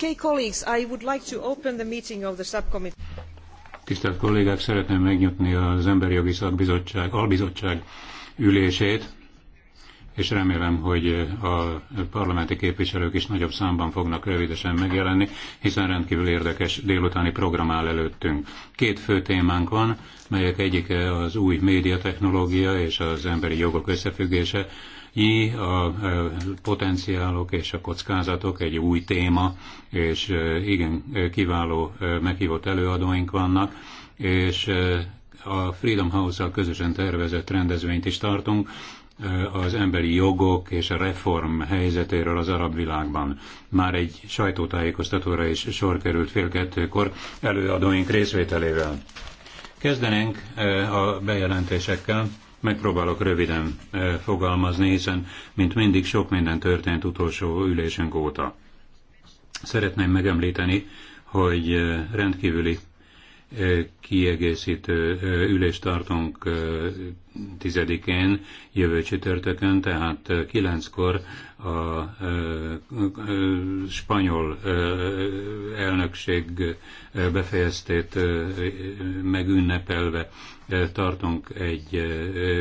Okay, colleagues, I would like to open the meeting of the subcommittee. Tisztelt kollégák, szeretném megnyitni az Emberi Jogi Szakbizottság, Albizottság ülését és remélem, hogy a parlamenti képviselők is nagyobb számban fognak rövidesen megjelenni, hiszen rendkívül érdekes délutáni program áll előttünk. Két fő témánk van, melyek egyike az új médiatechnológia és az emberi jogok összefüggése, I, a e, potenciálok és a kockázatok egy új téma, és e, igen, e, kiváló meghívott előadóink vannak, és a Freedom House-al közösen tervezett rendezvényt is tartunk, az emberi jogok és a reform helyzetéről az arab világban. Már egy sajtótájékoztatóra is sor került fél kettőkor előadóink részvételével. Kezdenénk a bejelentésekkel. Megpróbálok röviden fogalmazni, hiszen, mint mindig, sok minden történt utolsó ülésünk óta. Szeretném megemlíteni, hogy rendkívüli kiegészítő ülést tartunk 10-én, jövő csütörtökön, tehát 9-kor a spanyol elnökség befejeztét megünnepelve tartunk egy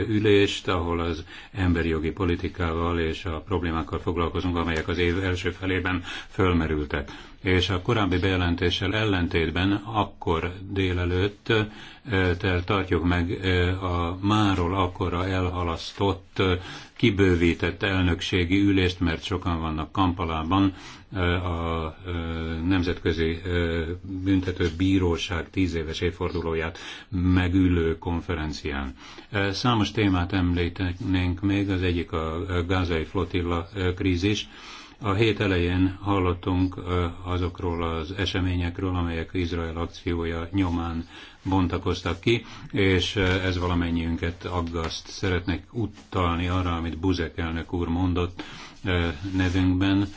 ülést, ahol az emberi jogi politikával és a problémákkal foglalkozunk, amelyek az év első felében fölmerültek és a korábbi bejelentéssel ellentétben akkor délelőtt tartjuk meg a máról akkora elhalasztott, kibővített elnökségi ülést, mert sokan vannak Kampalában, a Nemzetközi Büntető Bíróság tíz éves évfordulóját megülő konferencián. Számos témát említenénk még, az egyik a gázai flotilla krízis, a hét elején hallottunk azokról az eseményekről, amelyek Izrael akciója nyomán bontakoztak ki, és ez valamennyiünket aggaszt. Szeretnek utalni arra, amit Buzek elnök úr mondott nevünkben,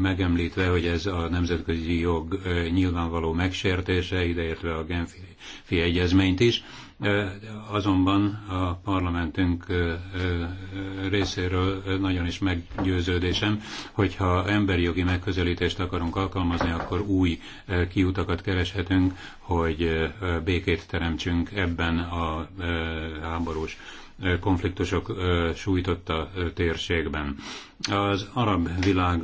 megemlítve, hogy ez a nemzetközi jog nyilvánvaló megsértése, ideértve a Genfi egyezményt is, Azonban a parlamentünk részéről nagyon is meggyőződésem, hogyha emberi jogi megközelítést akarunk alkalmazni, akkor új kiutakat kereshetünk, hogy békét teremtsünk ebben a háborús konfliktusok sújtotta térségben. Az arab világ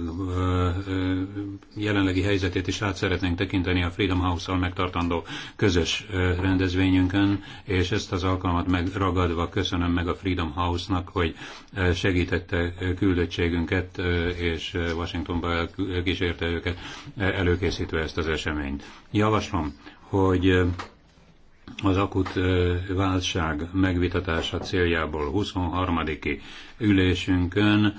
jelenlegi helyzetét is át szeretnénk tekinteni a Freedom House-al megtartandó közös rendezvényünkön, és ezt az alkalmat megragadva köszönöm meg a Freedom House-nak, hogy segítette küldöttségünket, és Washingtonba kísérte őket előkészítve ezt az eseményt. Javaslom, hogy az akut válság megvitatása céljából 23 ülésünkön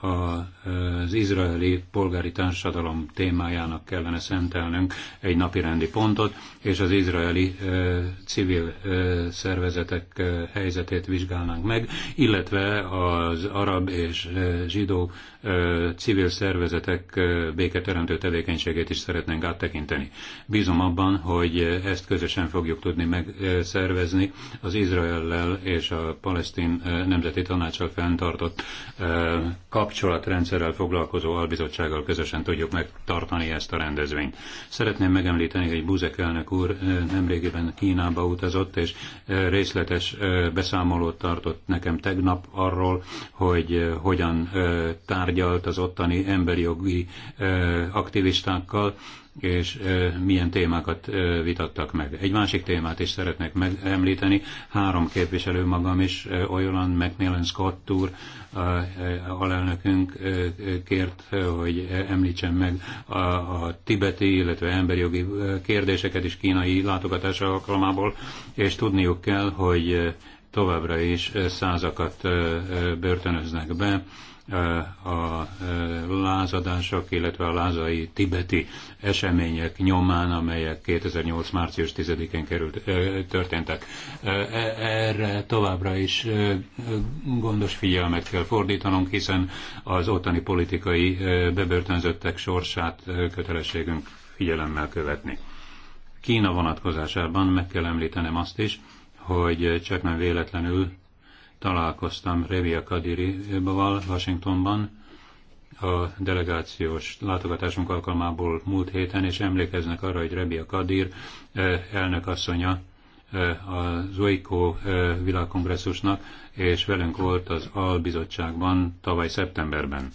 az izraeli polgári társadalom témájának kellene szentelnünk egy napirendi pontot, és az izraeli civil szervezetek helyzetét vizsgálnánk meg, illetve az arab és zsidó civil szervezetek béketeremtő tevékenységét is szeretnénk áttekinteni. Bízom abban, hogy ezt közösen fogjuk tudni megszervezni az Izraellel és a palesztin nemzeti tanácsal fenntartott kapcsolatrendszerrel foglalkozó albizottsággal közösen tudjuk megtartani ezt a rendezvényt. Szeretném megemlíteni, hogy Buzek elnök úr nemrégiben Kínába utazott, és részletes beszámolót tartott nekem tegnap arról, hogy hogyan tárgyalt az ottani emberi jogi aktivistákkal, és milyen témákat vitattak meg. Egy másik témát is szeretnék megemlíteni. Három képviselő magam is, Olyan McMillan Scott úr, alelnökünk kért, hogy említsen meg a, a tibeti, illetve emberi jogi kérdéseket is kínai látogatása alkalmából, és tudniuk kell, hogy továbbra is százakat börtönöznek be, a lázadások, illetve a lázai tibeti események nyomán, amelyek 2008. március 10-én került, történtek. E, erre továbbra is gondos figyelmet kell fordítanunk, hiszen az ottani politikai bebörtönzöttek sorsát kötelességünk figyelemmel követni. Kína vonatkozásában meg kell említenem azt is, hogy csak nem véletlenül találkoztam Revia Kadirival Washingtonban, a delegációs látogatásunk alkalmából múlt héten, és emlékeznek arra, hogy Rebia Kadir eh, asszonya eh, az OIKO eh, világkongresszusnak, és velünk volt az albizottságban tavaly szeptemberben.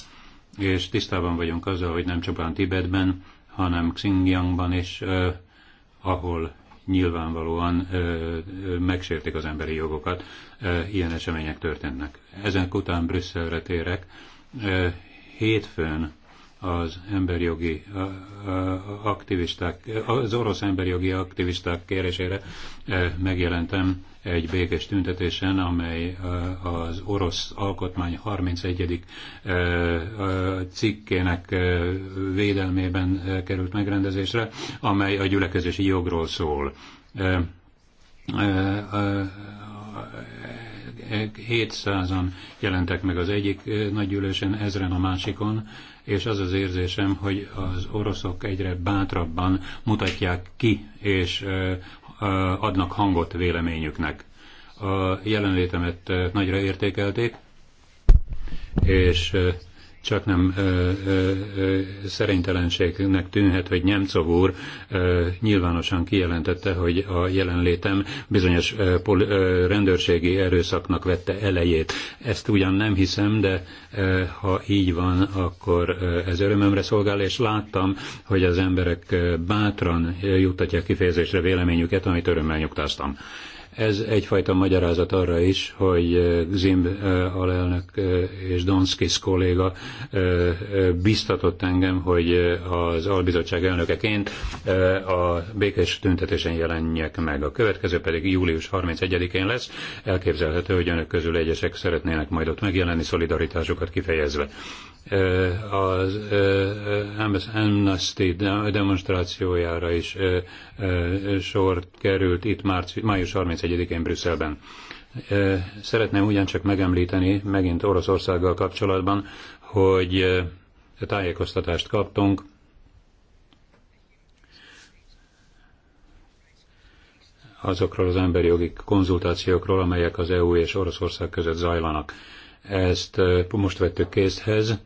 És tisztában vagyunk azzal, hogy nem csupán Tibetben, hanem Xinjiangban is, ahol nyilvánvalóan megsértik az emberi jogokat. Ilyen események történnek. Ezen után Brüsszelre térek. Hétfőn az emberi jogi aktivisták, az orosz jogi aktivisták kérésére megjelentem egy békés tüntetésen, amely az orosz alkotmány 31. cikkének védelmében került megrendezésre, amely a gyülekezési jogról szól. 700-an jelentek meg az egyik nagygyűlésen, ezren a másikon, és az az érzésem, hogy az oroszok egyre bátrabban mutatják ki és adnak hangot véleményüknek. A jelenlétemet nagyra értékelték, és csak nem ö, ö, szerintelenségnek tűnhet, hogy Nemcov úr ö, nyilvánosan kijelentette, hogy a jelenlétem bizonyos ö, pol, ö, rendőrségi erőszaknak vette elejét. Ezt ugyan nem hiszem, de ö, ha így van, akkor ö, ez örömömre szolgál, és láttam, hogy az emberek ö, bátran juttatják kifejezésre véleményüket, amit örömmel nyugtáztam. Ez egyfajta magyarázat arra is, hogy eh, Zimb eh, alelnök eh, és Donskis kolléga biztatott engem, hogy az albizottság elnökeként a békés tüntetésen jelenjek meg. A következő pedig július 31-én lesz. Elképzelhető, hogy önök közül egyesek szeretnének majd ott megjelenni, szolidaritásukat kifejezve az Amnesty demonstrációjára is sor került itt március május 31 31-én Brüsszelben. Szeretném ugyancsak megemlíteni megint Oroszországgal kapcsolatban, hogy tájékoztatást kaptunk, azokról az emberi jogi konzultációkról, amelyek az EU és Oroszország között zajlanak. Ezt most vettük készhez,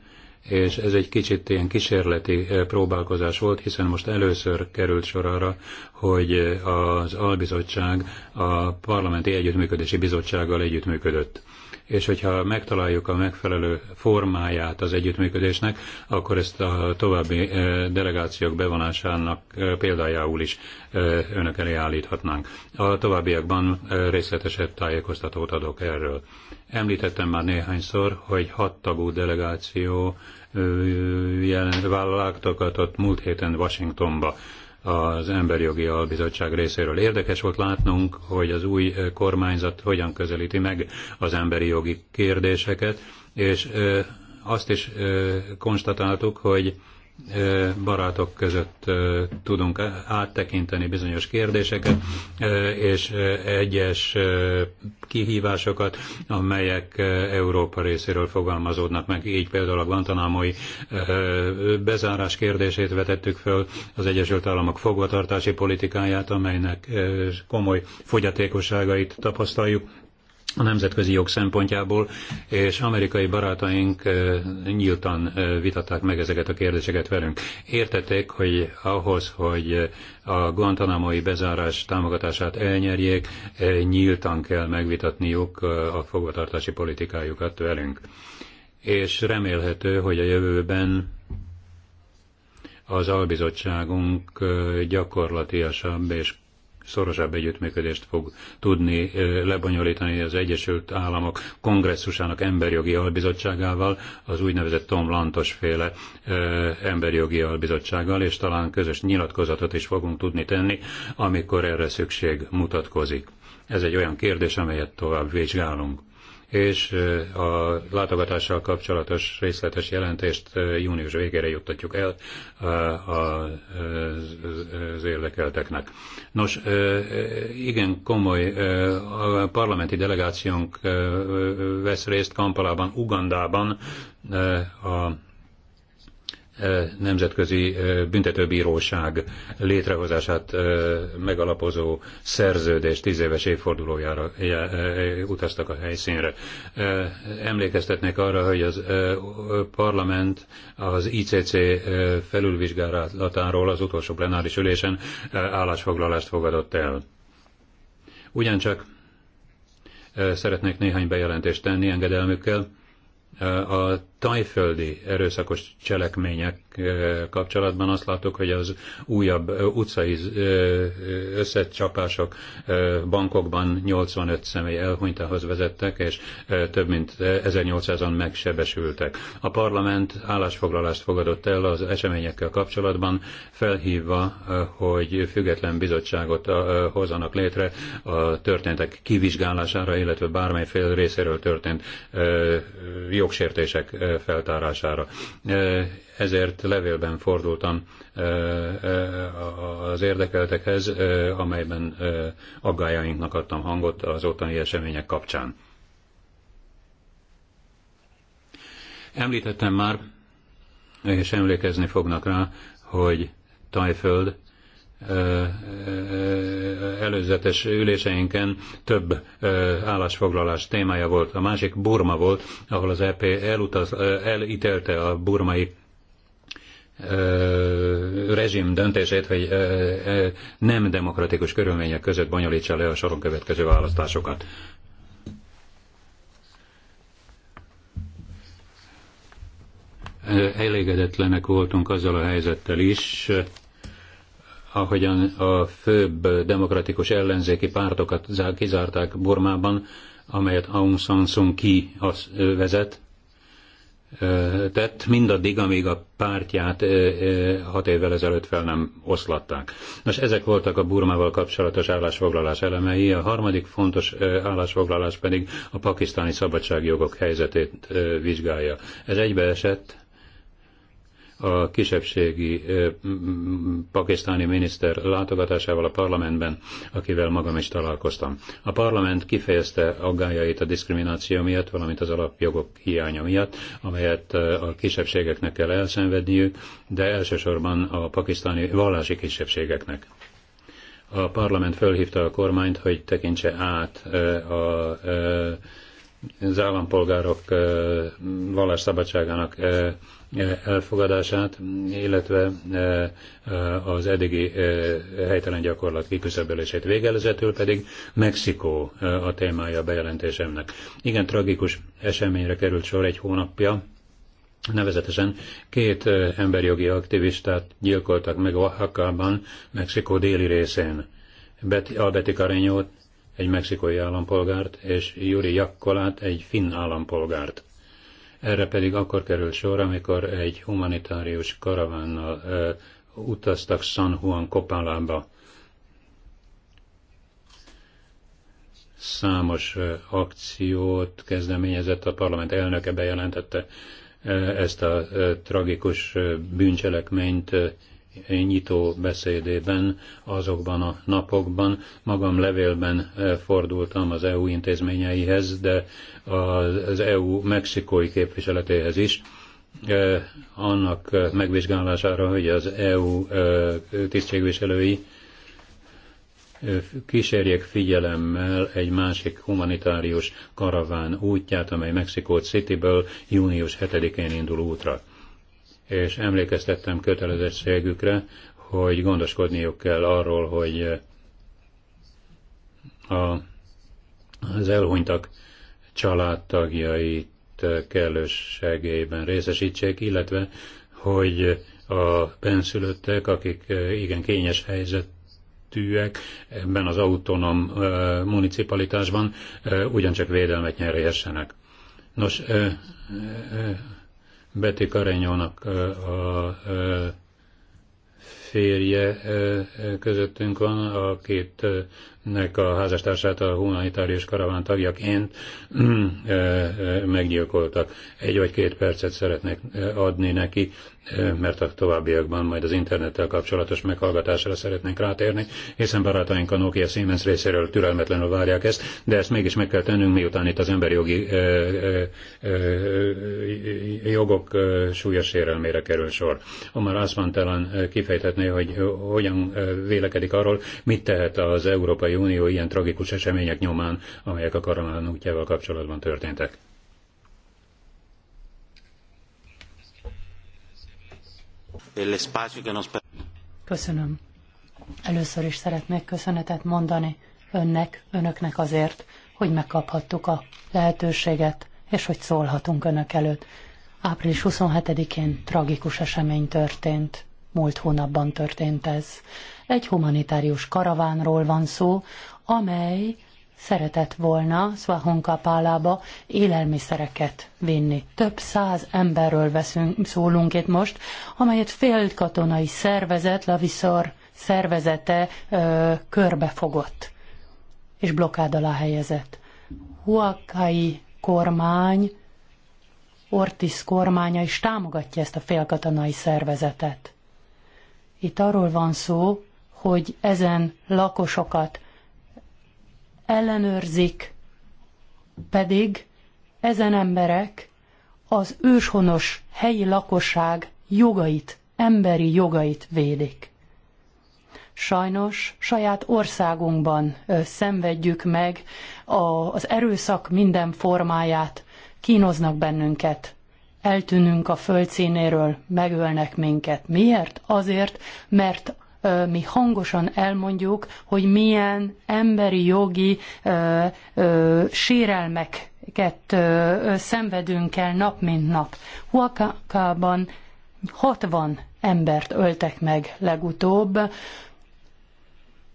és ez egy kicsit ilyen kísérleti próbálkozás volt, hiszen most először került sor arra, hogy eh, az albizottság a parlamenti együttműködési bizottsággal együttműködött. És hogyha megtaláljuk a megfelelő formáját az együttműködésnek, akkor ezt a további eh, delegációk bevonásának eh, példájául is önök elé állíthatnánk. A továbbiakban részletesebb tájékoztatót adok erről. Említettem már néhányszor, hogy hat tagú delegáció jelen vállalatokat ott múlt héten Washingtonba az emberi jogi Albizottság részéről. Érdekes volt látnunk, hogy az új eh, kormányzat hogyan közelíti meg az emberi jogi kérdéseket, és eh, azt is eh, konstatáltuk, hogy barátok között tudunk áttekinteni bizonyos kérdéseket és egyes kihívásokat, amelyek Európa részéről fogalmazódnak meg. Így például a Guantanamo-i bezárás kérdését vetettük föl, az Egyesült Államok fogvatartási politikáját, amelynek komoly fogyatékosságait tapasztaljuk a nemzetközi jog szempontjából, és amerikai barátaink nyíltan vitatták meg ezeket a kérdéseket velünk. Értették, hogy ahhoz, hogy a Guantánamo-i bezárás támogatását elnyerjék, nyíltan kell megvitatniuk a fogvatartási politikájukat velünk. És remélhető, hogy a jövőben az albizottságunk gyakorlatiasabb és szorosabb együttműködést fog tudni lebonyolítani az Egyesült Államok kongresszusának emberjogi albizottságával, az úgynevezett Tom Lantos féle emberjogi albizottsággal, és talán közös nyilatkozatot is fogunk tudni tenni, amikor erre szükség mutatkozik. Ez egy olyan kérdés, amelyet tovább vizsgálunk és a látogatással kapcsolatos részletes jelentést június végére juttatjuk el az érdekelteknek. Nos, igen komoly a parlamenti delegációnk vesz részt Kampalában, Ugandában a Nemzetközi Büntetőbíróság létrehozását megalapozó szerződés tíz éves évfordulójára utaztak a helyszínre. Emlékeztetnek arra, hogy az parlament az ICC felülvizsgálatáról az utolsó plenáris ülésen állásfoglalást fogadott el. Ugyancsak szeretnék néhány bejelentést tenni engedelmükkel a tajföldi erőszakos cselekmények kapcsolatban azt látok, hogy az újabb utcai összecsapások bankokban 85 személy elhunytához vezettek, és több mint 1800-an megsebesültek. A parlament állásfoglalást fogadott el az eseményekkel kapcsolatban, felhívva, hogy független bizottságot hozzanak létre a történtek kivizsgálására, illetve bármely fél részéről történt jogsértések feltárására ezért levélben fordultam az érdekeltekhez, amelyben aggájainknak adtam hangot az ottani események kapcsán. Említettem már, és emlékezni fognak rá, hogy Tajföld előzetes üléseinken több állásfoglalás témája volt. A másik Burma volt, ahol az EP elutaz, elítélte a burmai rezsim döntését, hogy nem demokratikus körülmények között bonyolítsa le a soron következő választásokat. Elégedetlenek voltunk azzal a helyzettel is, ahogyan a főbb demokratikus ellenzéki pártokat kizárták Burmában, amelyet Aung San Suu Kyi vezet, tett, mindaddig, amíg a pártját hat évvel ezelőtt fel nem oszlatták. Nos, ezek voltak a Burmával kapcsolatos állásfoglalás elemei, a harmadik fontos állásfoglalás pedig a pakisztáni szabadságjogok helyzetét vizsgálja. Ez egybeesett a kisebbségi pakisztáni miniszter látogatásával a parlamentben, akivel magam is találkoztam. A parlament kifejezte aggájait a diszkrimináció miatt, valamint az alapjogok hiánya miatt, amelyet a kisebbségeknek kell elszenvedniük, de elsősorban a pakisztáni vallási kisebbségeknek a parlament fölhívta a kormányt, hogy tekintse át a, a, a az állampolgárok vallásszabadságának elfogadását, illetve az eddigi helytelen gyakorlat kiküszöbölését végelezetül pedig Mexikó a témája a bejelentésemnek. Igen, tragikus eseményre került sor egy hónapja, Nevezetesen két emberjogi aktivistát gyilkoltak meg Oaxaca-ban, Mexikó déli részén. Beti, Albeti Karenyót egy mexikai állampolgárt, és Juri Jakkolát, egy finn állampolgárt. Erre pedig akkor került sor, amikor egy humanitárius karavánnal ö, utaztak San Juan Copálába. Számos ö, akciót kezdeményezett a parlament elnöke, bejelentette ö, ezt a ö, tragikus ö, bűncselekményt, ö, nyitó beszédében azokban a napokban. Magam levélben eh, fordultam az EU intézményeihez, de az EU mexikói képviseletéhez is, eh, annak eh, megvizsgálására, hogy az EU tisztségviselői kísérjék figyelemmel egy másik humanitárius karaván útját, amely Mexikó Cityből június 7-én indul útra és emlékeztettem kötelezettségükre, hogy gondoskodniuk kell arról, hogy eh, a, az elhunytak családtagjait eh, kellős segélyben részesítsék, illetve hogy a benszülöttek, akik eh, igen kényes helyzetűek ebben az autonóm municipalitásban ugyancsak védelmet nyerhessenek. Nos, Beti Karenyónak a férje közöttünk van, a kétnek a házastársát a humanitárius karaván tagjaként meggyilkoltak. Egy vagy két percet szeretnék adni neki, mert a továbbiakban majd az internettel kapcsolatos meghallgatásra szeretnénk rátérni, hiszen barátaink a Nokia Siemens részéről türelmetlenül várják ezt, de ezt mégis meg kell tennünk, miután itt az emberi jogi ö, ö, jogok súlyos sérelmére kerül sor. Omar talán kifejthetné, hogy hogyan vélekedik arról, mit tehet az Európai Unió ilyen tragikus események nyomán, amelyek a Karamán útjával kapcsolatban történtek. Köszönöm. Először is szeretnék köszönetet mondani önnek, önöknek azért, hogy megkaphattuk a lehetőséget, és hogy szólhatunk önök előtt. Április 27-én tragikus esemény történt. Múlt hónapban történt ez. Egy humanitárius karavánról van szó, amely szeretett volna Szvahonkapálába élelmiszereket vinni. Több száz emberről veszünk, szólunk itt most, amelyet félkatonai szervezet, Laviszor szervezete ö, körbefogott és blokkád alá helyezett. Huakai kormány, Ortiz kormánya is támogatja ezt a félkatonai szervezetet. Itt arról van szó, hogy ezen lakosokat ellenőrzik, pedig ezen emberek az őshonos helyi lakosság jogait, emberi jogait védik. Sajnos saját országunkban ö, szenvedjük meg a, az erőszak minden formáját, kínoznak bennünket, eltűnünk a földszínéről, megölnek minket. Miért? Azért, mert mi hangosan elmondjuk, hogy milyen emberi jogi ö, ö, sérelmeket ö, szenvedünk el nap mint nap. Huakában 60 embert öltek meg legutóbb,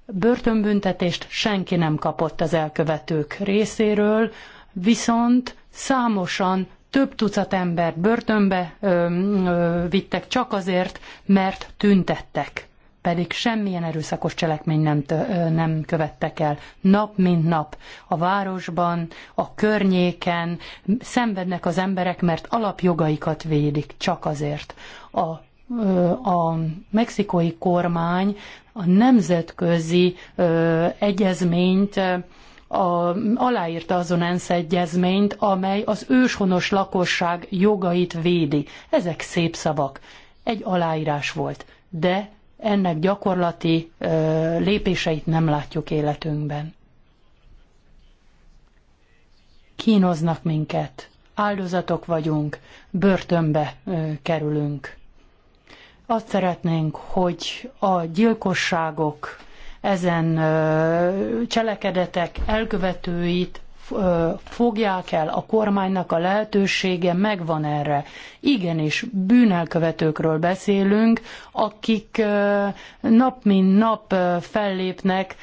börtönbüntetést senki nem kapott az elkövetők részéről, viszont számosan több tucat embert börtönbe ö, ö, vittek csak azért, mert tüntettek pedig semmilyen erőszakos cselekmény nem, nem követtek el. Nap mint nap a városban, a környéken szenvednek az emberek, mert alapjogaikat védik csak azért. A, a mexikói kormány a nemzetközi egyezményt a, aláírta azon ENSZ egyezményt, amely az őshonos lakosság jogait védi. Ezek szép szavak. Egy aláírás volt, de ennek gyakorlati lépéseit nem látjuk életünkben. Kínoznak minket, áldozatok vagyunk, börtönbe kerülünk. Azt szeretnénk, hogy a gyilkosságok, ezen cselekedetek elkövetőit fogják el, a kormánynak a lehetősége megvan erre. Igenis, bűnelkövetőkről beszélünk, akik nap mint nap fellépnek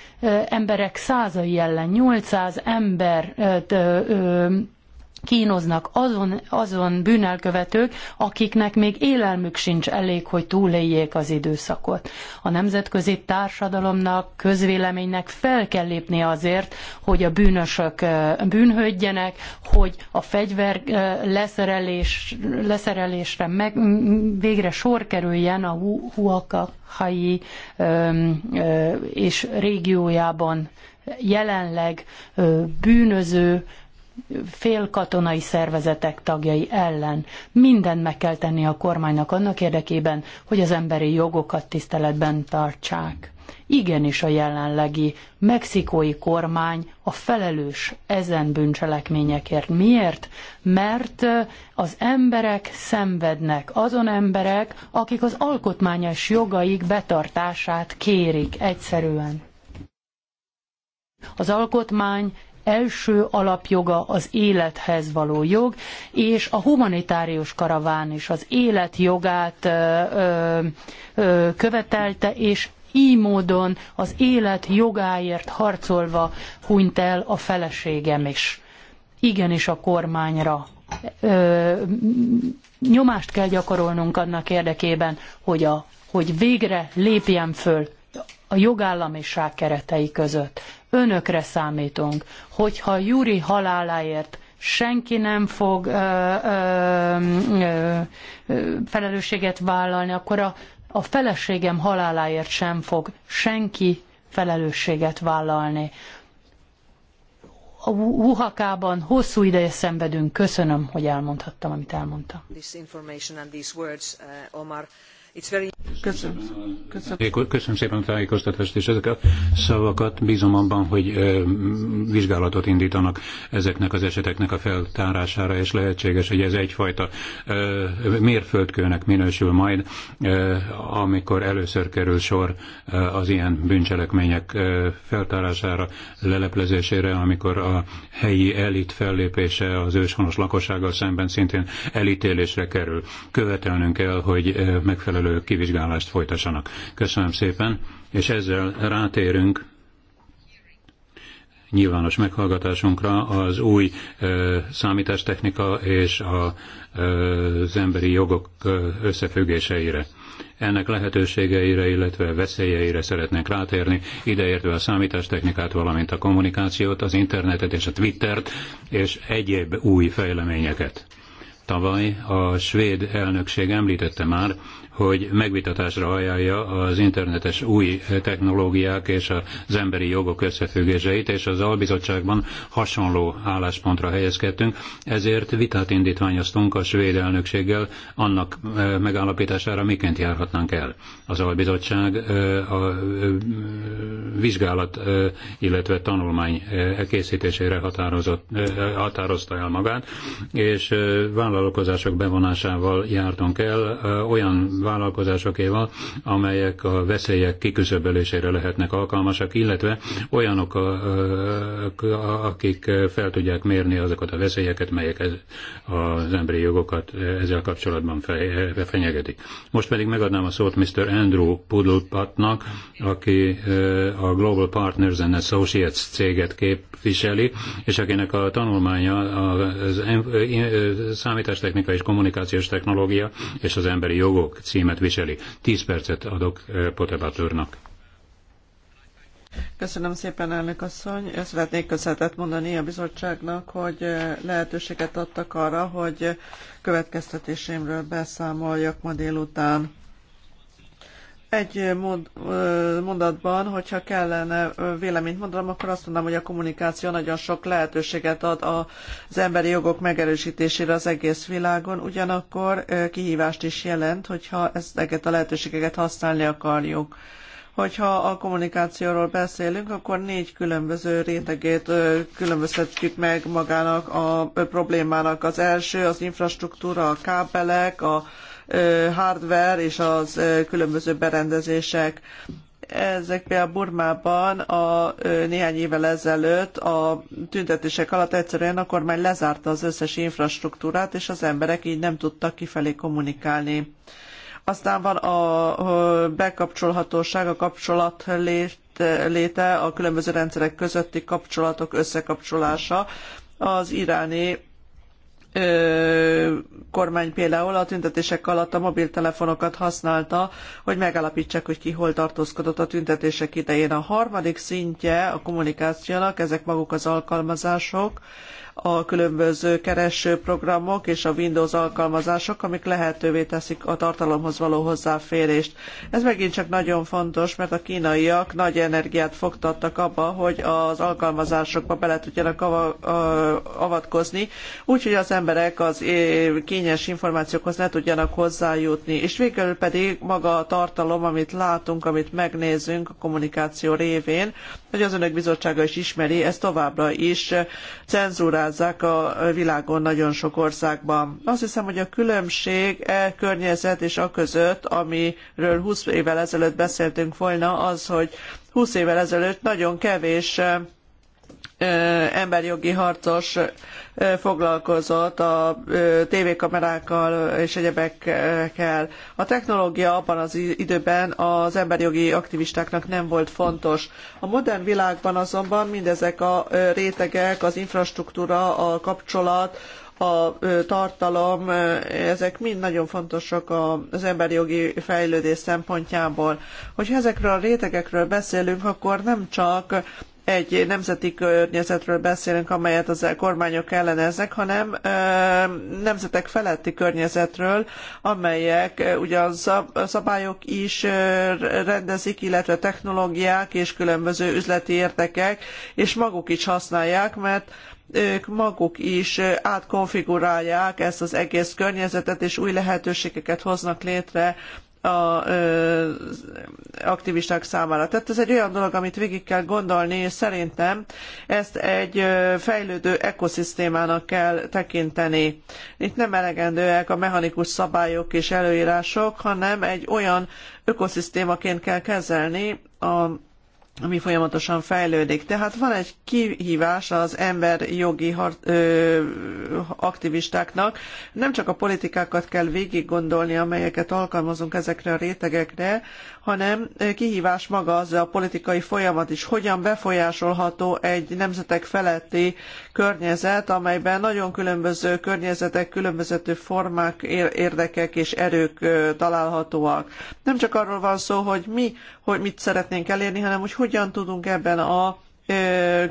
emberek százai ellen, 800 embert kínoznak azon, azon bűnelkövetők, akiknek még élelmük sincs elég, hogy túléljék az időszakot. A nemzetközi társadalomnak, közvéleménynek fel kell lépnie azért, hogy a bűnösök bűnhődjenek, hogy a fegyver leszerelés, leszerelésre meg, végre sor kerüljen a Huakahai és régiójában jelenleg bűnöző félkatonai szervezetek tagjai ellen mindent meg kell tenni a kormánynak annak érdekében, hogy az emberi jogokat tiszteletben tartsák. Igenis a jelenlegi mexikói kormány a felelős ezen bűncselekményekért. Miért? Mert az emberek szenvednek, azon emberek, akik az alkotmányos jogaik betartását kérik egyszerűen. Az alkotmány első alapjoga az élethez való jog, és a humanitárius karaván is az életjogát követelte, és így módon az élet jogáért harcolva hunyt el a feleségem is. Igenis a kormányra ö, nyomást kell gyakorolnunk annak érdekében, hogy, a, hogy végre lépjen föl a jogállamiság keretei között önökre számítunk, hogyha Júri haláláért senki nem fog ö, ö, ö, felelősséget vállalni, akkor a, a feleségem haláláért sem fog senki felelősséget vállalni. A Wuhakában hosszú ideje szenvedünk. Köszönöm, hogy elmondhattam, amit elmondtam. This Köszönöm. szépen a tájékoztatást és ezeket a szavakat. Bízom abban, hogy ö, vizsgálatot indítanak ezeknek az eseteknek a feltárására, és lehetséges, hogy ez egyfajta ö, mérföldkőnek minősül majd, ö, amikor először kerül sor ö, az ilyen bűncselekmények ö, feltárására, leleplezésére, amikor a helyi elit fellépése az őshonos lakossággal szemben szintén elítélésre kerül. Követelnünk kell, hogy megfelelő megfelelő kivizsgálást folytassanak. Köszönöm szépen, és ezzel rátérünk nyilvános meghallgatásunkra az új ö, számítástechnika és a, ö, az emberi jogok összefüggéseire. Ennek lehetőségeire, illetve veszélyeire szeretnék rátérni, ideértve a számítástechnikát, valamint a kommunikációt, az internetet és a Twittert, és egyéb új fejleményeket. Tavaly a svéd elnökség említette már, hogy megvitatásra ajánlja az internetes új technológiák és az emberi jogok összefüggéseit, és az albizottságban hasonló álláspontra helyezkedtünk, ezért vitát indítványoztunk a svéd elnökséggel annak eh, megállapítására, miként járhatnánk el. Az albizottság eh, a eh, vizsgálat, illetve tanulmány készítésére határozott, határozta el magát, és vállalkozások bevonásával jártunk el olyan vállalkozásokéval, amelyek a veszélyek kiküszöbölésére lehetnek alkalmasak, illetve olyanok, akik fel tudják mérni azokat a veszélyeket, melyek az emberi jogokat ezzel kapcsolatban e, fenyegetik. Most pedig megadnám a szót Mr. Andrew Pudlpatnak, aki a Global Partners and Associates céget képviseli, és akinek a tanulmánya az számítástechnika és kommunikációs technológia és az emberi jogok címet viseli. Tíz percet adok eh, Potebatőrnak. Köszönöm szépen, elnök asszony. Szeretnék köszönetet mondani a bizottságnak, hogy eh, lehetőséget adtak arra, hogy következtetésémről beszámoljak ma délután. Egy mondatban, hogyha kellene véleményt mondanom, akkor azt mondom, hogy a kommunikáció nagyon sok lehetőséget ad az emberi jogok megerősítésére az egész világon, ugyanakkor kihívást is jelent, hogyha ezeket a lehetőségeket használni akarjuk hogyha a kommunikációról beszélünk, akkor négy különböző rétegét különböztetjük meg magának a problémának. Az első az infrastruktúra, a kábelek, a hardware és az különböző berendezések. Ezek például Burmában a néhány évvel ezelőtt a tüntetések alatt egyszerűen a kormány lezárta az összes infrastruktúrát, és az emberek így nem tudtak kifelé kommunikálni. Aztán van a bekapcsolhatóság, a kapcsolat léte, a különböző rendszerek közötti kapcsolatok összekapcsolása. Az iráni ö, kormány például a tüntetések alatt a mobiltelefonokat használta, hogy megállapítsák, hogy ki hol tartózkodott a tüntetések idején. A harmadik szintje a kommunikációnak, ezek maguk az alkalmazások, a különböző keresőprogramok és a Windows alkalmazások, amik lehetővé teszik a tartalomhoz való hozzáférést. Ez megint csak nagyon fontos, mert a kínaiak nagy energiát fogtattak abba, hogy az alkalmazásokba bele tudjanak avatkozni, úgyhogy az emberek az kényes információkhoz ne tudjanak hozzájutni. És végül pedig maga a tartalom, amit látunk, amit megnézünk a kommunikáció révén, hogy az önök bizottsága is ismeri, ez továbbra is cenzúrát mintázák a világon nagyon sok országban. Azt hiszem, hogy a különbség e környezet és a között, amiről 20 évvel ezelőtt beszéltünk volna, az, hogy 20 évvel ezelőtt nagyon kevés emberjogi harcos foglalkozott a tévékamerákkal és egyebekkel. A technológia abban az időben az emberjogi aktivistáknak nem volt fontos. A modern világban azonban mindezek a rétegek, az infrastruktúra, a kapcsolat, a tartalom, ezek mind nagyon fontosak az emberi jogi fejlődés szempontjából. Hogyha ezekről a rétegekről beszélünk, akkor nem csak egy nemzeti környezetről beszélünk, amelyet az kormányok elleneznek, hanem nemzetek feletti környezetről, amelyek ugyan szabályok is rendezik, illetve technológiák és különböző üzleti értekek, és maguk is használják, mert ők maguk is átkonfigurálják ezt az egész környezetet, és új lehetőségeket hoznak létre a ö, aktivisták számára. Tehát ez egy olyan dolog, amit végig kell gondolni, és szerintem ezt egy ö, fejlődő ekoszisztémának kell tekinteni. Itt nem elegendőek a mechanikus szabályok és előírások, hanem egy olyan ökoszisztémaként kell kezelni a ami folyamatosan fejlődik. Tehát van egy kihívás az emberjogi jogi ö, aktivistáknak. Nem csak a politikákat kell végig gondolni, amelyeket alkalmazunk ezekre a rétegekre, hanem kihívás maga az a politikai folyamat is, hogyan befolyásolható egy nemzetek feletti környezet, amelyben nagyon különböző környezetek, különböző formák, érdekek és erők találhatóak. Nem csak arról van szó, hogy mi, hogy mit szeretnénk elérni, hanem hogy hogyan tudunk ebben a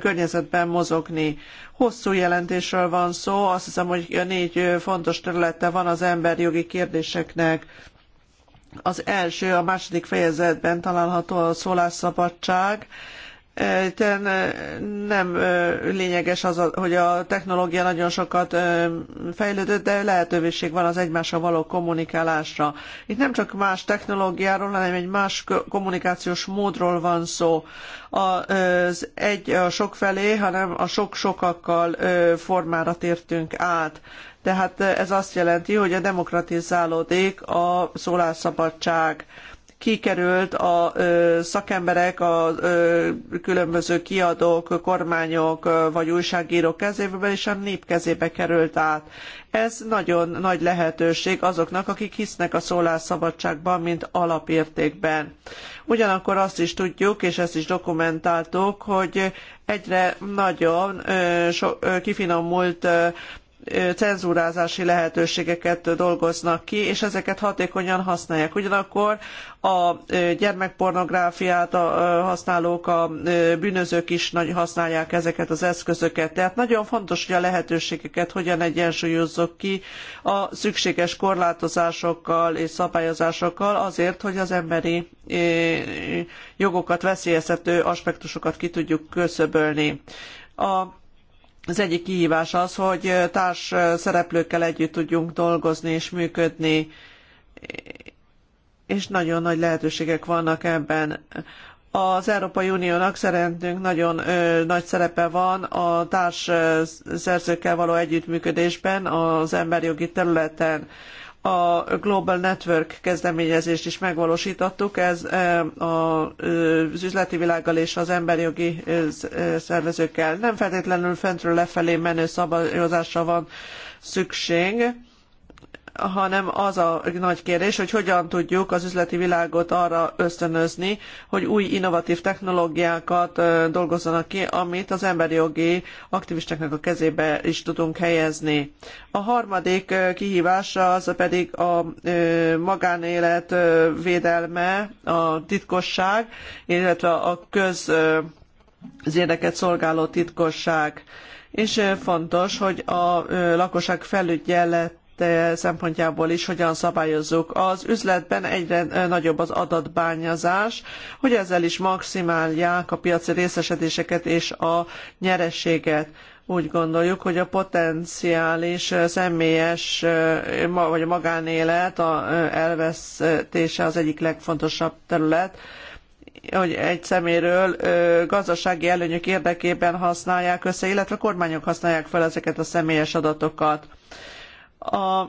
környezetben mozogni. Hosszú jelentésről van szó, azt hiszem, hogy négy fontos területe van az emberi jogi kérdéseknek az első, a második fejezetben található a szólásszabadság, Itten nem lényeges az, hogy a technológia nagyon sokat fejlődött, de lehetőség van az egymásra való kommunikálásra. Itt nem csak más technológiáról, hanem egy más kommunikációs módról van szó. Az egy a sok felé, hanem a sok sokakkal formára tértünk át. Tehát ez azt jelenti, hogy a demokratizálódik a szólásszabadság kikerült a szakemberek, a különböző kiadók, kormányok vagy újságírók kezéből, és a nép kezébe került át. Ez nagyon nagy lehetőség azoknak, akik hisznek a szólásszabadságban, mint alapértékben. Ugyanakkor azt is tudjuk, és ezt is dokumentáltuk, hogy egyre nagyon so, kifinomult cenzúrázási lehetőségeket dolgoznak ki, és ezeket hatékonyan használják. Ugyanakkor a gyermekpornográfiát használók, a bűnözők is használják ezeket az eszközöket. Tehát nagyon fontos, hogy a lehetőségeket hogyan egyensúlyozzuk ki a szükséges korlátozásokkal és szabályozásokkal azért, hogy az emberi jogokat veszélyeztető aspektusokat ki tudjuk köszöbölni. A az egyik kihívás az, hogy társ szereplőkkel együtt tudjunk dolgozni és működni, és nagyon nagy lehetőségek vannak ebben. Az Európai Uniónak szerintünk nagyon ö, nagy szerepe van a társ szerzőkkel való együttműködésben az emberi jogi területen a Global Network kezdeményezést is megvalósítottuk, ez e, e, az üzleti világgal és az emberi jogi e, szervezőkkel nem feltétlenül fentről lefelé menő szabályozásra van szükség, hanem az a nagy kérdés, hogy hogyan tudjuk az üzleti világot arra ösztönözni, hogy új innovatív technológiákat dolgozzanak ki, amit az emberi jogi aktivistáknak a kezébe is tudunk helyezni. A harmadik kihívás az pedig a magánélet védelme, a titkosság, illetve a köz az érdeket szolgáló titkosság és fontos, hogy a lakosság felügyelet szempontjából is hogyan szabályozzuk. Az üzletben egyre nagyobb az adatbányazás, hogy ezzel is maximálják a piaci részesedéseket és a nyerességet úgy gondoljuk, hogy a potenciális személyes vagy a magánélet a elvesztése az egyik legfontosabb terület, hogy egy szeméről gazdasági előnyök érdekében használják össze, illetve kormányok használják fel ezeket a személyes adatokat a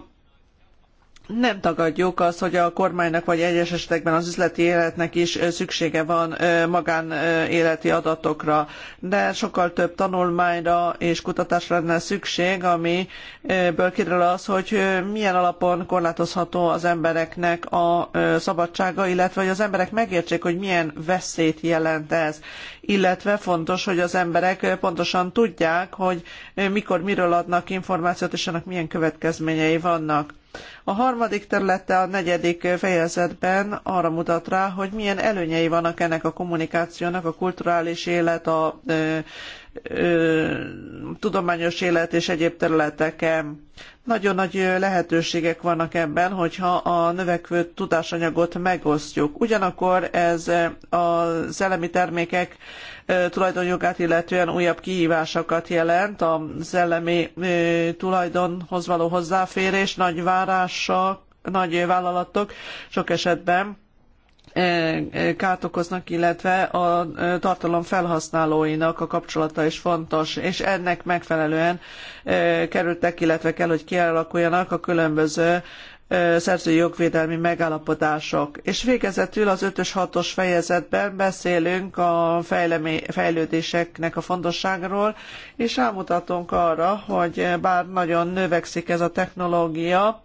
nem tagadjuk azt, hogy a kormánynak vagy egyes esetekben az üzleti életnek is szüksége van magánéleti adatokra, de sokkal több tanulmányra és kutatásra lenne szükség, amiből kiderül az, hogy milyen alapon korlátozható az embereknek a szabadsága, illetve hogy az emberek megértsék, hogy milyen veszélyt jelent ez. Illetve fontos, hogy az emberek pontosan tudják, hogy mikor miről adnak információt, és annak milyen következményei vannak a harmadik területe a negyedik fejezetben arra mutat rá, hogy milyen előnyei vannak ennek a kommunikációnak, a kulturális élet, a ö, ö, tudományos élet és egyéb területeken. Nagyon nagy lehetőségek vannak ebben, hogyha a növekvő tudásanyagot megosztjuk. Ugyanakkor ez az elemi termékek tulajdonjogát illetően újabb kihívásokat jelent, a szellemi tulajdonhoz való hozzáférés, nagy várások, nagy vállalatok sok esetben kárt okoznak, illetve a tartalom felhasználóinak a kapcsolata is fontos, és ennek megfelelően kerültek, illetve kell, hogy kialakuljanak a különböző szerzői jogvédelmi megállapodások. És végezetül az 5-ös 6-os fejezetben beszélünk a fejlemé, fejlődéseknek a fontosságról, és rámutatunk arra, hogy bár nagyon növekszik ez a technológia,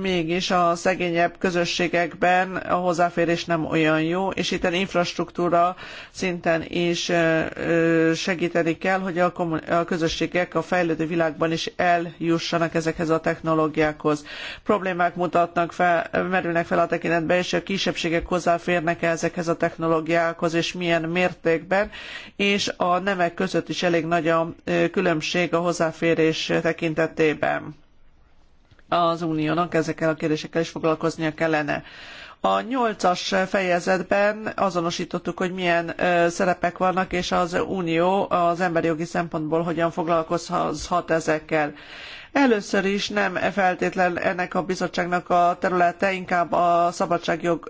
mégis a szegényebb közösségekben a hozzáférés nem olyan jó, és itt infrastruktúra szinten is segíteni kell, hogy a, közösségek a fejlődő világban is eljussanak ezekhez a technológiákhoz. Problémák mutatnak fel, merülnek fel a tekintetben, és a kisebbségek hozzáférnek -e ezekhez a technológiákhoz, és milyen mértékben, és a nemek között is elég nagy a különbség a hozzáférés tekintetében az uniónak ezekkel a kérdésekkel is foglalkoznia kellene. A nyolcas fejezetben azonosítottuk, hogy milyen szerepek vannak, és az Unió az emberi jogi szempontból hogyan foglalkozhat ezekkel. Először is nem feltétlen ennek a bizottságnak a területe, inkább a szabadságjog,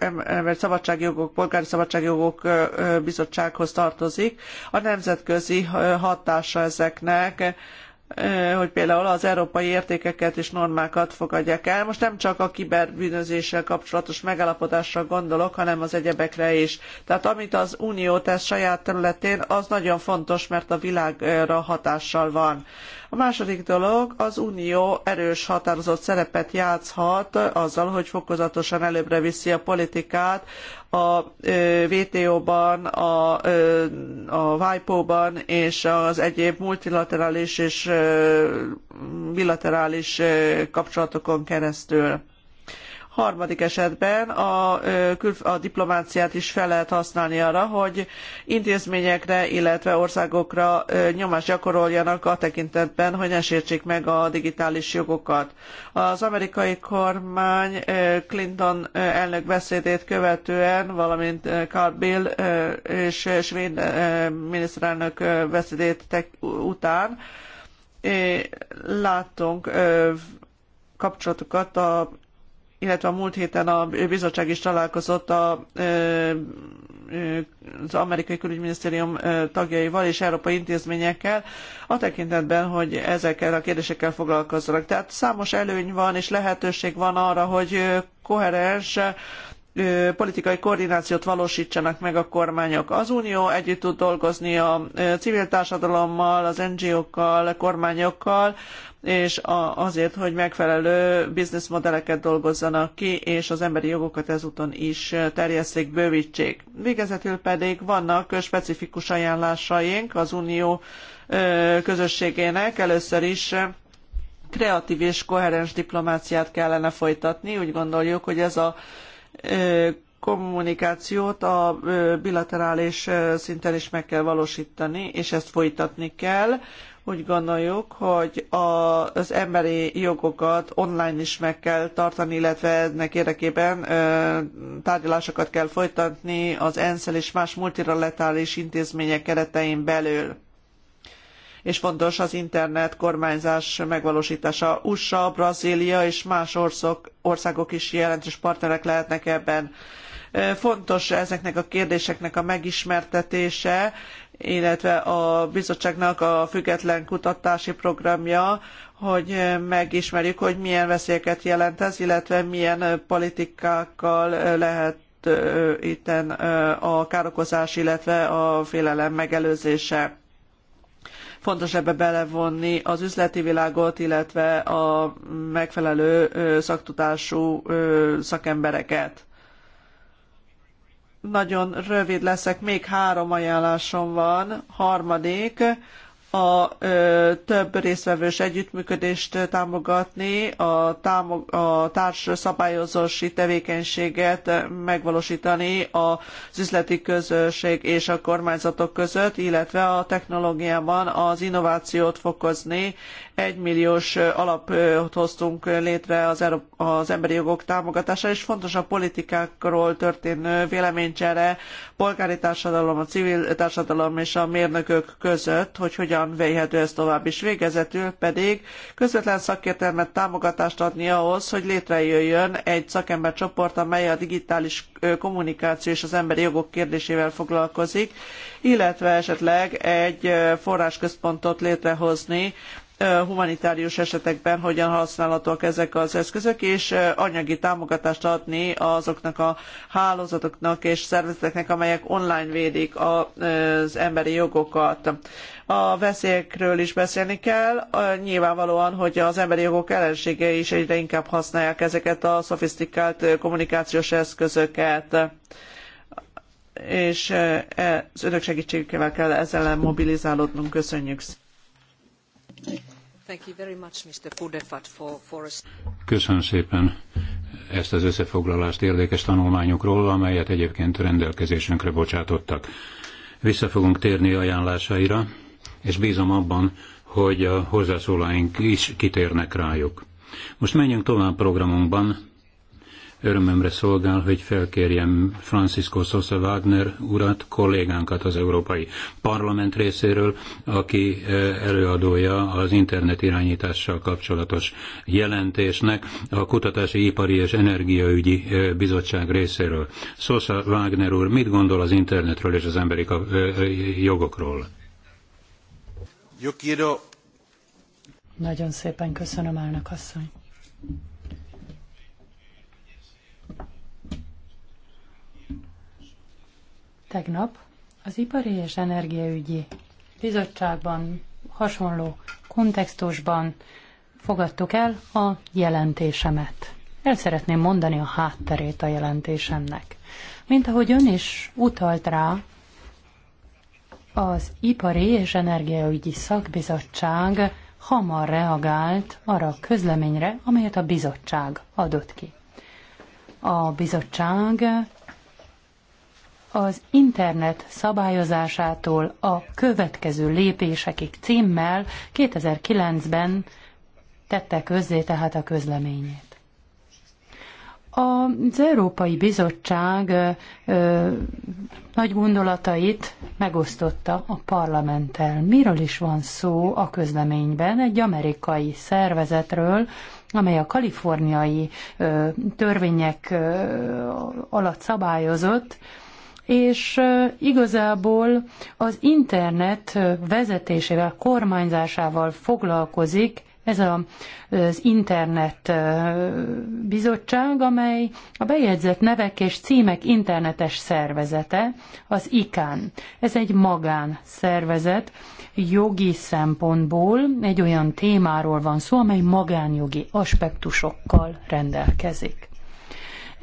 szabadságjogok, polgári szabadságjogok bizottsághoz tartozik. A nemzetközi hatása ezeknek hogy például az európai értékeket és normákat fogadják el. Most nem csak a kiberbűnözéssel kapcsolatos megállapodásra gondolok, hanem az egyebekre is. Tehát amit az Unió tesz saját területén, az nagyon fontos, mert a világra hatással van. A második dolog, az Unió erős határozott szerepet játszhat azzal, hogy fokozatosan előbbre viszi a politikát a WTO-ban, a, a WIPO-ban és az egyéb multilaterális és bilaterális kapcsolatokon keresztül. Harmadik esetben a, a diplomáciát is fel lehet használni arra, hogy intézményekre, illetve országokra nyomást gyakoroljanak a tekintetben, hogy ne sértsék meg a digitális jogokat. Az amerikai kormány Clinton elnök beszédét követően, valamint Carl Bill és svéd miniszterelnök beszédét után láttunk kapcsolatokat a illetve a múlt héten a bizottság is találkozott a, az amerikai külügyminisztérium tagjaival és európai intézményekkel a tekintetben, hogy ezekkel a kérdésekkel foglalkozzanak. Tehát számos előny van és lehetőség van arra, hogy koherens politikai koordinációt valósítsanak meg a kormányok. Az Unió együtt tud dolgozni a civil társadalommal, az NGO-kkal, a kormányokkal, és azért, hogy megfelelő bizniszmodelleket dolgozzanak ki, és az emberi jogokat ezúton is terjesszék, bővítsék. Végezetül pedig vannak specifikus ajánlásaink az Unió közösségének. Először is kreatív és koherens diplomáciát kellene folytatni. Úgy gondoljuk, hogy ez a kommunikációt a bilaterális szinten is meg kell valósítani, és ezt folytatni kell. Úgy gondoljuk, hogy az emberi jogokat online is meg kell tartani, illetve ennek érdekében tárgyalásokat kell folytatni az ENSZ-el és más multilaterális intézmények keretein belül és fontos az internet kormányzás megvalósítása. USA, Brazília és más országok is jelentős partnerek lehetnek ebben. Fontos ezeknek a kérdéseknek a megismertetése, illetve a bizottságnak a független kutatási programja, hogy megismerjük, hogy milyen veszélyeket jelent ez, illetve milyen politikákkal lehet itten a károkozás, illetve a félelem megelőzése. Fontos ebbe belevonni az üzleti világot, illetve a megfelelő szaktudású szakembereket. Nagyon rövid leszek, még három ajánlásom van. Harmadik, a ö, több részvevős együttműködést támogatni, a, támog, a társ szabályozósi tevékenységet megvalósítani az üzleti közösség és a kormányzatok között, illetve a technológiában az innovációt fokozni egymilliós alapot hoztunk létre az, az emberi jogok támogatására, és fontos a politikákról történő véleménycsere polgári társadalom, a civil társadalom és a mérnökök között, hogy hogyan vejhető ez tovább. És végezetül pedig közvetlen szakértelmet támogatást adni ahhoz, hogy létrejöjjön egy szakembercsoport, amely a digitális kommunikáció és az emberi jogok kérdésével foglalkozik, illetve esetleg egy forrásközpontot létrehozni, humanitárius esetekben hogyan használhatóak ezek az eszközök, és anyagi támogatást adni azoknak a hálózatoknak és szervezeteknek, amelyek online védik az emberi jogokat. A veszélyekről is beszélni kell. Nyilvánvalóan, hogy az emberi jogok ellenségei is egyre inkább használják ezeket a szofisztikált kommunikációs eszközöket és e, az önök segítségével kell ezzel mobilizálódnunk. Köszönjük szépen! Köszönöm szépen ezt az összefoglalást érdekes tanulmányokról, amelyet egyébként rendelkezésünkre bocsátottak. Vissza fogunk térni ajánlásaira, és bízom abban, hogy a hozzászóláink is kitérnek rájuk. Most menjünk tovább programunkban, Örömömre szolgál, hogy felkérjem Francisco Sosa Wagner urat, kollégánkat az Európai Parlament részéről, aki eh, előadója az internet irányítással kapcsolatos jelentésnek a Kutatási Ipari és Energiaügyi eh, Bizottság részéről. Sosa Wagner úr, mit gondol az internetről és az emberi eh, jogokról? Nagyon szépen köszönöm, elnök asszony. Tegnap az Ipari és Energiaügyi Bizottságban hasonló kontextusban fogadtuk el a jelentésemet. El szeretném mondani a hátterét a jelentésemnek. Mint ahogy ön is utalt rá, az Ipari és Energiaügyi Szakbizottság hamar reagált arra a közleményre, amelyet a bizottság adott ki. A bizottság az internet szabályozásától a következő lépésekig címmel 2009-ben tette közzé tehát a közleményét. Az Európai Bizottság ö, ö, nagy gondolatait megosztotta a parlamenttel. Miről is van szó a közleményben? Egy amerikai szervezetről, amely a kaliforniai ö, törvények ö, alatt szabályozott, ö, és igazából az internet vezetésével, kormányzásával foglalkozik ez a, az internet bizottság, amely a bejegyzett nevek és címek internetes szervezete, az ICAN. Ez egy magán szervezet, jogi szempontból egy olyan témáról van szó, amely magánjogi aspektusokkal rendelkezik.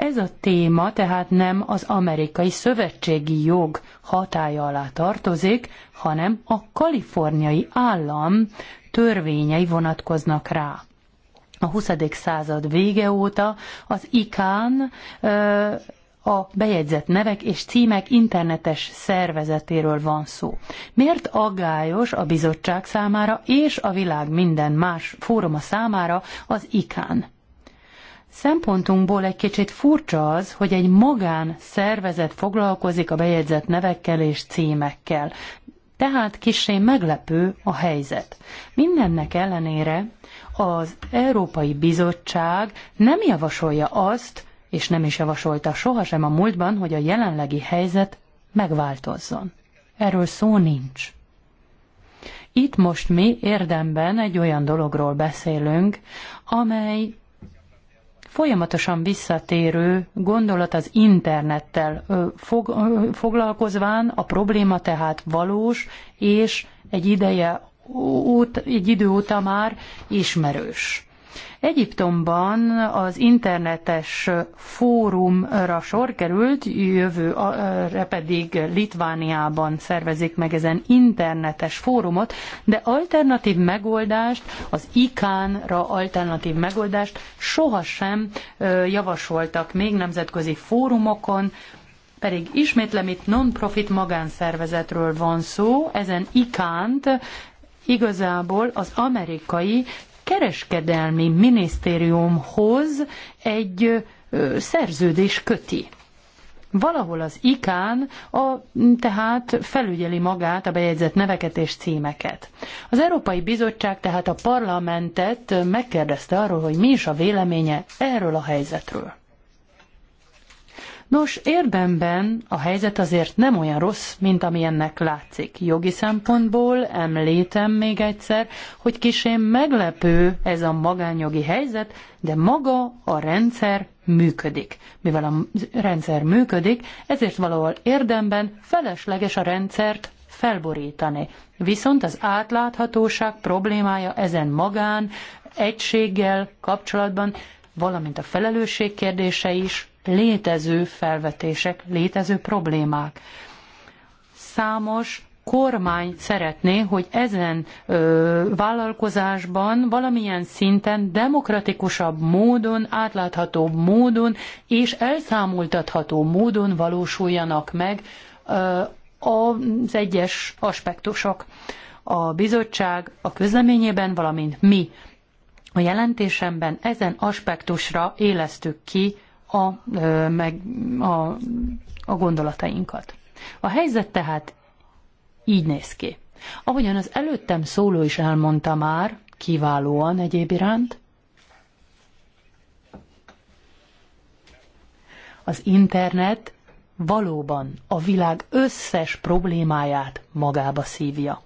Ez a téma tehát nem az amerikai szövetségi jog hatája alá tartozik, hanem a kaliforniai állam törvényei vonatkoznak rá. A 20. század vége óta az ICAN a bejegyzett nevek és címek internetes szervezetéről van szó. Miért aggályos a bizottság számára és a világ minden más fóruma számára az ICAN? szempontunkból egy kicsit furcsa az, hogy egy magán szervezet foglalkozik a bejegyzett nevekkel és címekkel. Tehát kissé meglepő a helyzet. Mindennek ellenére az Európai Bizottság nem javasolja azt, és nem is javasolta sohasem a múltban, hogy a jelenlegi helyzet megváltozzon. Erről szó nincs. Itt most mi érdemben egy olyan dologról beszélünk, amely folyamatosan visszatérő gondolat az internettel fog, foglalkozván, a probléma tehát valós, és egy ideje út, egy idő óta már ismerős. Egyiptomban az internetes fórumra sor került, jövőre pedig Litvániában szervezik meg ezen internetes fórumot, de alternatív megoldást, az ICAN-ra alternatív megoldást sohasem javasoltak még nemzetközi fórumokon, pedig ismétlem itt non-profit magánszervezetről van szó, ezen ikánt igazából az amerikai kereskedelmi minisztériumhoz egy szerződés köti. Valahol az ikán, a, tehát felügyeli magát a bejegyzett neveket és címeket. Az Európai Bizottság tehát a parlamentet megkérdezte arról, hogy mi is a véleménye erről a helyzetről. Nos, érdemben a helyzet azért nem olyan rossz, mint amilyennek látszik. Jogi szempontból említem még egyszer, hogy kisém meglepő ez a magánjogi helyzet, de maga a rendszer működik. Mivel a rendszer működik, ezért valahol érdemben felesleges a rendszert felborítani. Viszont az átláthatóság problémája ezen magán egységgel kapcsolatban, valamint a felelősség kérdése is létező felvetések, létező problémák. Számos kormány szeretné, hogy ezen ö, vállalkozásban valamilyen szinten demokratikusabb módon, átláthatóbb módon és elszámoltatható módon valósuljanak meg ö, az egyes aspektusok. A bizottság a közleményében, valamint mi a jelentésemben ezen aspektusra élesztük ki a, meg, a, a gondolatainkat. A helyzet tehát így néz ki. Ahogyan az előttem szóló is elmondta már, kiválóan egyéb iránt, az internet valóban a világ összes problémáját magába szívja.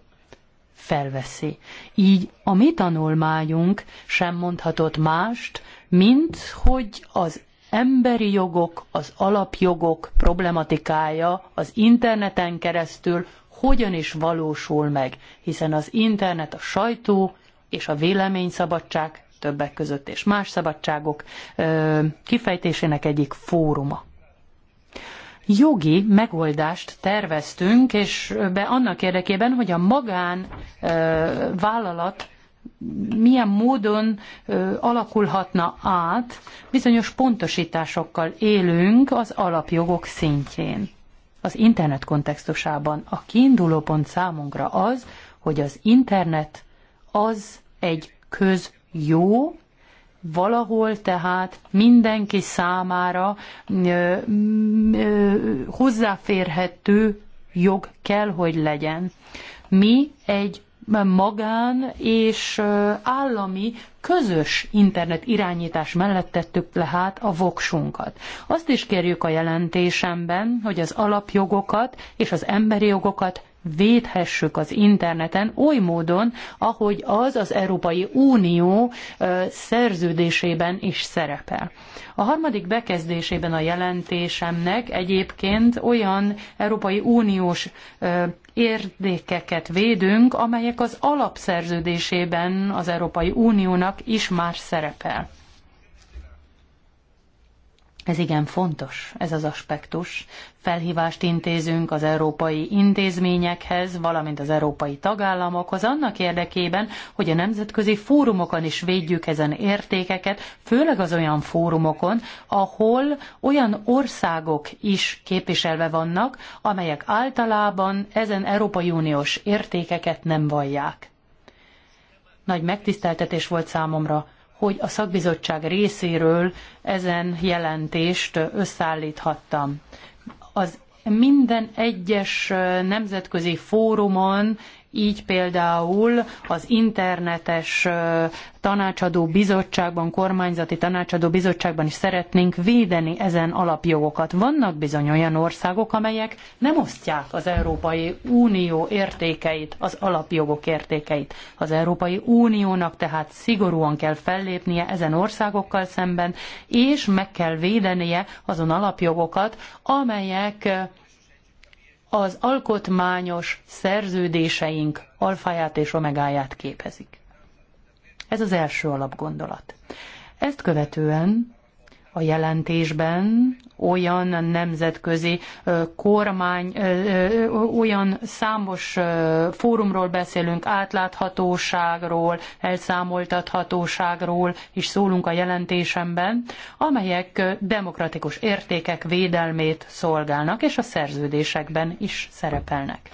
Felveszi. Így a mi tanulmányunk sem mondhatott mást, mint hogy az emberi jogok, az alapjogok problematikája az interneten keresztül hogyan is valósul meg, hiszen az internet a sajtó és a véleményszabadság többek között és más szabadságok kifejtésének egyik fóruma jogi megoldást terveztünk, és be annak érdekében, hogy a magánvállalat milyen módon alakulhatna át, bizonyos pontosításokkal élünk az alapjogok szintjén. Az internet kontextusában a kiinduló pont számunkra az, hogy az internet az egy közjó, valahol tehát mindenki számára ö, ö, hozzáférhető jog kell, hogy legyen. Mi egy magán és állami közös internet irányítás mellett tettük le hát a voksunkat. Azt is kérjük a jelentésemben, hogy az alapjogokat és az emberi jogokat védhessük az interneten oly módon, ahogy az az Európai Unió szerződésében is szerepel. A harmadik bekezdésében a jelentésemnek egyébként olyan Európai Uniós érdekeket védünk, amelyek az alapszerződésében az Európai Uniónak is már szerepel. Ez igen fontos, ez az aspektus. Felhívást intézünk az európai intézményekhez, valamint az európai tagállamokhoz annak érdekében, hogy a nemzetközi fórumokon is védjük ezen értékeket, főleg az olyan fórumokon, ahol olyan országok is képviselve vannak, amelyek általában ezen Európai Uniós értékeket nem vallják. Nagy megtiszteltetés volt számomra, hogy a szakbizottság részéről ezen jelentést összeállíthattam. Az minden egyes nemzetközi fórumon így például az internetes tanácsadó bizottságban, kormányzati tanácsadó bizottságban is szeretnénk védeni ezen alapjogokat. Vannak bizony olyan országok, amelyek nem osztják az Európai Unió értékeit, az alapjogok értékeit. Az Európai Uniónak tehát szigorúan kell fellépnie ezen országokkal szemben, és meg kell védenie azon alapjogokat, amelyek az alkotmányos szerződéseink alfáját és omegáját képezik. Ez az első alapgondolat. Ezt követően a jelentésben olyan nemzetközi kormány, olyan számos fórumról beszélünk, átláthatóságról, elszámoltathatóságról is szólunk a jelentésemben, amelyek demokratikus értékek védelmét szolgálnak, és a szerződésekben is szerepelnek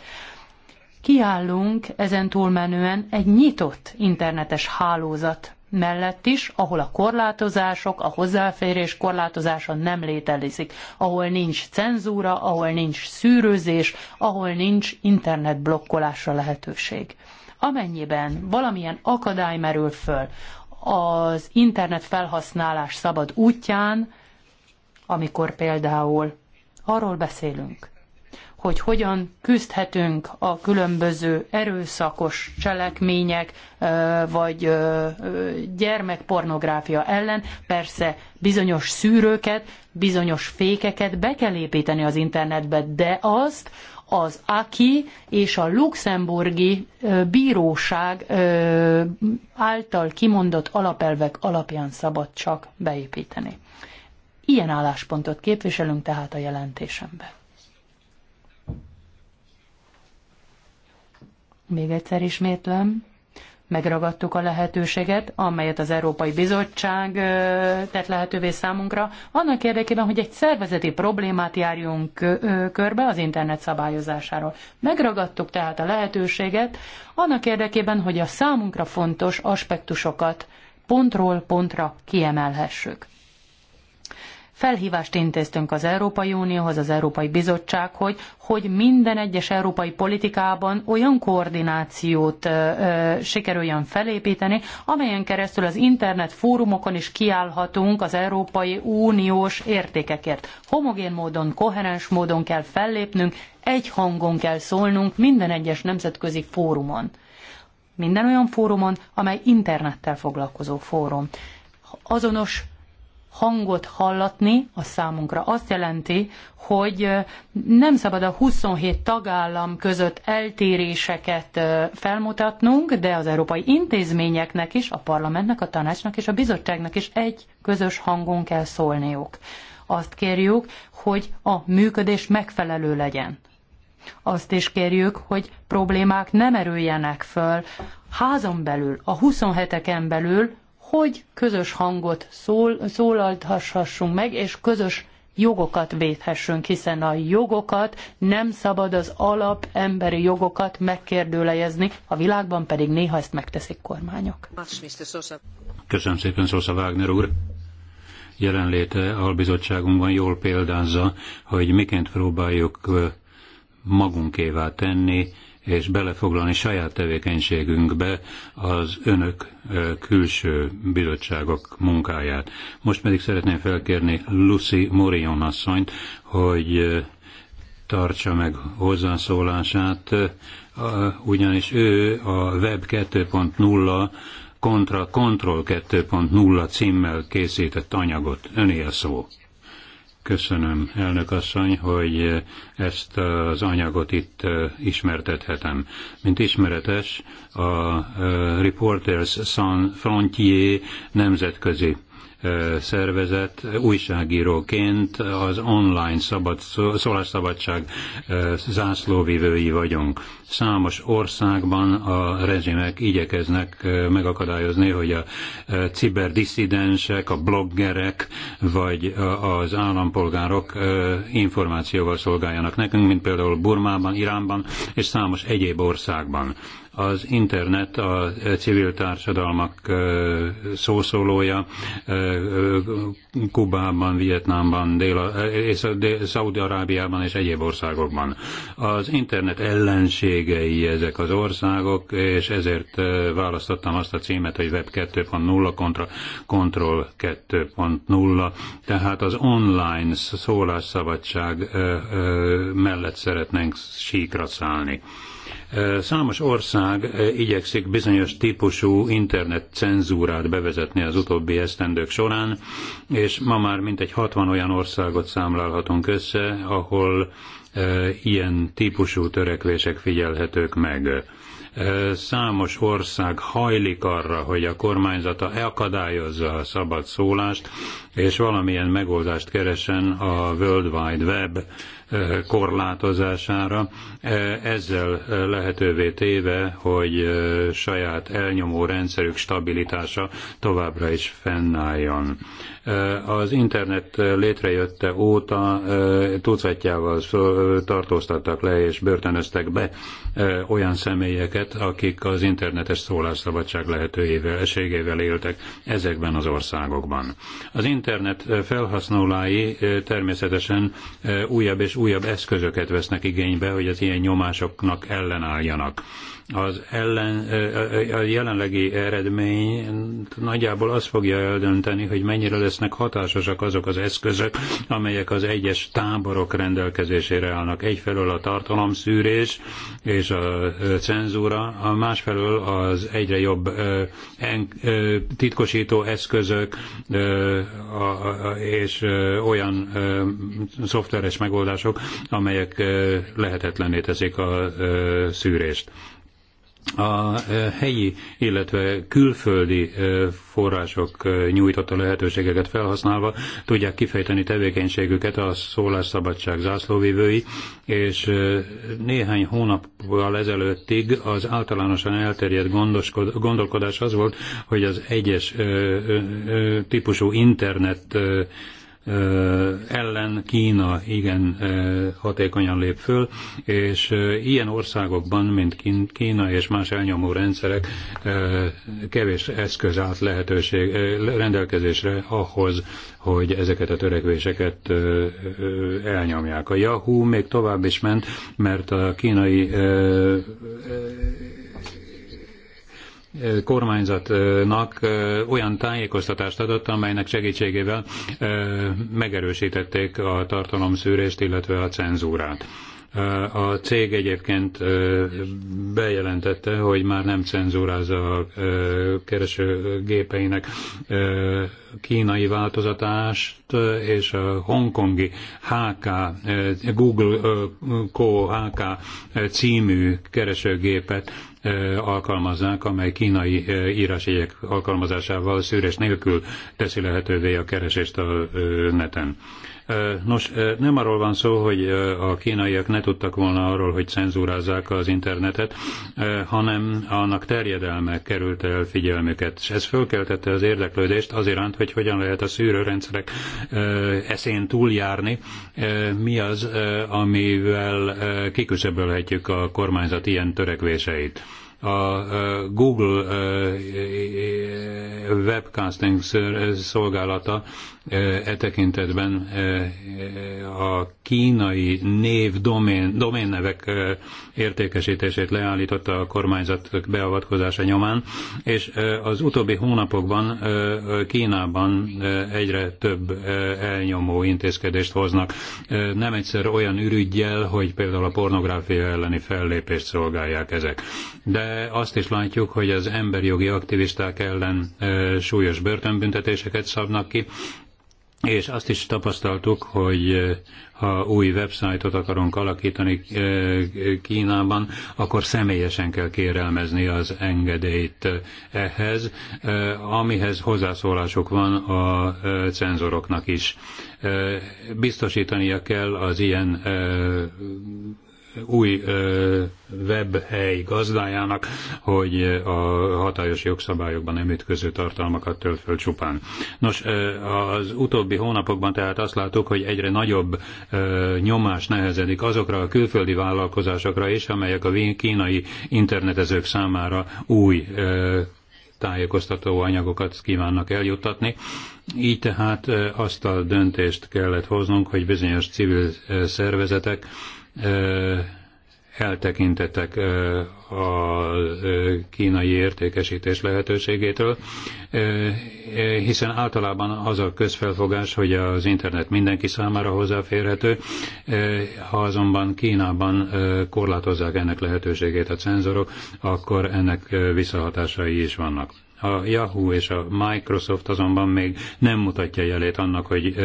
kiállunk ezen túlmenően egy nyitott internetes hálózat mellett is, ahol a korlátozások, a hozzáférés korlátozása nem létezik, ahol nincs cenzúra, ahol nincs szűrőzés, ahol nincs internetblokkolásra lehetőség. Amennyiben valamilyen akadály merül föl az internet felhasználás szabad útján, amikor például arról beszélünk, hogy hogyan küzdhetünk a különböző erőszakos cselekmények vagy gyermekpornográfia ellen. Persze bizonyos szűrőket, bizonyos fékeket be kell építeni az internetbe, de azt, az AKI és a luxemburgi bíróság által kimondott alapelvek alapján szabad csak beépíteni. Ilyen álláspontot képviselünk tehát a jelentésemben. még egyszer ismétlem, megragadtuk a lehetőséget, amelyet az Európai Bizottság tett lehetővé számunkra, annak érdekében, hogy egy szervezeti problémát járjunk körbe az internet szabályozásáról. Megragadtuk tehát a lehetőséget, annak érdekében, hogy a számunkra fontos aspektusokat pontról pontra kiemelhessük. Felhívást intéztünk az Európai Unióhoz, az Európai Bizottsághoz, hogy minden egyes európai politikában olyan koordinációt ö, sikerüljön felépíteni, amelyen keresztül az internet fórumokon is kiállhatunk az Európai Uniós értékekért. Homogén módon, koherens módon kell fellépnünk, egy hangon kell szólnunk minden egyes nemzetközi fórumon. Minden olyan fórumon, amely internettel foglalkozó fórum. Azonos hangot hallatni, a számunkra azt jelenti, hogy nem szabad a 27 tagállam között eltéréseket felmutatnunk, de az európai intézményeknek is, a parlamentnek, a tanácsnak és a bizottságnak is egy közös hangon kell szólniuk. Azt kérjük, hogy a működés megfelelő legyen. Azt is kérjük, hogy problémák nem erüljenek föl házon belül, a 27-eken belül, hogy közös hangot szól, szólalthassunk meg, és közös jogokat védhessünk, hiszen a jogokat nem szabad az alap emberi jogokat megkérdőlejezni, a világban pedig néha ezt megteszik kormányok. Köszönöm szépen, Szósza Wagner úr! Jelenléte albizottságunkban jól példázza, hogy miként próbáljuk magunkévá tenni és belefoglalni saját tevékenységünkbe az önök külső bizottságok munkáját. Most pedig szeretném felkérni Lucy Morion asszonyt, hogy tartsa meg hozzászólását, ugyanis ő a Web 2.0 kontra Control 2.0 címmel készített anyagot. Öné a szó. Köszönöm, elnök asszony, hogy ezt az anyagot itt ismertethetem. Mint ismeretes, a Reporters Sans Frontier nemzetközi szervezet újságíróként az online szabad, szólásszabadság zászlóvivői vagyunk. Számos országban a rezsimek igyekeznek megakadályozni, hogy a ciberdisszidensek, a bloggerek vagy az állampolgárok információval szolgáljanak nekünk, mint például Burmában, Iránban és számos egyéb országban. Az internet a civil társadalmak szószólója Kubában, Vietnámban, Szaudi-Arábiában és egyéb országokban. Az internet ellenségei ezek az országok, és ezért választottam azt a címet, hogy Web 2.0 kontra Control 2.0, tehát az online szólásszabadság mellett szeretnénk síkra szállni. Számos ország igyekszik bizonyos típusú internet cenzúrát bevezetni az utóbbi esztendők során, és ma már mintegy 60 olyan országot számlálhatunk össze, ahol ilyen típusú törekvések figyelhetők meg. Számos ország hajlik arra, hogy a kormányzata akadályozza a szabad szólást, és valamilyen megoldást keresen a World Wide Web korlátozására, e, ezzel lehetővé téve, hogy e, saját elnyomó rendszerük stabilitása továbbra is fennálljon. E, az internet létrejötte óta tucatjával tartóztattak le és börtönöztek be olyan személyeket, akik az internetes szólásszabadság lehetőségével éltek ezekben az országokban. Az internet felhasználói természetesen újabb és újabb újabb eszközöket vesznek igénybe, hogy az ilyen nyomásoknak ellenálljanak az ellen, a jelenlegi eredmény nagyjából azt fogja eldönteni, hogy mennyire lesznek hatásosak azok az eszközök, amelyek az egyes táborok rendelkezésére állnak. Egyfelől a tartalomszűrés és a cenzúra, a másfelől az egyre jobb titkosító eszközök és olyan szoftveres megoldások, amelyek lehetetlenné teszik a szűrést a helyi, illetve külföldi források nyújtotta lehetőségeket felhasználva tudják kifejteni tevékenységüket a szólásszabadság zászlóvivői, és néhány hónappal ezelőttig az általánosan elterjedt gondolkodás az volt, hogy az egyes típusú internet ellen Kína igen hatékonyan lép föl, és ilyen országokban, mint Kína és más elnyomó rendszerek kevés eszköz állt lehetőség, rendelkezésre ahhoz, hogy ezeket a törekvéseket elnyomják. A Yahoo még tovább is ment, mert a kínai kormányzatnak olyan tájékoztatást adott, amelynek segítségével megerősítették a tartalomszűrést, illetve a cenzúrát. A cég egyébként bejelentette, hogy már nem cenzúrázza a keresőgépeinek kínai változatást és a hongkongi HK, Google Co. HK című keresőgépet alkalmaznák, amely kínai írásjegyek alkalmazásával szűrés nélkül teszi lehetővé a keresést a neten. Nos, nem arról van szó, hogy a kínaiak ne tudtak volna arról, hogy cenzúrázzák az internetet, hanem annak terjedelme került el figyelmüket. És ez fölkeltette az érdeklődést az iránt, hogy hogyan lehet a szűrőrendszerek eszén túljárni, mi az, amivel kiküszöbölhetjük a kormányzat ilyen törekvéseit a Google webcasting szolgálata e tekintetben a kínai név domén, doménnevek értékesítését leállította a kormányzat beavatkozása nyomán, és az utóbbi hónapokban Kínában egyre több elnyomó intézkedést hoznak. Nem egyszer olyan ürügyjel, hogy például a pornográfia elleni fellépést szolgálják ezek. De azt is látjuk, hogy az emberjogi aktivisták ellen súlyos börtönbüntetéseket szabnak ki, és azt is tapasztaltuk, hogy eh, ha új websájtot akarunk alakítani eh, Kínában, akkor személyesen kell kérelmezni az engedélyt eh, ehhez, amihez hozzászólásuk van a cenzoroknak is. Biztosítania kell az ilyen új webhely gazdájának, hogy a hatályos jogszabályokban nem ütköző tartalmakat tölt föl csupán. Nos, az utóbbi hónapokban tehát azt láttuk, hogy egyre nagyobb nyomás nehezedik azokra a külföldi vállalkozásokra is, amelyek a kínai internetezők számára új tájékoztató anyagokat kívánnak eljuttatni. Így tehát azt a döntést kellett hoznunk, hogy bizonyos civil szervezetek eltekintetek a kínai értékesítés lehetőségétől, hiszen általában az a közfelfogás, hogy az internet mindenki számára hozzáférhető, ha azonban Kínában korlátozzák ennek lehetőségét a cenzorok, akkor ennek visszahatásai is vannak. A Yahoo és a Microsoft azonban még nem mutatja jelét annak, hogy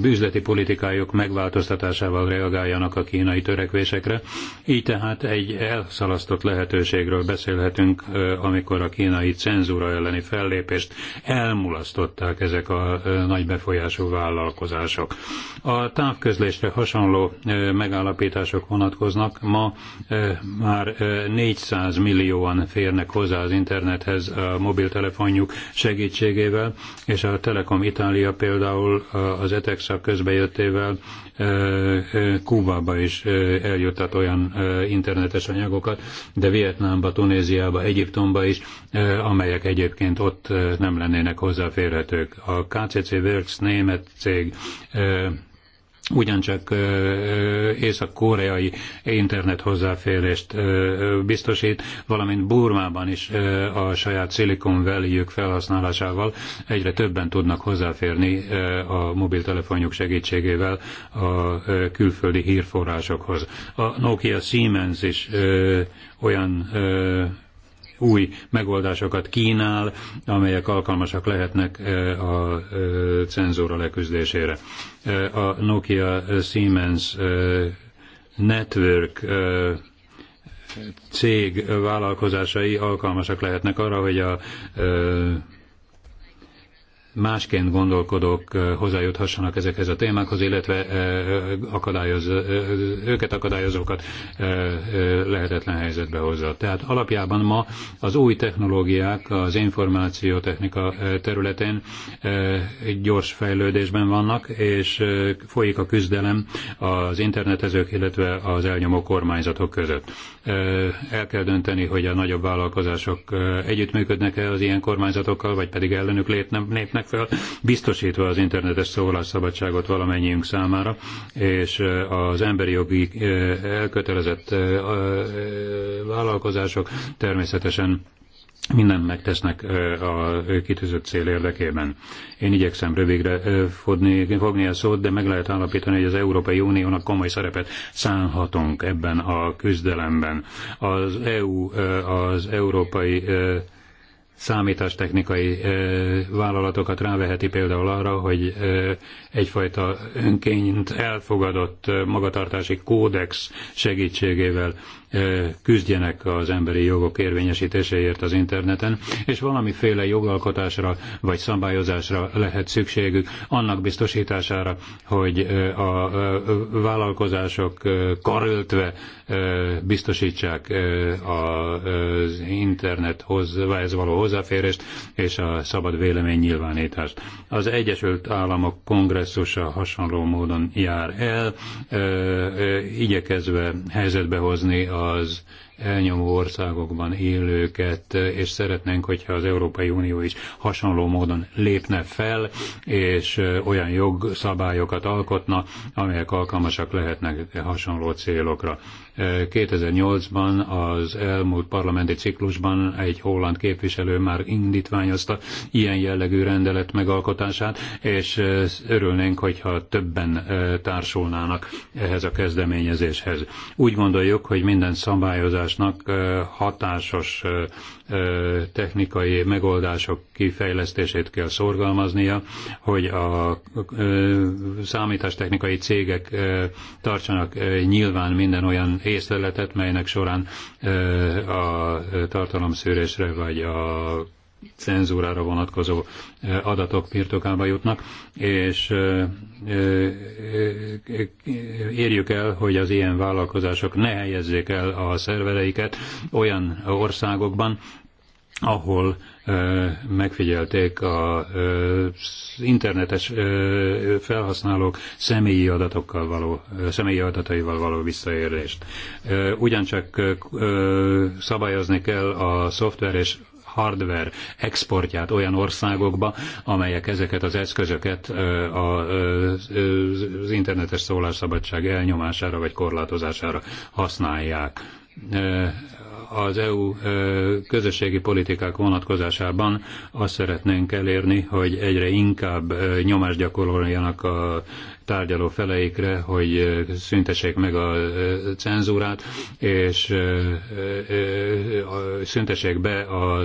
bűzleti politikájuk megváltoztatásával reagáljanak a kínai törekvésekre. Így tehát egy elszalasztott lehetőségről beszélhetünk, amikor a kínai cenzúra elleni fellépést elmulasztották ezek a nagy befolyású vállalkozások. A távközlésre hasonló megállapítások vonatkoznak. Ma már 400 millióan férnek hozzá az internethez a mobiltelefonjuk segítségével, és a Telekom Itália például az ETEXA közbejöttével e, e, Kúbába is e, eljutat olyan internetes anyagokat, de Vietnámba, Tunéziába, Egyiptomba is, amelyek egyébként ott nem lennének hozzáférhetők. A KCC Works német cég ugyancsak észak-koreai internet hozzáférést biztosít, valamint Burmában is a saját Silicon valley felhasználásával egyre többen tudnak hozzáférni a mobiltelefonjuk segítségével a külföldi hírforrásokhoz. A Nokia Siemens is olyan új megoldásokat kínál, amelyek alkalmasak lehetnek e, a e, cenzúra leküzdésére. E, a Nokia Siemens Network cég vállalkozásai alkalmasak lehetnek arra, hogy a másként gondolkodók hozzájuthassanak ezekhez a témákhoz, illetve akadályoz, őket akadályozókat lehetetlen helyzetbe hozza. Tehát alapjában ma az új technológiák az információtechnika területén gyors fejlődésben vannak, és folyik a küzdelem az internetezők, illetve az elnyomó kormányzatok között. El kell dönteni, hogy a nagyobb vállalkozások együttműködnek-e az ilyen kormányzatokkal, vagy pedig ellenük lépnek, használják fel, biztosítva az internetes szólásszabadságot valamennyiünk számára, és az emberi jogi elkötelezett vállalkozások természetesen mindent megtesznek a kitűzött cél érdekében. Én igyekszem rövidre fogni, fogni a szót, de meg lehet állapítani, hogy az Európai Uniónak komoly szerepet szánhatunk ebben a küzdelemben. Az EU, az Európai számítástechnikai vállalatokat ráveheti például arra, hogy egyfajta önként elfogadott magatartási kódex segítségével küzdjenek az emberi jogok érvényesítéséért az interneten, és valamiféle jogalkotásra vagy szabályozásra lehet szükségük annak biztosítására, hogy a vállalkozások karöltve biztosítsák az internethoz ez való hozzáférést és a szabad vélemény nyilvánítást Az Egyesült Államok kongresszusa hasonló módon jár el, igyekezve helyzetbe hozni a az elnyomó országokban élőket, és szeretnénk, hogyha az Európai Unió is hasonló módon lépne fel, és olyan jogszabályokat alkotna, amelyek alkalmasak lehetnek hasonló célokra. 2008-ban az elmúlt parlamenti ciklusban egy holland képviselő már indítványozta ilyen jellegű rendelet megalkotását, és örülnénk, hogyha többen társulnának ehhez a kezdeményezéshez. Úgy gondoljuk, hogy minden szabályozásnak hatásos technikai megoldások kifejlesztését kell szorgalmaznia, hogy a számítástechnikai cégek tartsanak nyilván minden olyan észleletet, melynek során a tartalomszűrésre vagy a cenzúrára vonatkozó adatok birtokába jutnak, és érjük el, hogy az ilyen vállalkozások ne helyezzék el a szervereiket olyan országokban, ahol megfigyelték az internetes felhasználók személyi adatokkal való, személyi adataival való visszaérést. Ugyancsak szabályozni kell a szoftver és hardware exportját olyan országokba, amelyek ezeket az eszközöket az internetes szólásszabadság elnyomására vagy korlátozására használják az EU közösségi politikák vonatkozásában azt szeretnénk elérni, hogy egyre inkább nyomást gyakoroljanak a tárgyaló feleikre, hogy szüntessék meg a cenzúrát, és szüntessék be a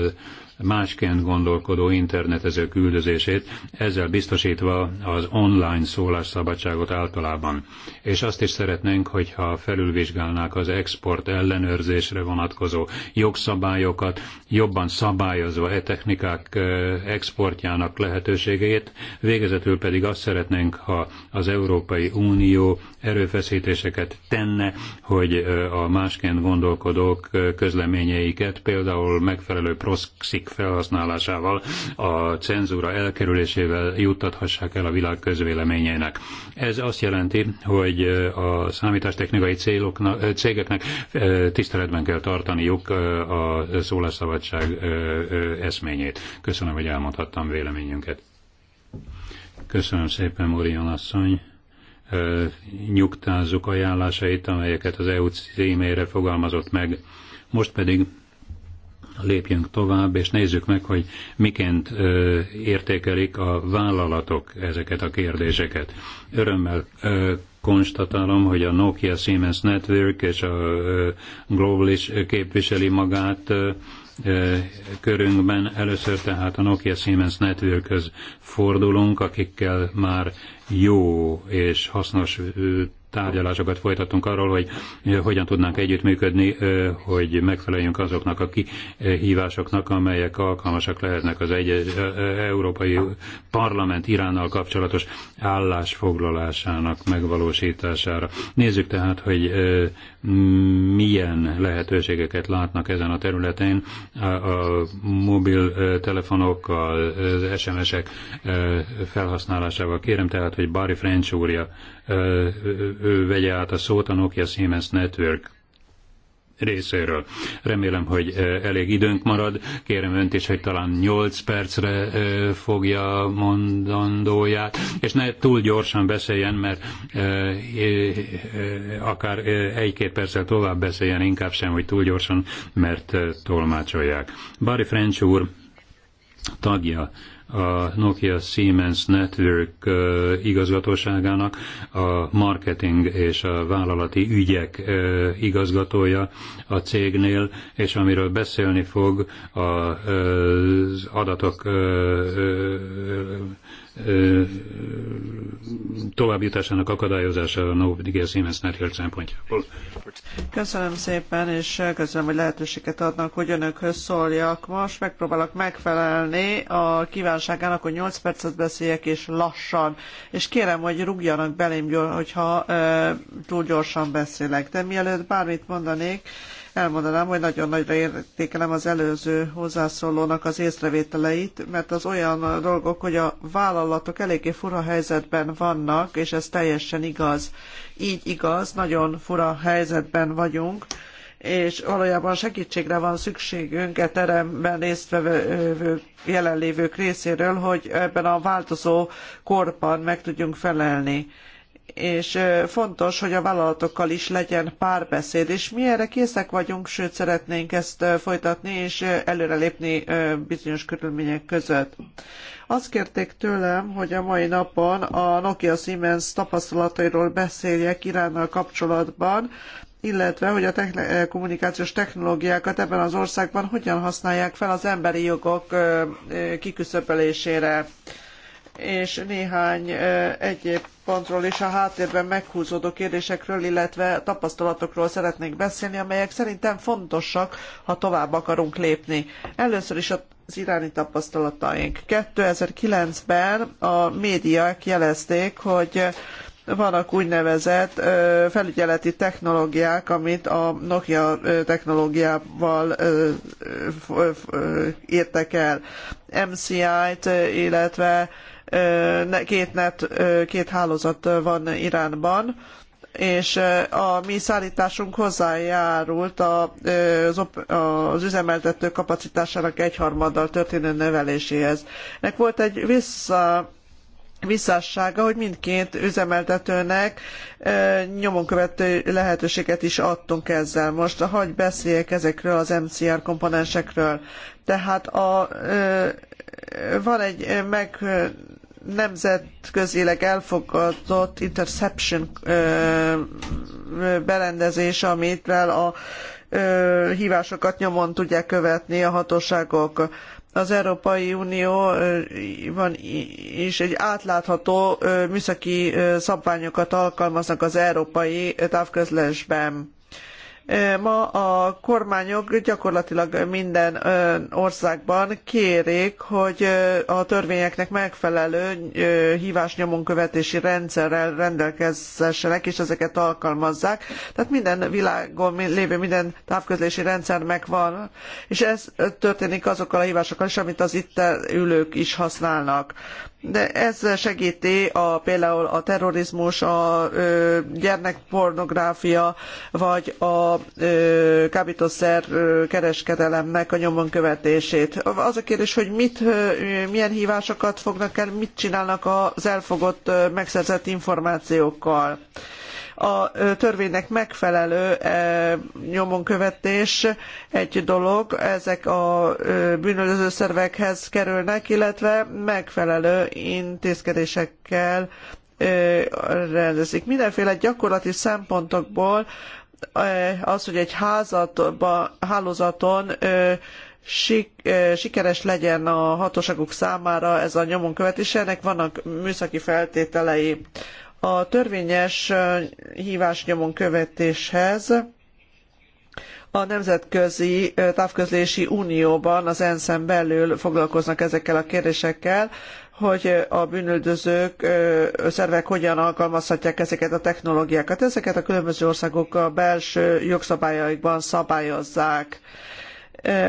másként gondolkodó internetező küldözését ezzel biztosítva az online szólásszabadságot általában. És azt is szeretnénk, hogyha felülvizsgálnák az export ellenőrzésre vonatkozó jogszabályokat, jobban szabályozva e technikák exportjának lehetőségét, végezetül pedig azt szeretnénk, ha az Európai Unió erőfeszítéseket tenne, hogy a másként gondolkodók közleményeiket például megfelelő proxy felhasználásával, a cenzúra elkerülésével juttathassák el a világ közvéleményének. Ez azt jelenti, hogy a számítástechnikai céloknak, cégeknek tiszteletben kell tartaniuk a szólásszabadság eszményét. Köszönöm, hogy elmondhattam véleményünket. Köszönöm szépen, Morion asszony nyugtázzuk ajánlásait, amelyeket az EU címére fogalmazott meg. Most pedig lépjünk tovább, és nézzük meg, hogy miként ö, értékelik a vállalatok ezeket a kérdéseket. Örömmel ö, konstatálom, hogy a Nokia Siemens Network és a ö, is képviseli magát ö, ö, körünkben. Először tehát a Nokia Siemens network fordulunk, akikkel már jó és hasznos tárgyalásokat folytattunk arról, hogy hogyan tudnánk együttműködni, hogy megfeleljünk azoknak a kihívásoknak, amelyek alkalmasak lehetnek az egy Európai Parlament Iránnal kapcsolatos állásfoglalásának megvalósítására. Nézzük tehát, hogy milyen lehetőségeket látnak ezen a területen a mobiltelefonokkal, az SMS-ek felhasználásával. Kérem tehát, hogy Barry French úrja ő vegye át a szót a Nokia Siemens Network részéről. Remélem, hogy elég időnk marad. Kérem önt is, hogy talán 8 percre fogja mondandóját, és ne túl gyorsan beszéljen, mert akár egy-két perccel tovább beszéljen, inkább sem, hogy túl gyorsan, mert tolmácsolják. Bari French úr tagja a Nokia Siemens Network igazgatóságának, a marketing és a vállalati ügyek igazgatója a cégnél, és amiről beszélni fog az adatok továbbjutásának akadályozása a Nokia Siemens Network szempontjából. Köszönöm szépen, és köszönöm, hogy lehetőséget adnak, hogy önökhöz szóljak. Most megpróbálok megfelelni a kívánságának, hogy 8 percet beszéljek, és lassan. És kérem, hogy rúgjanak belém, hogyha e, túl gyorsan beszélek. De mielőtt bármit mondanék, e, elmondanám, hogy nagyon nagyra értékelem az előző hozzászólónak az észrevételeit, mert az olyan dolgok, hogy a vállalatok eléggé fura helyzetben vannak, és ez teljesen igaz. Így igaz, nagyon fura helyzetben vagyunk, és valójában segítségre van szükségünk e teremben résztvevő jelenlévők részéről, hogy ebben a változó korban meg tudjunk felelni és fontos, hogy a vállalatokkal is legyen párbeszéd, és mi erre készek vagyunk, sőt szeretnénk ezt folytatni és előrelépni bizonyos körülmények között. Azt kérték tőlem, hogy a mai napon a Nokia Siemens tapasztalatairól beszéljek Iránnal kapcsolatban, illetve hogy a techn- kommunikációs technológiákat ebben az országban hogyan használják fel az emberi jogok kiküszöbölésére és néhány egyéb pontról is a háttérben meghúzódó kérdésekről, illetve tapasztalatokról szeretnék beszélni, amelyek szerintem fontosak, ha tovább akarunk lépni. Először is az iráni tapasztalataink. 2009-ben a médiák jelezték, hogy vannak úgynevezett felügyeleti technológiák, amit a Nokia technológiával értek el. MCI-t, illetve két, net, két hálózat van Iránban, és a mi szállításunk hozzájárult az, az üzemeltető kapacitásának egyharmaddal történő növeléséhez. Ennek volt egy vissza visszássága, hogy mindkét üzemeltetőnek e, nyomon követő lehetőséget is adtunk ezzel. Most hagyj beszéljek ezekről az MCR komponensekről. Tehát a, e, van egy meg nemzetközileg elfogadott interception berendezés, amivel a hívásokat nyomon tudják követni a hatóságok az Európai Unióban is egy átlátható műszaki szabványokat alkalmaznak az európai távközlésben. Ma a kormányok gyakorlatilag minden országban kérik, hogy a törvényeknek megfelelő hívás követési rendszerrel rendelkezessenek, és ezeket alkalmazzák. Tehát minden világon lévő minden távközlési rendszer megvan, és ez történik azokkal a hívásokkal is, amit az itt ülők is használnak de ez segíti a, például a terrorizmus, a ö, gyermekpornográfia, vagy a ö, kábítószer ö, kereskedelemnek a nyomon követését. Az a kérdés, hogy mit, ö, milyen hívásokat fognak el, mit csinálnak az elfogott ö, megszerzett információkkal. Ö, a törvénynek megfelelő követés egy dolog, ezek a bűnöző szervekhez kerülnek, illetve megfelelő intézkedésekkel rendezik. Mindenféle gyakorlati szempontokból az, hogy egy házatba, hálózaton sikeres legyen a hatóságok számára ez a nyomon követés, ennek vannak műszaki feltételei. A törvényes hívásnyomon követéshez a Nemzetközi Távközlési Unióban, az ENSZ-en belül foglalkoznak ezekkel a kérdésekkel, hogy a bűnöldözők, szervek hogyan alkalmazhatják ezeket a technológiákat. Ezeket a különböző országok a belső jogszabályaikban szabályozzák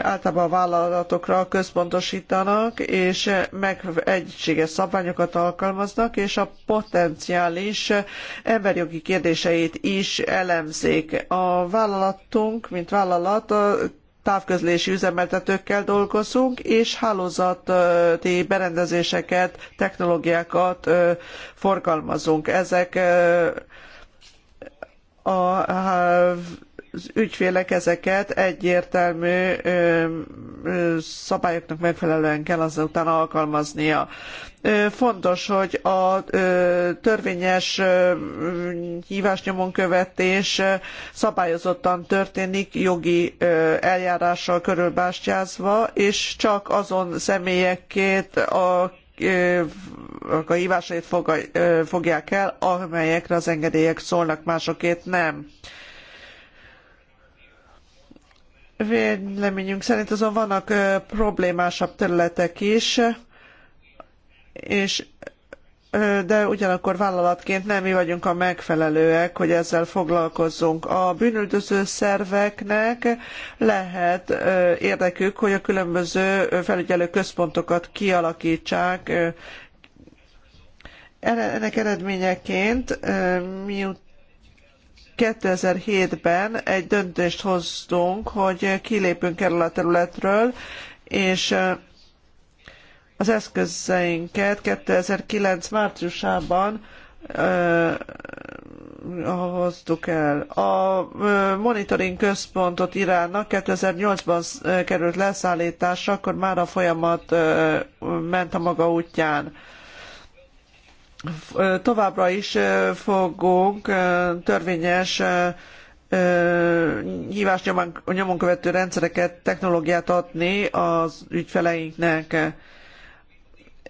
általában a vállalatokra központosítanak, és meg egységes szabványokat alkalmaznak, és a potenciális emberjogi kérdéseit is elemzik. A vállalatunk, mint vállalat, a távközlési üzemeltetőkkel dolgozunk, és hálózati berendezéseket, technológiákat forgalmazunk. Ezek a az ügyfélek ezeket egyértelmű szabályoknak megfelelően kell azután alkalmaznia. Fontos, hogy a törvényes hívásnyomon követés szabályozottan történik, jogi eljárással körülbástyázva, és csak azon személyekét, a a hívásait fogják el, amelyekre az engedélyek szólnak, másokét nem. Véleményünk szerint azon vannak problémásabb területek is, és de ugyanakkor vállalatként nem mi vagyunk a megfelelőek, hogy ezzel foglalkozzunk. A bűnüldöző szerveknek lehet érdekük, hogy a különböző felügyelő központokat kialakítsák. Ennek eredményeként miután 2007-ben egy döntést hoztunk, hogy kilépünk erről a területről, és az eszközeinket 2009 márciusában hoztuk el. A monitoring központot Iránnak 2008-ban került leszállítás, akkor már a folyamat ment a maga útján továbbra is fogunk törvényes hívás nyomon, követő rendszereket, technológiát adni az ügyfeleinknek.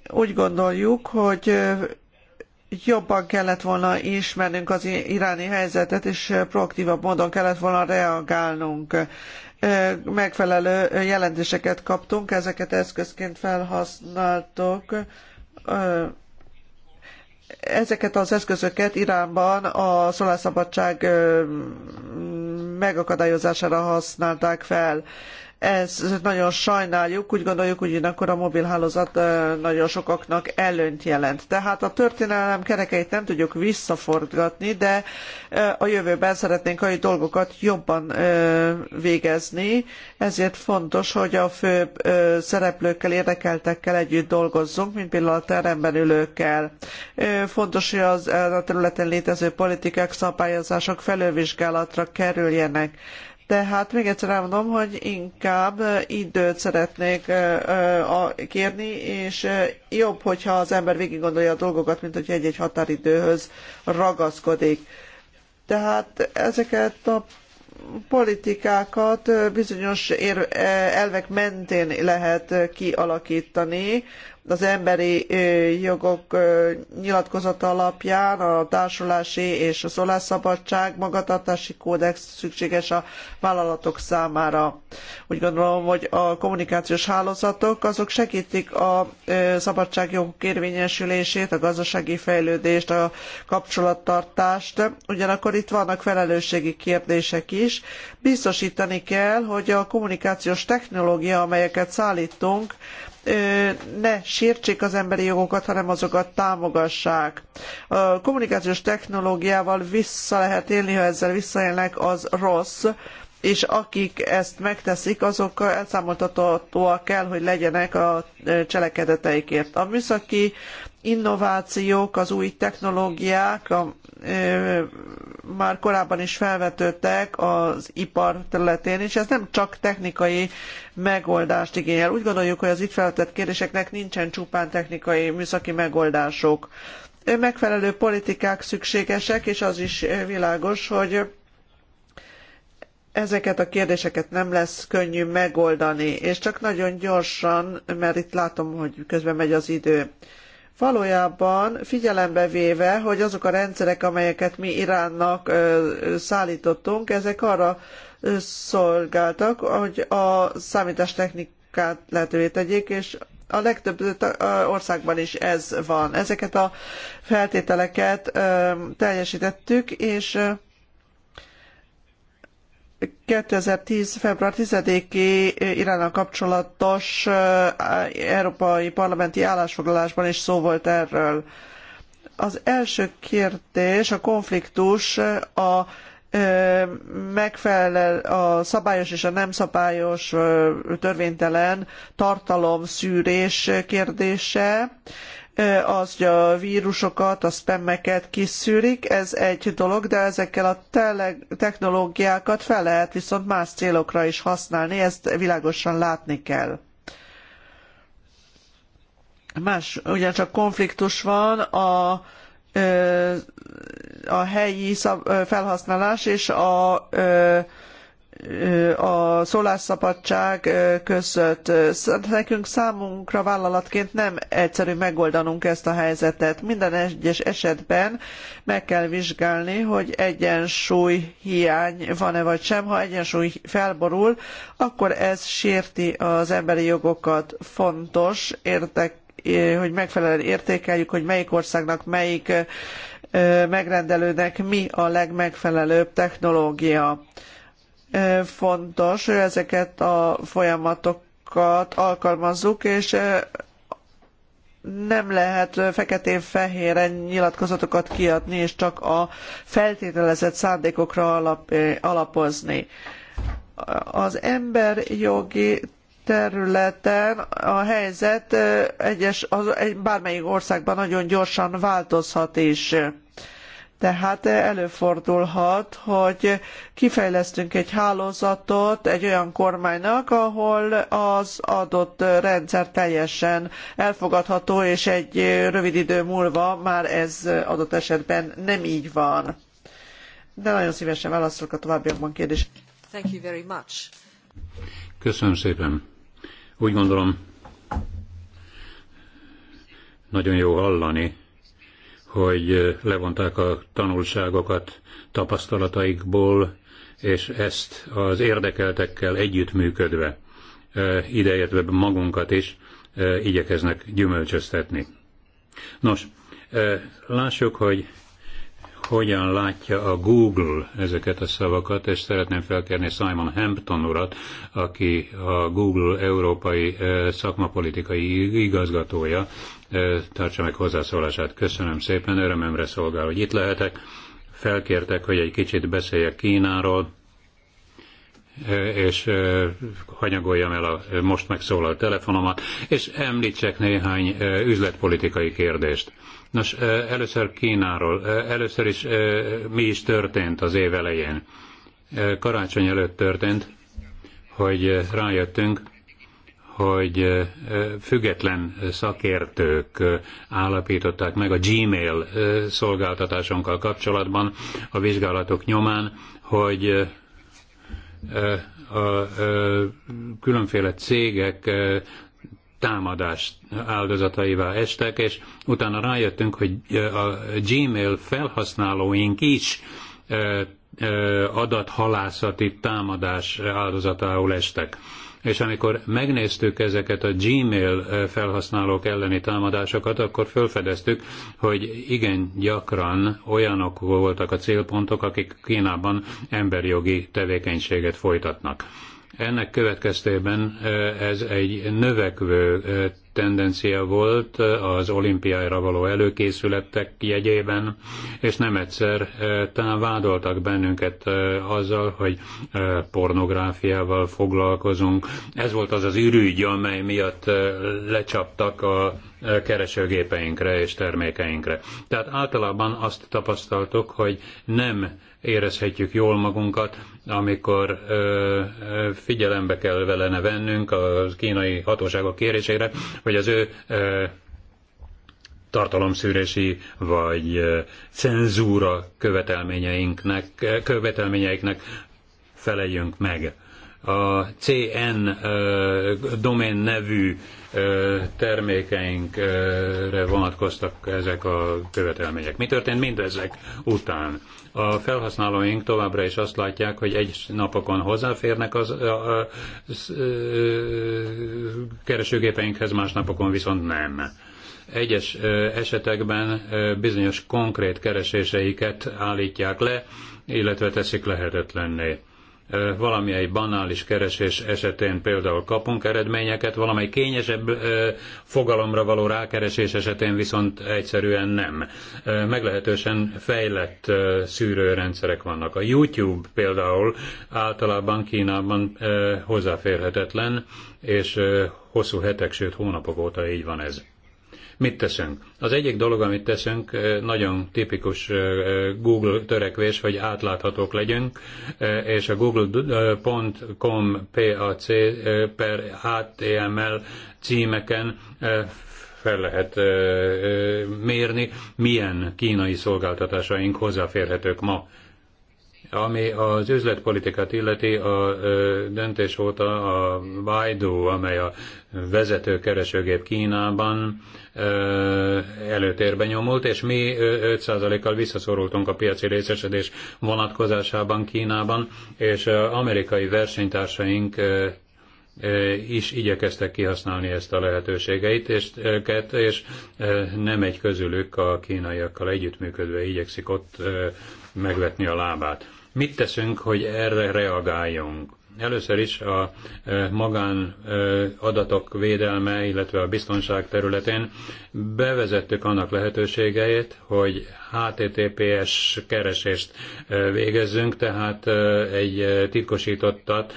Úgy gondoljuk, hogy jobban kellett volna ismernünk az iráni helyzetet, és proaktívabb módon kellett volna reagálnunk. Megfelelő jelentéseket kaptunk, ezeket eszközként felhasználtuk ezeket az eszközöket Iránban a szólásszabadság megakadályozására használták fel. Ezt nagyon sajnáljuk, úgy gondoljuk, hogy akkor a mobilhálózat nagyon sokaknak előnyt jelent. Tehát a történelem kerekeit nem tudjuk visszaforgatni, de a jövőben szeretnénk a dolgokat jobban végezni, ezért fontos, hogy a fő szereplőkkel, érdekeltekkel együtt dolgozzunk, mint például a teremben ülőkkel. Fontos, hogy az, a területen létező politikák, szabályozások felülvizsgálatra kerüljenek tehát még egyszer elmondom, hogy inkább időt szeretnék kérni, és jobb, hogyha az ember végig gondolja a dolgokat, mint hogy egy-egy határidőhöz ragaszkodik. Tehát ezeket a politikákat bizonyos elvek mentén lehet kialakítani, az emberi jogok nyilatkozata alapján a társulási és a szólásszabadság magatartási kódex szükséges a vállalatok számára. Úgy gondolom, hogy a kommunikációs hálózatok azok segítik a szabadságjogok érvényesülését, a gazdasági fejlődést, a kapcsolattartást. Ugyanakkor itt vannak felelősségi kérdések is. Biztosítani kell, hogy a kommunikációs technológia, amelyeket szállítunk, ne sértsék az emberi jogokat, hanem azokat támogassák. A kommunikációs technológiával vissza lehet élni, ha ezzel visszaélnek, az rossz, és akik ezt megteszik, azok elszámoltatóak kell, hogy legyenek a cselekedeteikért. A műszaki innovációk, az új technológiák, a már korábban is felvetődtek az ipar területén, és ez nem csak technikai megoldást igényel. Úgy gondoljuk, hogy az itt felvetett kérdéseknek nincsen csupán technikai műszaki megoldások. Megfelelő politikák szükségesek, és az is világos, hogy ezeket a kérdéseket nem lesz könnyű megoldani, és csak nagyon gyorsan, mert itt látom, hogy közben megy az idő valójában figyelembe véve, hogy azok a rendszerek, amelyeket mi Iránnak szállítottunk, ezek arra szolgáltak, hogy a számítástechnikát lehetővé tegyék, és a legtöbb országban is ez van. Ezeket a feltételeket teljesítettük, és 2010. február 10-i Iránnal kapcsolatos európai parlamenti állásfoglalásban is szó volt erről. Az első kérdés, a konfliktus a megfelel a szabályos és a nem szabályos törvénytelen tartalom szűrés kérdése, az, hogy a vírusokat, a spammeket kiszűrik, ez egy dolog, de ezekkel a technológiákat fel lehet viszont más célokra is használni, ezt világosan látni kell más, ugyancsak konfliktus van a, a helyi felhasználás és a a szólásszabadság között. Nekünk számunkra vállalatként nem egyszerű megoldanunk ezt a helyzetet. Minden egyes esetben meg kell vizsgálni, hogy egyensúly hiány van-e vagy sem. Ha egyensúly felborul, akkor ez sérti az emberi jogokat. Fontos érdek, hogy megfelelően értékeljük, hogy melyik országnak melyik megrendelőnek mi a legmegfelelőbb technológia fontos, hogy ezeket a folyamatokat alkalmazzuk, és nem lehet feketén-fehéren nyilatkozatokat kiadni, és csak a feltételezett szándékokra alap, alapozni. Az emberjogi területen a helyzet egyes, az, egy, bármelyik országban nagyon gyorsan változhat is. Tehát előfordulhat, hogy kifejlesztünk egy hálózatot egy olyan kormánynak, ahol az adott rendszer teljesen elfogadható, és egy rövid idő múlva már ez adott esetben nem így van. De nagyon szívesen válaszolok a továbbiakban kérdés. Thank you very much. Köszönöm szépen. Úgy gondolom, nagyon jó hallani, hogy levonták a tanulságokat tapasztalataikból, és ezt az érdekeltekkel együttműködve, idejétve magunkat is, igyekeznek gyümölcsöztetni. Nos, lássuk, hogy hogyan látja a Google ezeket a szavakat, és szeretném felkérni Simon Hampton urat, aki a Google európai szakmapolitikai igazgatója, tartsa meg hozzászólását. Köszönöm szépen, örömömre szolgál, hogy itt lehetek. Felkértek, hogy egy kicsit beszéljek Kínáról, és hanyagoljam el a most megszólalt telefonomat, és említsek néhány üzletpolitikai kérdést. Nos, először Kínáról. Először is mi is történt az év elején? Karácsony előtt történt, hogy rájöttünk, hogy független szakértők állapították meg a Gmail szolgáltatásunkkal kapcsolatban a vizsgálatok nyomán, hogy a különféle cégek támadás áldozataivá estek, és utána rájöttünk, hogy a Gmail felhasználóink is adathalászati támadás áldozatául estek és amikor megnéztük ezeket a Gmail eh, felhasználók elleni támadásokat, akkor felfedeztük, hogy igen gyakran olyanok voltak a célpontok, akik Kínában emberjogi tevékenységet folytatnak. Ennek következtében eh, ez egy növekvő eh, tendencia volt az olimpiára való előkészületek jegyében, és nem egyszer eh, talán vádoltak bennünket eh, azzal, hogy eh, pornográfiával foglalkozunk. Ez volt az az ürügy, amely miatt lecsaptak a keresőgépeinkre és termékeinkre. Tehát általában azt tapasztaltuk, hogy nem érezhetjük jól magunkat, amikor ö, figyelembe kell velene vennünk a kínai hatóságok kérésére, vagy az ő tartalomszűrési vagy cenzúra követelményeinknek, követelményeiknek feleljünk meg. A CN domén nevű termékeinkre vonatkoztak ezek a követelmények. Mi történt mindezek után? A felhasználóink továbbra is azt látják, hogy egy napokon hozzáférnek az a, a, a, keresőgépeinkhez, más napokon viszont nem. Egyes esetekben bizonyos konkrét kereséseiket állítják le, illetve teszik lehetetlenné valamilyen banális keresés esetén például kapunk eredményeket, valamely kényesebb fogalomra való rákeresés esetén viszont egyszerűen nem. Meglehetősen fejlett szűrőrendszerek vannak. A YouTube például általában Kínában hozzáférhetetlen, és hosszú hetek, sőt hónapok óta így van ez. Mit teszünk? Az egyik dolog, amit teszünk, nagyon tipikus Google törekvés, hogy átláthatók legyünk, és a google.com PAC per HTML címeken fel lehet mérni, milyen kínai szolgáltatásaink hozzáférhetők ma ami az üzletpolitikát illeti, a döntés óta a Baidu, amely a vezető keresőgép Kínában előtérbe nyomult, és mi 5%-kal visszaszorultunk a piaci részesedés vonatkozásában Kínában, és amerikai versenytársaink is igyekeztek kihasználni ezt a lehetőségeit, és, és nem egy közülük a kínaiakkal együttműködve igyekszik ott megvetni a lábát. Mit teszünk, hogy erre reagáljunk? Először is a e, magán e, adatok védelme, illetve a biztonság területén bevezettük annak lehetőségeit, hogy HTTPS keresést e, végezzünk, tehát egy titkosítottat,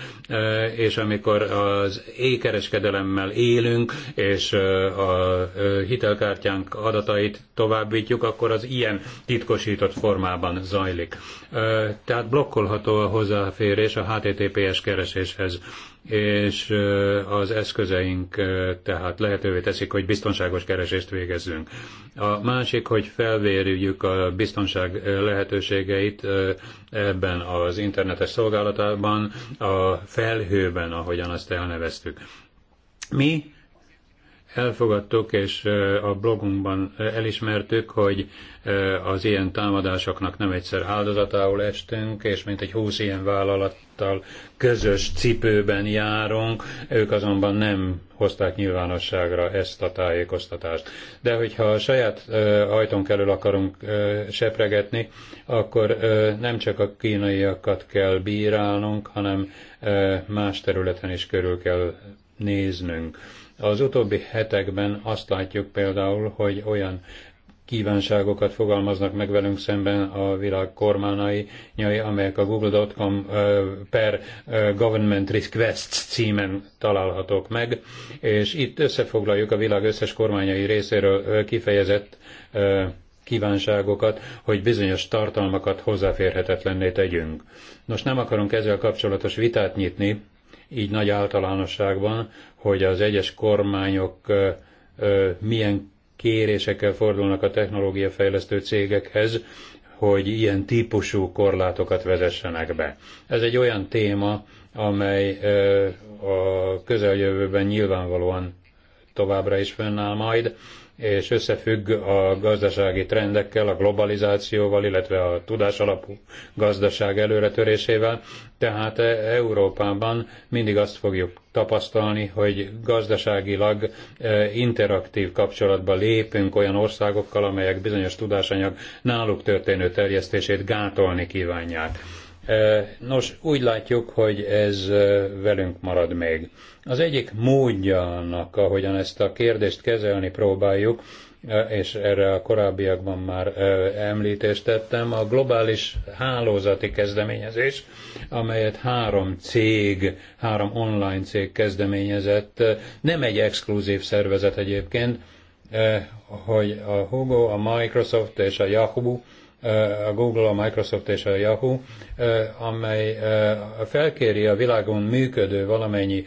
és amikor az ékereskedelemmel élünk, és a hitelkártyánk adatait továbbítjuk, akkor az ilyen titkosított formában zajlik. Tehát blokkolható a hozzáférés a HTTPS kereséshez és az eszközeink tehát lehetővé teszik, hogy biztonságos keresést végezzünk. A másik, hogy felvérjük a biztonság lehetőségeit ebben az internetes szolgálatában, a felhőben, ahogyan azt elneveztük. Mi elfogadtuk, és a blogunkban elismertük, hogy az ilyen támadásoknak nem egyszer áldozatául estünk, és mint egy húsz ilyen vállalattal közös cipőben járunk, ők azonban nem hozták nyilvánosságra ezt a tájékoztatást. De hogyha a saját ajtónk elől akarunk sepregetni, akkor nem csak a kínaiakat kell bírálnunk, hanem más területen is körül kell néznünk az utóbbi hetekben azt látjuk például, hogy olyan kívánságokat fogalmaznak meg velünk szemben a világ kormányai, amelyek a google.com per government requests címen találhatók meg, és itt összefoglaljuk a világ összes kormányai részéről kifejezett kívánságokat, hogy bizonyos tartalmakat hozzáférhetetlenné tegyünk. Nos, nem akarunk ezzel kapcsolatos vitát nyitni, így nagy általánosságban, hogy az egyes kormányok milyen kérésekkel fordulnak a technológiafejlesztő cégekhez, hogy ilyen típusú korlátokat vezessenek be. Ez egy olyan téma, amely a közeljövőben nyilvánvalóan továbbra is fönnáll majd, és összefügg a gazdasági trendekkel, a globalizációval, illetve a tudásalapú gazdaság előretörésével. Tehát e, Európában mindig azt fogjuk tapasztalni, hogy gazdaságilag e, interaktív kapcsolatba lépünk olyan országokkal, amelyek bizonyos tudásanyag náluk történő terjesztését gátolni kívánják Nos, úgy látjuk, hogy ez velünk marad még. Az egyik módja annak, ahogyan ezt a kérdést kezelni próbáljuk, és erre a korábbiakban már említést tettem, a globális hálózati kezdeményezés, amelyet három cég, három online cég kezdeményezett, nem egy exkluzív szervezet egyébként, hogy a Hugo, a Microsoft és a Yahoo a Google, a Microsoft és a Yahoo, amely felkéri a világon működő valamennyi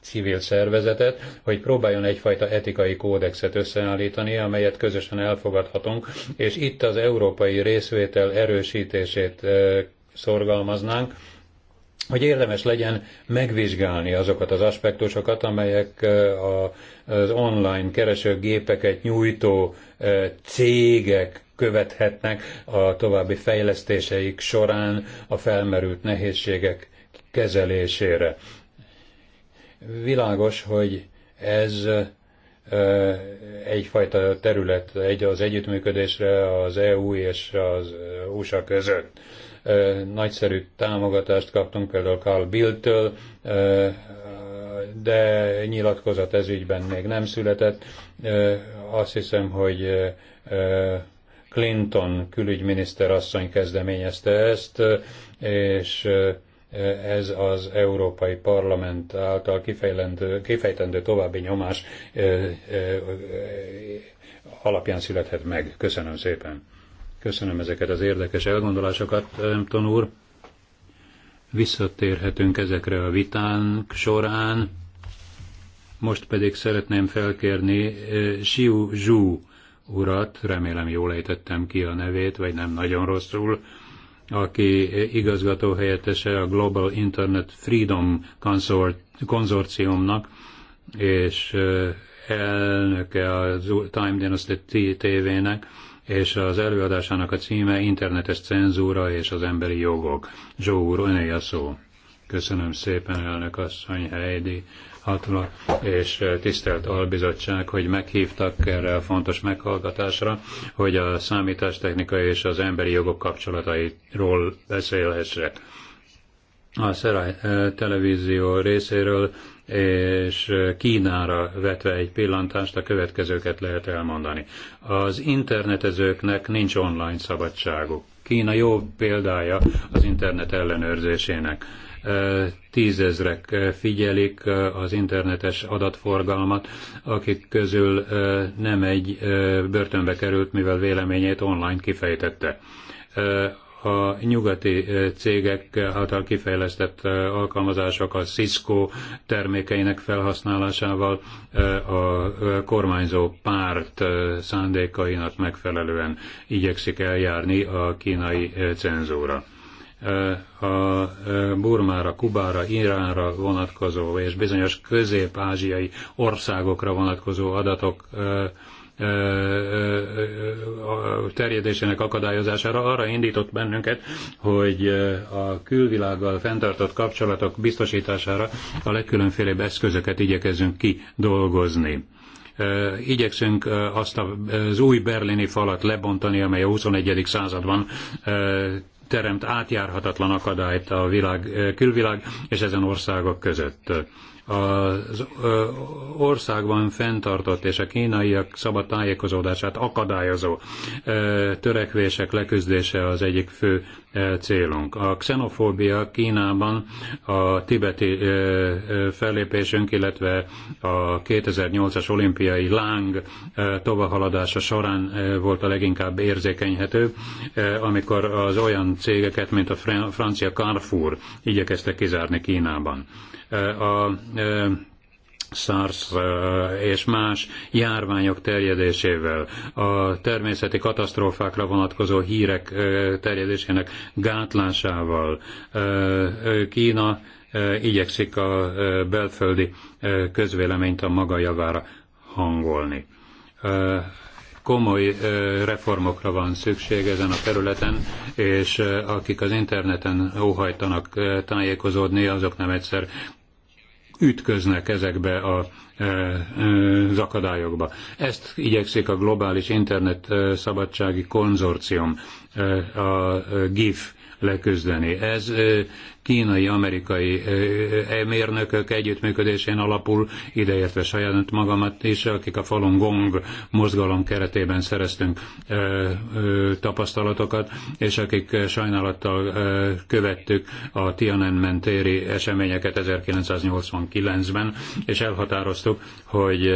civil szervezetet, hogy próbáljon egyfajta etikai kódexet összeállítani, amelyet közösen elfogadhatunk, és itt az európai részvétel erősítését szorgalmaznánk, hogy érdemes legyen megvizsgálni azokat az aspektusokat, amelyek az online keresőgépeket nyújtó cégek követhetnek a további fejlesztéseik során a felmerült nehézségek kezelésére. Világos, hogy ez egyfajta terület egy az együttműködésre az EU és az USA között. Nagyszerű támogatást kaptunk például Carl Bildtől, de nyilatkozat ez ügyben még nem született. Azt hiszem, hogy Clinton külügyminiszter asszony kezdeményezte ezt, és eh, ez az Európai Parlament által kifejtendő további nyomás eh, eh, alapján születhet meg. Köszönöm szépen. Köszönöm ezeket az érdekes elgondolásokat, Empton úr. Visszatérhetünk ezekre a vitánk során. Most pedig szeretném felkérni Siu Zhu urat, remélem jól ejtettem ki a nevét, vagy nem nagyon rosszul, aki igazgató helyettese a Global Internet Freedom konzorciumnak, és elnöke a Time Dynasty TV-nek, és az előadásának a címe Internetes cenzúra és az emberi jogok. Joe úr, a szó. Köszönöm szépen, elnök asszony Heidi, hatna és eh, tisztelt albizottság, hogy meghívtak erre a fontos meghallgatásra, hogy a számítástechnika és az emberi jogok kapcsolatairól beszélhessek. A Szeraj eh, televízió részéről és eh, Kínára vetve egy pillantást a következőket lehet elmondani. Az internetezőknek nincs online szabadságuk. Kína jó példája az internet ellenőrzésének tízezrek figyelik az internetes adatforgalmat, akik közül nem egy börtönbe került, mivel véleményét online kifejtette a nyugati cégek által kifejlesztett alkalmazások a Cisco termékeinek felhasználásával a kormányzó párt szándékainak megfelelően igyekszik eljárni a kínai cenzúra a Burmára, Kubára, Iránra vonatkozó és bizonyos közép-ázsiai országokra vonatkozó adatok terjedésének akadályozására arra indított bennünket, hogy a külvilággal fenntartott kapcsolatok biztosítására a legkülönfélebb eszközöket igyekezzünk kidolgozni igyekszünk azt az új berlini falat lebontani, amely a 21. században teremt átjárhatatlan akadályt a világ, eh, külvilág és ezen országok között az országban fenntartott és a kínaiak szabad tájékozódását akadályozó törekvések leküzdése az egyik fő célunk. A xenofóbia Kínában a tibeti fellépésünk, illetve a 2008-as olimpiai láng tovahaladása során volt a leginkább érzékenyhető, amikor az olyan cégeket, mint a francia Carrefour igyekeztek kizárni Kínában a SARS és más járványok terjedésével, a természeti katasztrófákra vonatkozó hírek terjedésének gátlásával Kína igyekszik a belföldi közvéleményt a maga javára hangolni. Komoly reformokra van szükség ezen a területen, és akik az interneten óhajtanak tájékozódni, azok nem egyszer ütköznek ezekbe a e, e, az akadályokba. Ezt igyekszik a globális internet e, szabadsági konzorcium, a GIF leküzdeni. Ez kínai-amerikai mérnökök együttműködésén alapul, ideértve saját magamat is, akik a Falun Gong mozgalom keretében szereztünk tapasztalatokat, és akik sajnálattal követtük a Tiananmen téri eseményeket 1989-ben, és elhatároztuk, hogy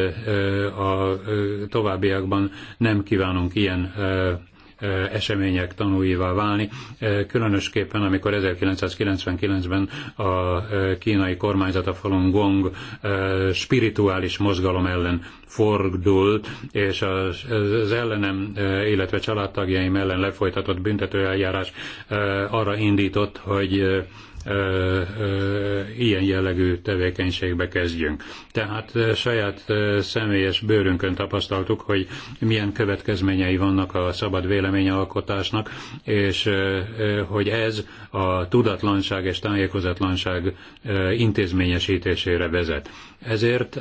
a továbbiakban nem kívánunk ilyen események tanúivá válni, különösképpen amikor 1999-ben a kínai kormányzat a Falun Gong spirituális mozgalom ellen fordult, és az ellenem, illetve családtagjaim ellen lefolytatott büntetőeljárás arra indított, hogy ilyen jellegű tevékenységbe kezdjünk. Tehát saját személyes bőrünkön tapasztaltuk, hogy milyen következményei vannak a szabad véleményalkotásnak, és hogy ez a tudatlanság és tájékozatlanság intézményesítésére vezet. Ezért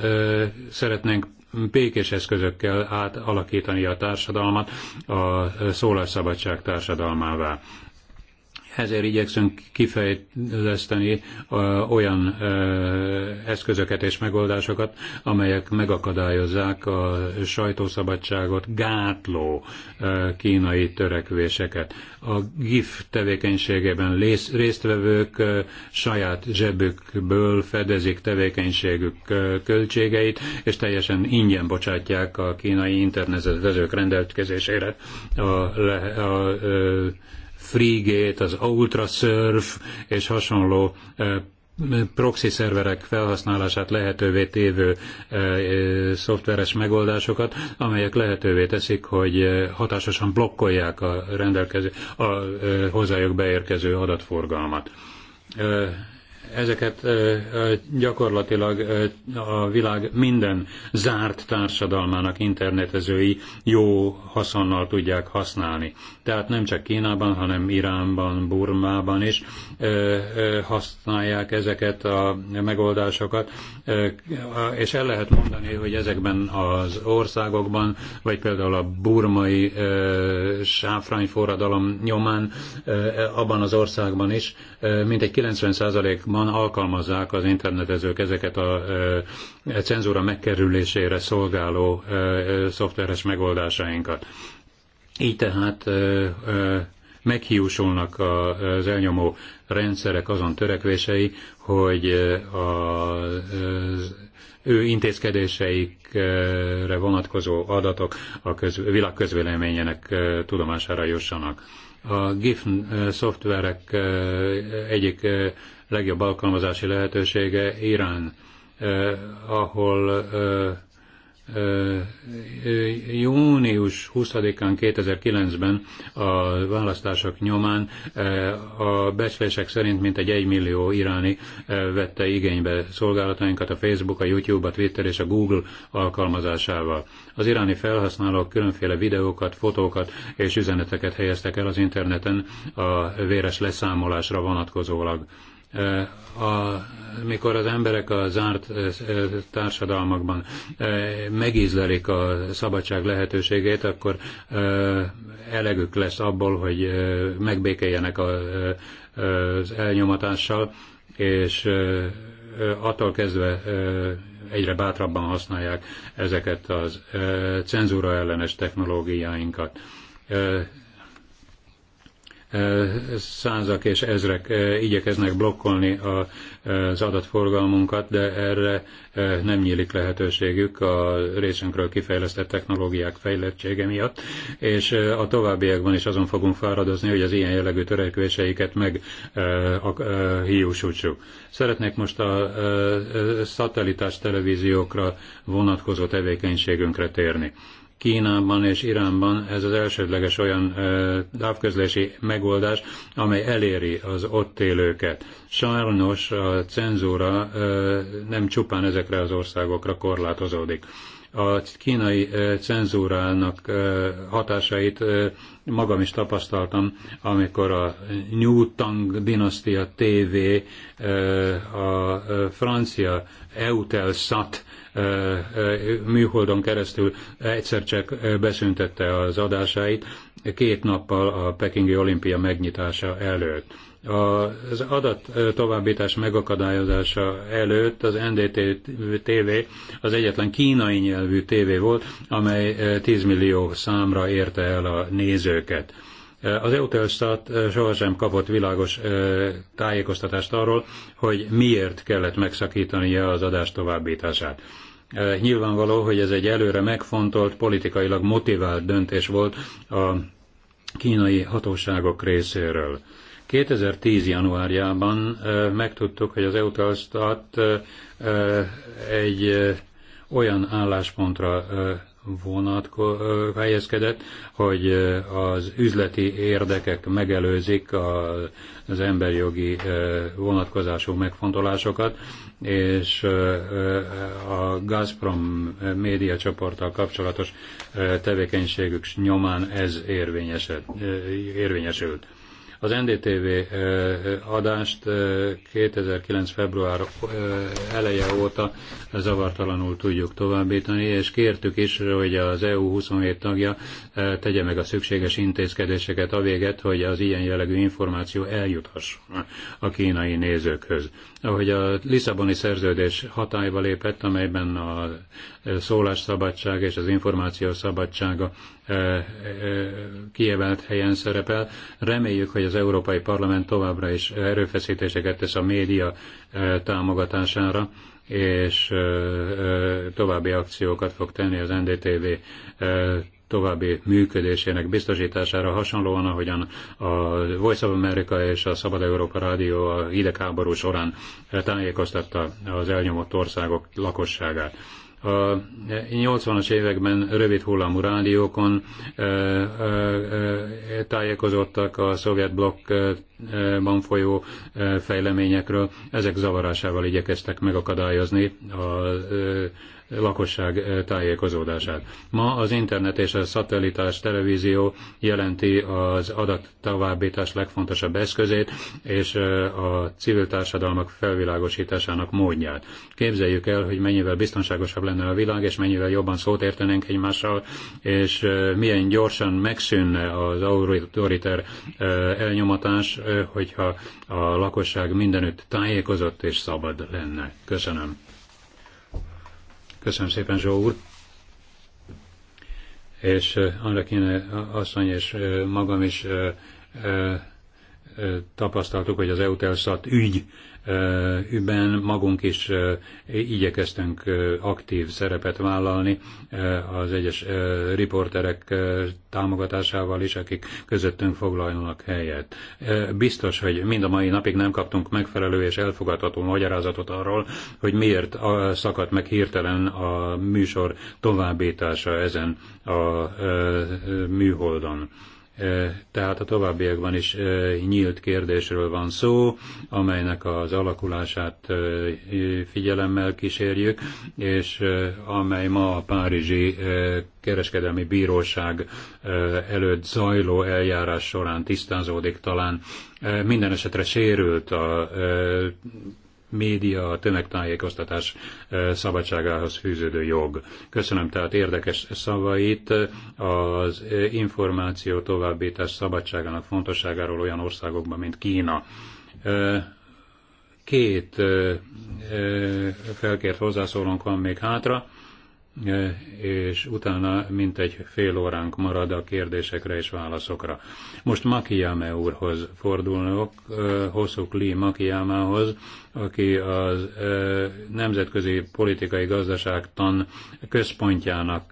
szeretnénk békés eszközökkel átalakítani a társadalmat a szólásszabadság társadalmává ezért igyekszünk kifejleszteni olyan eszközöket és megoldásokat, amelyek megakadályozzák a sajtószabadságot gátló kínai törekvéseket. A GIF tevékenységében résztvevők saját zsebükből fedezik tevékenységük költségeit, és teljesen ingyen bocsátják a kínai internetvezők rendelkezésére a, le, a, a FreeGate, az Ultrasurf és hasonló proxy szerverek felhasználását lehetővé tévő szoftveres megoldásokat, amelyek lehetővé teszik, hogy hatásosan blokkolják a, rendelkező, a hozzájuk beérkező adatforgalmat ezeket gyakorlatilag a világ minden zárt társadalmának internetezői jó haszonnal tudják használni. Tehát nem csak Kínában, hanem Iránban, Burmában is használják ezeket a megoldásokat, és el lehet mondani, hogy ezekben az országokban, vagy például a burmai sáfrányforradalom nyomán, abban az országban is mintegy 90%-ban Azonban alkalmazzák az internetezők ezeket a e, cenzúra megkerülésére szolgáló e, e, szoftveres megoldásainkat. Így tehát meghiúsulnak az elnyomó rendszerek azon törekvései, hogy az ő intézkedéseikre vonatkozó adatok a köz, világ közvéleményének tudomására jussanak. A GIF szoftverek egyik legjobb alkalmazási lehetősége Irán, eh, ahol eh, eh, június 20-án 2009-ben a választások nyomán a becslések szerint mintegy 1 millió iráni vette igénybe szolgálatainkat a Facebook, a YouTube, a Twitter és a Google alkalmazásával. Az iráni felhasználók különféle videókat, fotókat és üzeneteket helyeztek el az interneten a véres leszámolásra vonatkozólag a mikor az emberek a zárt társadalmakban megízlelik a szabadság lehetőségét, akkor elegük lesz abból, hogy megbékeljenek az elnyomatással, és attól kezdve egyre bátrabban használják ezeket az cenzúra ellenes technológiáinkat százak és ezrek igyekeznek blokkolni az adatforgalmunkat, de erre nem nyílik lehetőségük a részünkről kifejlesztett technológiák fejlettsége miatt, és a továbbiakban is azon fogunk fáradozni, hogy az ilyen jellegű törekvéseiket meg hiúsítsuk. Szeretnék most a szatellitás televíziókra vonatkozó tevékenységünkre térni. Kínában és Iránban ez az elsődleges olyan távközlési megoldás, amely eléri az ott élőket. Sajnos a cenzúra ö, nem csupán ezekre az országokra korlátozódik. A kínai cenzúrának hatásait magam is tapasztaltam, amikor a New Tang dinasztia TV, a francia Eutelsat műholdon keresztül egyszer csak beszüntette az adásait két nappal a Pekingi olimpia megnyitása előtt. Az adat továbbítás megakadályozása előtt az NDT TV az egyetlen kínai nyelvű TV volt, amely 10 millió számra érte el a nézőket. Az Eutelstat sohasem kapott világos tájékoztatást arról, hogy miért kellett megszakítania az adás továbbítását. Nyilvánvaló, hogy ez egy előre megfontolt, politikailag motivált döntés volt a kínai hatóságok részéről. 2010. januárjában megtudtuk, hogy az Eutelstat egy olyan álláspontra vonatko, helyezkedett, hogy az üzleti érdekek megelőzik az emberjogi vonatkozású megfontolásokat, és a Gazprom média csoporttal kapcsolatos tevékenységük nyomán ez érvényesült. Az NDTV adást 2009. február eleje óta zavartalanul tudjuk továbbítani, és kértük is, hogy az EU 27 tagja tegye meg a szükséges intézkedéseket a véget, hogy az ilyen jellegű információ eljuthasson a kínai nézőkhöz. Ahogy a Lisszaboni szerződés hatályba lépett, amelyben a szólásszabadsága és az információ szabadsága eh, eh, kievelt helyen szerepel. Reméljük, hogy az Európai Parlament továbbra is erőfeszítéseket tesz a média eh, támogatására, és további akciókat fog tenni az NDTV további működésének biztosítására hasonlóan, ahogyan a Voice of America és a Szabad Európa Rádió a hidegháború során tájékoztatta az elnyomott országok lakosságát a 80-as években rövid hullámú rádiókon e, e, e, tájékozottak a szovjet blokkban folyó fejleményekről. Ezek zavarásával igyekeztek megakadályozni a lakosság eh, tájékozódását. Ma az internet és a szatellitás televízió jelenti az adattovábbítás legfontosabb eszközét és eh, a civil társadalmak felvilágosításának módját. Képzeljük el, hogy mennyivel biztonságosabb lenne a világ, és mennyivel jobban szót értenénk egymással, és eh, milyen gyorsan megszűnne az autoriter elnyomatás, hogyha a lakosság mindenütt tájékozott és szabad lenne. Köszönöm. Köszönöm szépen, Zsó úr. És annak kéne asszony és magam is tapasztaltuk, hogy az EUTELSZAT ügy üben magunk is igyekeztünk aktív szerepet vállalni az egyes riporterek támogatásával is, akik közöttünk foglalnak helyet. Biztos, hogy mind a mai napig nem kaptunk megfelelő és elfogadható magyarázatot arról, hogy miért szakadt meg hirtelen a műsor továbbítása ezen a műholdon. Tehát a továbbiakban is nyílt kérdésről van szó, amelynek az alakulását figyelemmel kísérjük, és amely ma a Párizsi Kereskedelmi Bíróság előtt zajló eljárás során tisztázódik talán. Minden esetre sérült a média, a tömegtájékoztatás szabadságához fűződő jog. Köszönöm tehát érdekes szavait az információ továbbítás szabadságának fontosságáról olyan országokban, mint Kína. Két felkért hozzászólónk van még hátra és utána mintegy fél óránk marad a kérdésekre és válaszokra. Most Makiyame úrhoz fordulnok, Hosszú Lee Makiyamához, aki az Nemzetközi Politikai Gazdaságtan központjának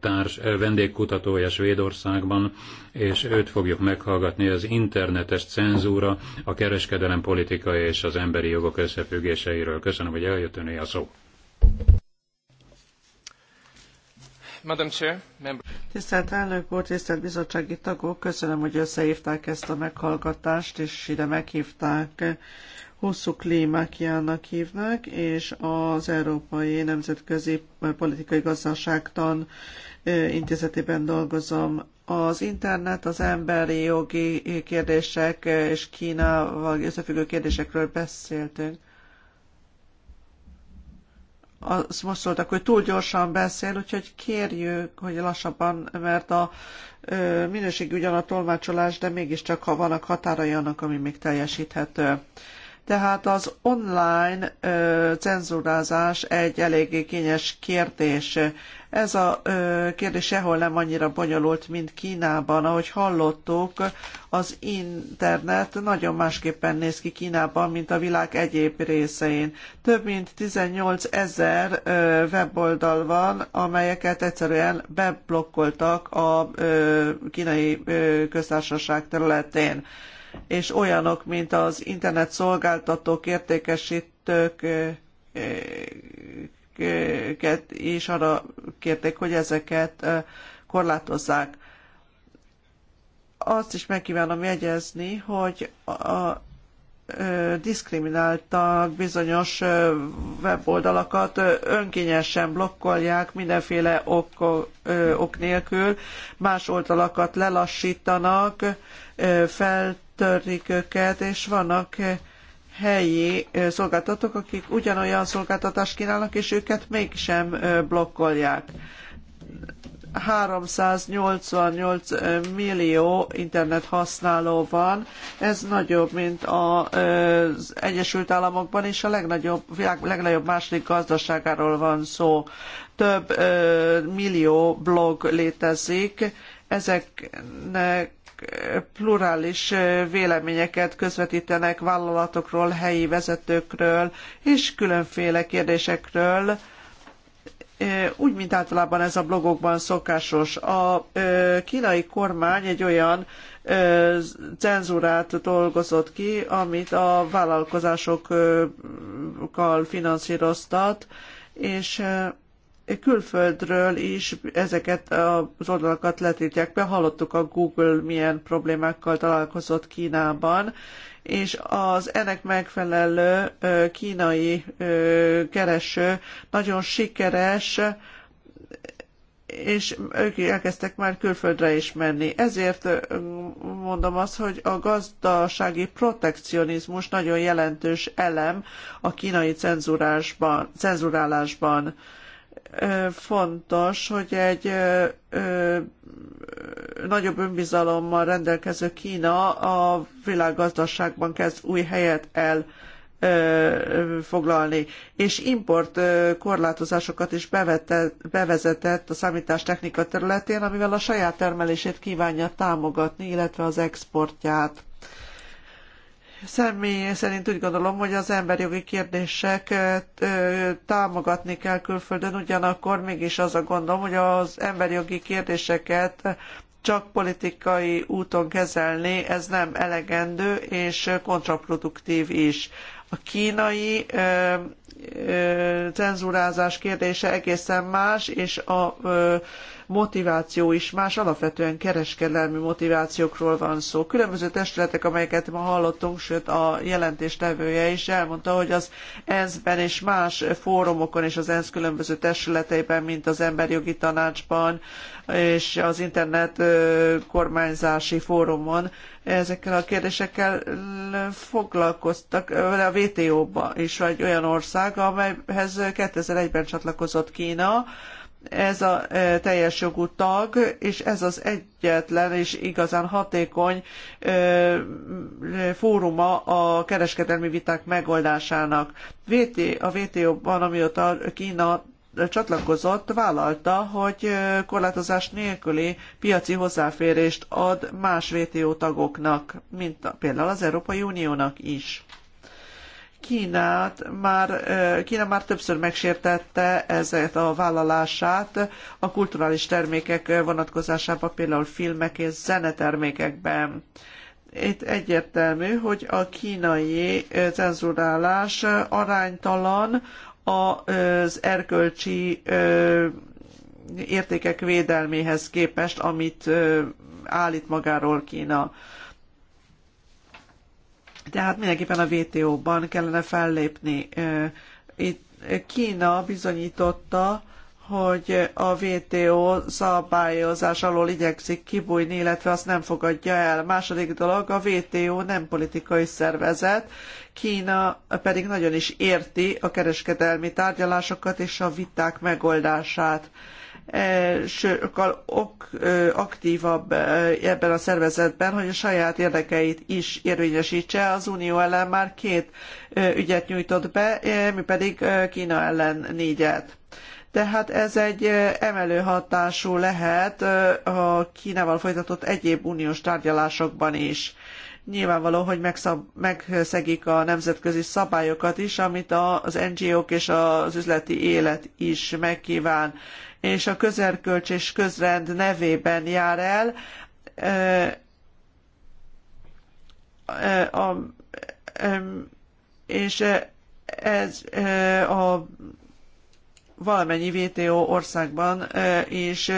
társ, vendégkutatója Svédországban, és őt fogjuk meghallgatni az internetes cenzúra, a kereskedelem politika és az emberi jogok összefüggéseiről. Köszönöm, hogy eljött a szó. Tisztelt elnök úr, tisztelt bizottsági tagok, köszönöm, hogy összehívták ezt a meghallgatást, és ide meghívták. Hosszú klímákiának hívnak, és az Európai Nemzetközi Politikai Gazdaságtan intézetében dolgozom. Az internet, az emberi jogi kérdések és Kínával összefüggő kérdésekről beszéltünk azt most szóltak, hogy túl gyorsan beszél, úgyhogy kérjük, hogy lassabban, mert a minőség ugyan a tolmácsolás, de mégiscsak ha vannak határai annak, ami még teljesíthető. Tehát az online ö, cenzúrázás egy eléggé kényes kérdés. Ez a kérdés sehol nem annyira bonyolult, mint Kínában. Ahogy hallottuk, az internet nagyon másképpen néz ki Kínában, mint a világ egyéb részein. Több mint 18 ezer weboldal van, amelyeket egyszerűen beblokkoltak a kínai köztársaság területén és olyanok, mint az internet szolgáltatók, értékesítők, őket és arra kérték, hogy ezeket korlátozzák. Azt is megkívánom jegyezni, hogy a diszkrimináltak bizonyos weboldalakat, önkényesen blokkolják mindenféle ok, ok nélkül, más oldalakat lelassítanak, feltörik őket, és vannak helyi szolgáltatók, akik ugyanolyan szolgáltatást kínálnak, és őket mégsem blokkolják. 388 millió internet használó van, ez nagyobb, mint az Egyesült Államokban, és a legnagyobb, világ legnagyobb második gazdaságáról van szó. Több millió blog létezik, ezeknek plurális véleményeket közvetítenek vállalatokról, helyi vezetőkről és különféle kérdésekről, úgy, mint általában ez a blogokban szokásos. A kínai kormány egy olyan cenzúrát dolgozott ki, amit a vállalkozásokkal finanszíroztat, és külföldről is ezeket az oldalakat letiltják be. Hallottuk a Google milyen problémákkal találkozott Kínában, és az ennek megfelelő kínai kereső nagyon sikeres, és ők elkezdtek már külföldre is menni. Ezért mondom azt, hogy a gazdasági protekcionizmus nagyon jelentős elem a kínai cenzurásban, cenzurálásban fontos, hogy egy nagyobb önbizalommal rendelkező Kína a világgazdaságban kezd új helyet el foglalni, és import korlátozásokat is bevezetett a számítástechnika területén, amivel a saját termelését kívánja támogatni, illetve az exportját. Személy szerint úgy gondolom, hogy az emberjogi kérdések támogatni kell külföldön, ugyanakkor mégis az a gondom, hogy az emberjogi kérdéseket csak politikai úton kezelni, ez nem elegendő és kontraproduktív is. A kínai ö, ö, cenzúrázás kérdése egészen más, és a ö, motiváció is más, alapvetően kereskedelmi motivációkról van szó. Különböző testületek, amelyeket ma hallottunk, sőt a jelentéstevője is elmondta, hogy az ENSZ-ben és más fórumokon és az ENSZ különböző testületeiben, mint az Emberjogi Tanácsban és az Internet kormányzási fórumon ezekkel a kérdésekkel foglalkoztak, a WTO-ba is vagy olyan ország, amelyhez 2001-ben csatlakozott Kína, ez a e, teljes jogú tag, és ez az egyetlen és igazán hatékony e, fóruma a kereskedelmi viták megoldásának. A WTO-ban, amióta Kína csatlakozott, vállalta, hogy e, korlátozás nélküli piaci hozzáférést ad más WTO tagoknak, mint például az Európai Uniónak is. Kínát már, Kína már többször megsértette ezért a vállalását a kulturális termékek vonatkozásában, például filmek és zenetermékekben. Itt egyértelmű, hogy a kínai cenzurálás aránytalan az erkölcsi értékek védelméhez képest, amit állít magáról Kína. Tehát mindenképpen a WTO-ban kellene fellépni. Itt Kína bizonyította, hogy a WTO szabályozás alól igyekszik kibújni, illetve azt nem fogadja el. Második dolog, a WTO nem politikai szervezet, Kína pedig nagyon is érti a kereskedelmi tárgyalásokat és a viták megoldását sokkal ok, aktívabb ebben a szervezetben, hogy a saját érdekeit is érvényesítse. Az Unió ellen már két ügyet nyújtott be, mi pedig Kína ellen négyet. Tehát ez egy emelő hatású lehet a Kínával folytatott egyéb uniós tárgyalásokban is nyilvánvaló, hogy megszab, megszegik a nemzetközi szabályokat is, amit az NGO-k és az üzleti élet is megkíván és a közerkölcs és közrend nevében jár el. és ez a valamennyi VTO országban is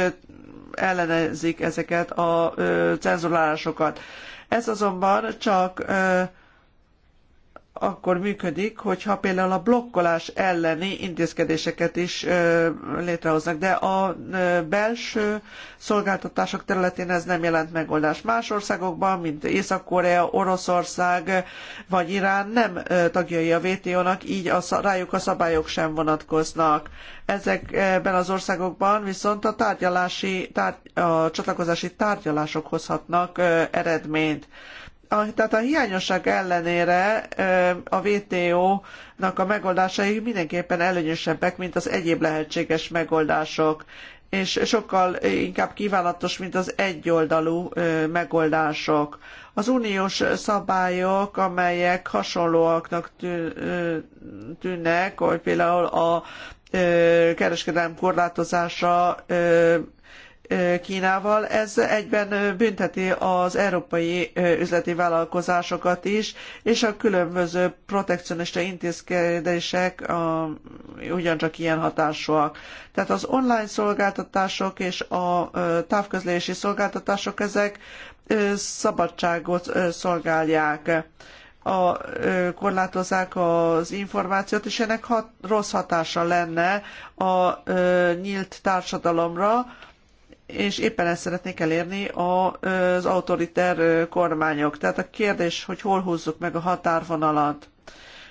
ellenezik ezeket a cenzurálásokat. Ez azonban csak akkor működik, hogyha például a blokkolás elleni intézkedéseket is létrehoznak, de a belső szolgáltatások területén ez nem jelent megoldást. Más országokban, mint Észak-Korea, Oroszország vagy Irán nem tagjai a WTO-nak, így a, rájuk a szabályok sem vonatkoznak. Ezekben az országokban viszont a, tárgyalási, tár, a csatlakozási tárgyalások hozhatnak eredményt a, tehát a hiányosság ellenére a WTO-nak a megoldásai mindenképpen előnyösebbek, mint az egyéb lehetséges megoldások, és sokkal inkább kívánatos, mint az egyoldalú megoldások. Az uniós szabályok, amelyek hasonlóaknak tűnnek, hogy például a kereskedelem korlátozása Kínával, ez egyben bünteti az európai üzleti vállalkozásokat is, és a különböző protekcionista intézkedések a, ugyancsak ilyen hatásúak. Tehát az online szolgáltatások és a távközlési szolgáltatások ezek szabadságot szolgálják a, korlátozzák az információt, és ennek hat, rossz hatása lenne a ö, nyílt társadalomra, és éppen ezt szeretnék elérni az autoriter kormányok. Tehát a kérdés, hogy hol húzzuk meg a határvonalat.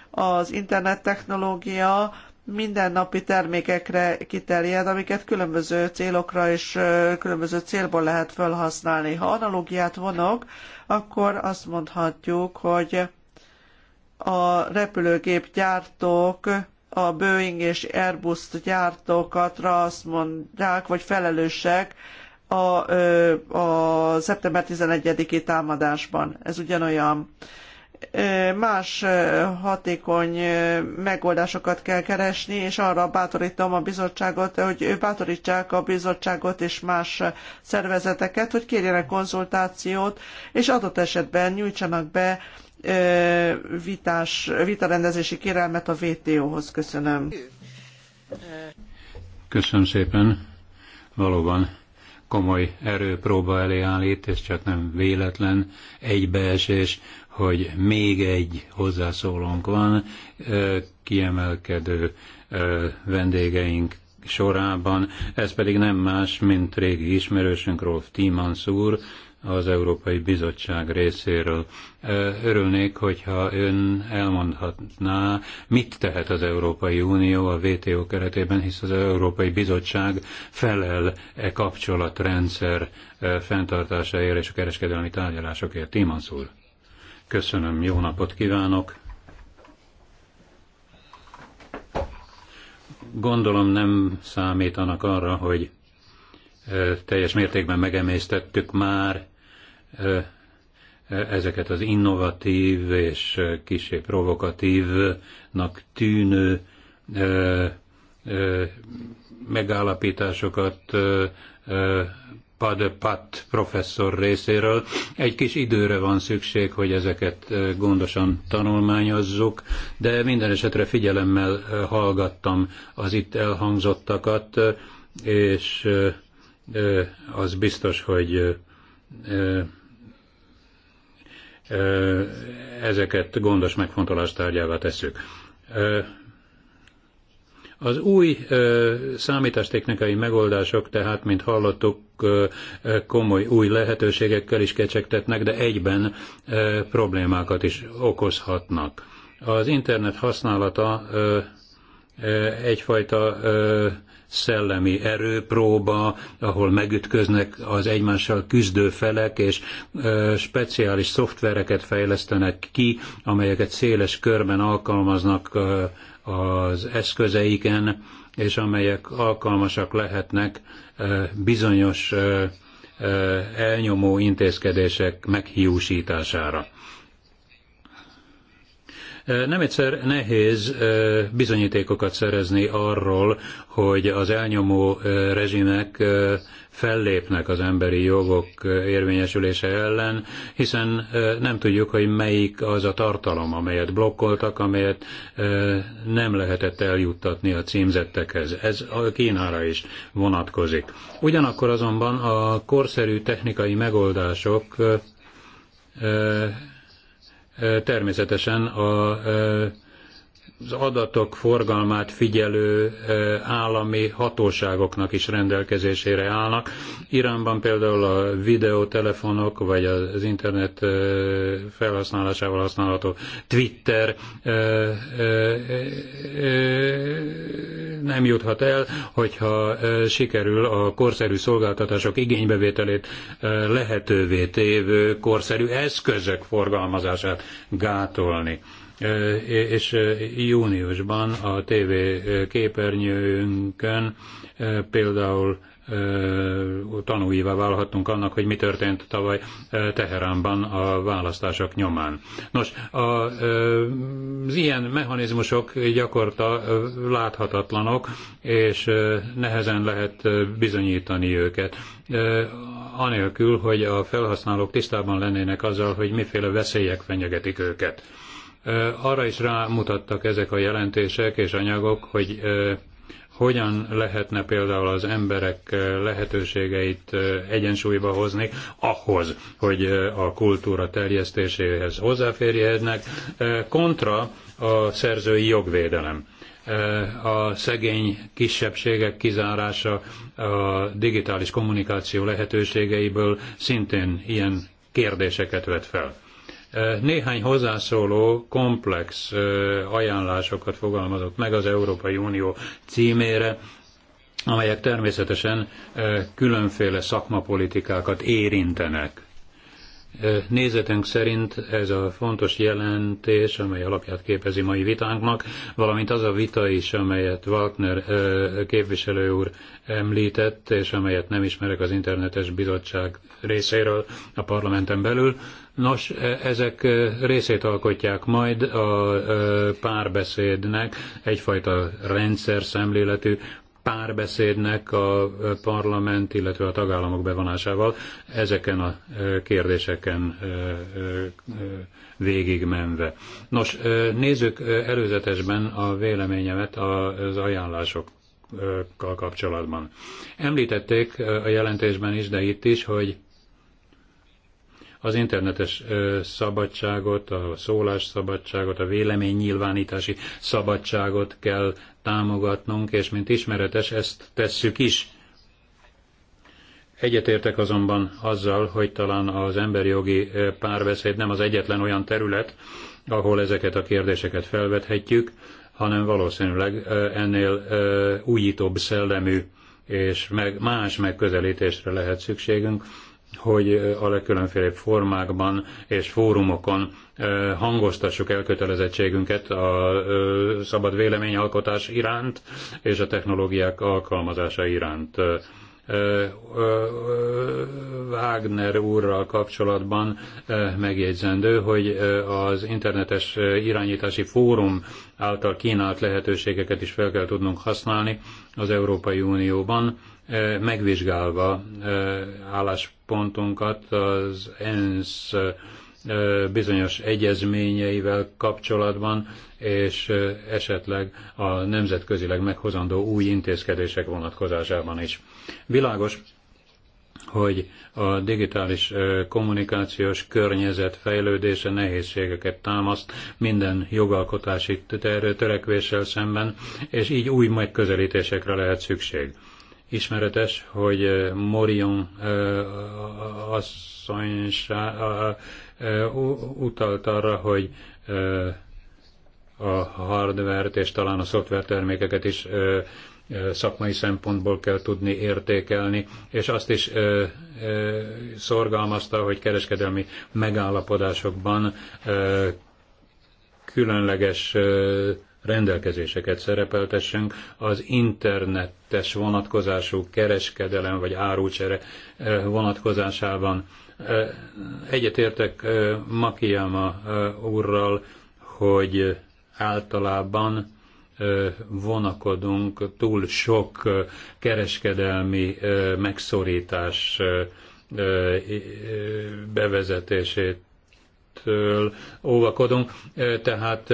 Az internet technológia mindennapi termékekre kiterjed, amiket különböző célokra és különböző célból lehet felhasználni. Ha analógiát vonok, akkor azt mondhatjuk, hogy a repülőgép gyártók a Boeing és Airbus gyártókatra azt mondják, vagy felelősek a, a szeptember 11-i támadásban. Ez ugyanolyan más hatékony megoldásokat kell keresni, és arra bátorítom a bizottságot, hogy bátorítsák a bizottságot és más szervezeteket, hogy kérjenek konzultációt, és adott esetben nyújtsanak be vitás, vitarendezési kérelmet a VTO-hoz. Köszönöm. Köszönöm szépen. Valóban komoly erőpróba elé állít, és csak nem véletlen egybeesés, hogy még egy hozzászólónk van, kiemelkedő vendégeink sorában, ez pedig nem más, mint régi ismerősünk Rolf Tímansz úr, az Európai Bizottság részéről. Örülnék, hogyha ön elmondhatná, mit tehet az Európai Unió a WTO keretében, hisz az Európai Bizottság felel e kapcsolatrendszer fenntartásáért és a kereskedelmi tárgyalásokért. Timansz úr, köszönöm, jó napot kívánok! Gondolom nem számítanak arra, hogy teljes mértékben megemésztettük már ezeket az innovatív és kisé provokatívnak tűnő megállapításokat Pat professzor részéről. Egy kis időre van szükség, hogy ezeket gondosan tanulmányozzuk, de minden esetre figyelemmel hallgattam az itt elhangzottakat, és az biztos, hogy ezeket gondos megfontolás tárgyává tesszük. Az új számítástechnikai megoldások tehát, mint hallottuk, komoly új lehetőségekkel is kecsegtetnek, de egyben problémákat is okozhatnak. Az internet használata egyfajta szellemi erőpróba, ahol megütköznek az egymással küzdő felek, és speciális szoftvereket fejlesztenek ki, amelyeket széles körben alkalmaznak az eszközeiken, és amelyek alkalmasak lehetnek bizonyos elnyomó intézkedések meghiúsítására. Nem egyszer nehéz bizonyítékokat szerezni arról, hogy az elnyomó rezsimek fellépnek az emberi jogok érvényesülése ellen, hiszen nem tudjuk, hogy melyik az a tartalom, amelyet blokkoltak, amelyet nem lehetett eljuttatni a címzettekhez. Ez a Kínára is vonatkozik. Ugyanakkor azonban a korszerű technikai megoldások Természetesen a az adatok forgalmát figyelő állami hatóságoknak is rendelkezésére állnak. Iránban például a videótelefonok, vagy az internet felhasználásával használható Twitter nem juthat el, hogyha sikerül a korszerű szolgáltatások igénybevételét lehetővé tévő korszerű eszközök forgalmazását gátolni és júniusban a TV képernyőnkön például tanúivá válhattunk annak, hogy mi történt tavaly Teheránban a választások nyomán. Nos, a, az ilyen mechanizmusok gyakorta láthatatlanok, és nehezen lehet bizonyítani őket anélkül, hogy a felhasználók tisztában lennének azzal, hogy miféle veszélyek fenyegetik őket arra is rámutattak ezek a jelentések és anyagok, hogy hogyan lehetne például az emberek lehetőségeit egyensúlyba hozni ahhoz, hogy a kultúra terjesztéséhez hozzáférjenek, kontra a szerzői jogvédelem. A szegény kisebbségek kizárása a digitális kommunikáció lehetőségeiből szintén ilyen kérdéseket vet fel. Néhány hozzászóló komplex ajánlásokat fogalmazott meg az Európai Unió címére, amelyek természetesen különféle szakmapolitikákat érintenek. Nézetünk szerint ez a fontos jelentés, amely alapját képezi mai vitánknak, valamint az a vita is, amelyet Wagner képviselő úr említett, és amelyet nem ismerek az internetes bizottság részéről a parlamenten belül, Nos, e, ezek e, részét alkotják majd a e, párbeszédnek, egyfajta rendszer szemléletű párbeszédnek a parlament, illetve a tagállamok bevonásával ezeken a kérdéseken végigmenve. Nos, nézzük előzetesben a véleményemet az ajánlások kapcsolatban. Említették a jelentésben is, de itt is, hogy az internetes szabadságot, a szólásszabadságot, a véleménynyilvánítási szabadságot kell támogatnunk, és mint ismeretes, ezt tesszük is. Egyetértek azonban azzal, hogy talán az emberjogi párbeszéd nem az egyetlen olyan terület, ahol ezeket a kérdéseket felvethetjük, hanem valószínűleg ennél újítóbb szellemű és meg más megközelítésre lehet szükségünk, hogy a legkülönfélebb formákban és fórumokon hangoztassuk elkötelezettségünket a szabad véleményalkotás iránt és a technológiák alkalmazása iránt. Wagner úrral kapcsolatban megjegyzendő, hogy az internetes irányítási fórum által kínált lehetőségeket is fel kell tudnunk használni az Európai Unióban megvizsgálva álláspontunkat az ENSZ bizonyos egyezményeivel kapcsolatban, és esetleg a nemzetközileg meghozandó új intézkedések vonatkozásában is. Világos, hogy a digitális kommunikációs környezet fejlődése nehézségeket támaszt minden jogalkotási törekvéssel szemben, és így új megközelítésekre lehet szükség ismeretes, hogy Morion asszony utalt arra, hogy a hardvert és talán a termékeket is szakmai szempontból kell tudni értékelni, és azt is ö, ö, szorgalmazta, hogy kereskedelmi megállapodásokban ö, különleges ö, rendelkezéseket szerepeltessünk az internetes vonatkozású kereskedelem vagy árucsere eh, vonatkozásában. Eh, egyetértek eh, Makiyama úrral, hogy általában vonakodunk túl sok kereskedelmi megszorítás bevezetését ettől óvakodunk, tehát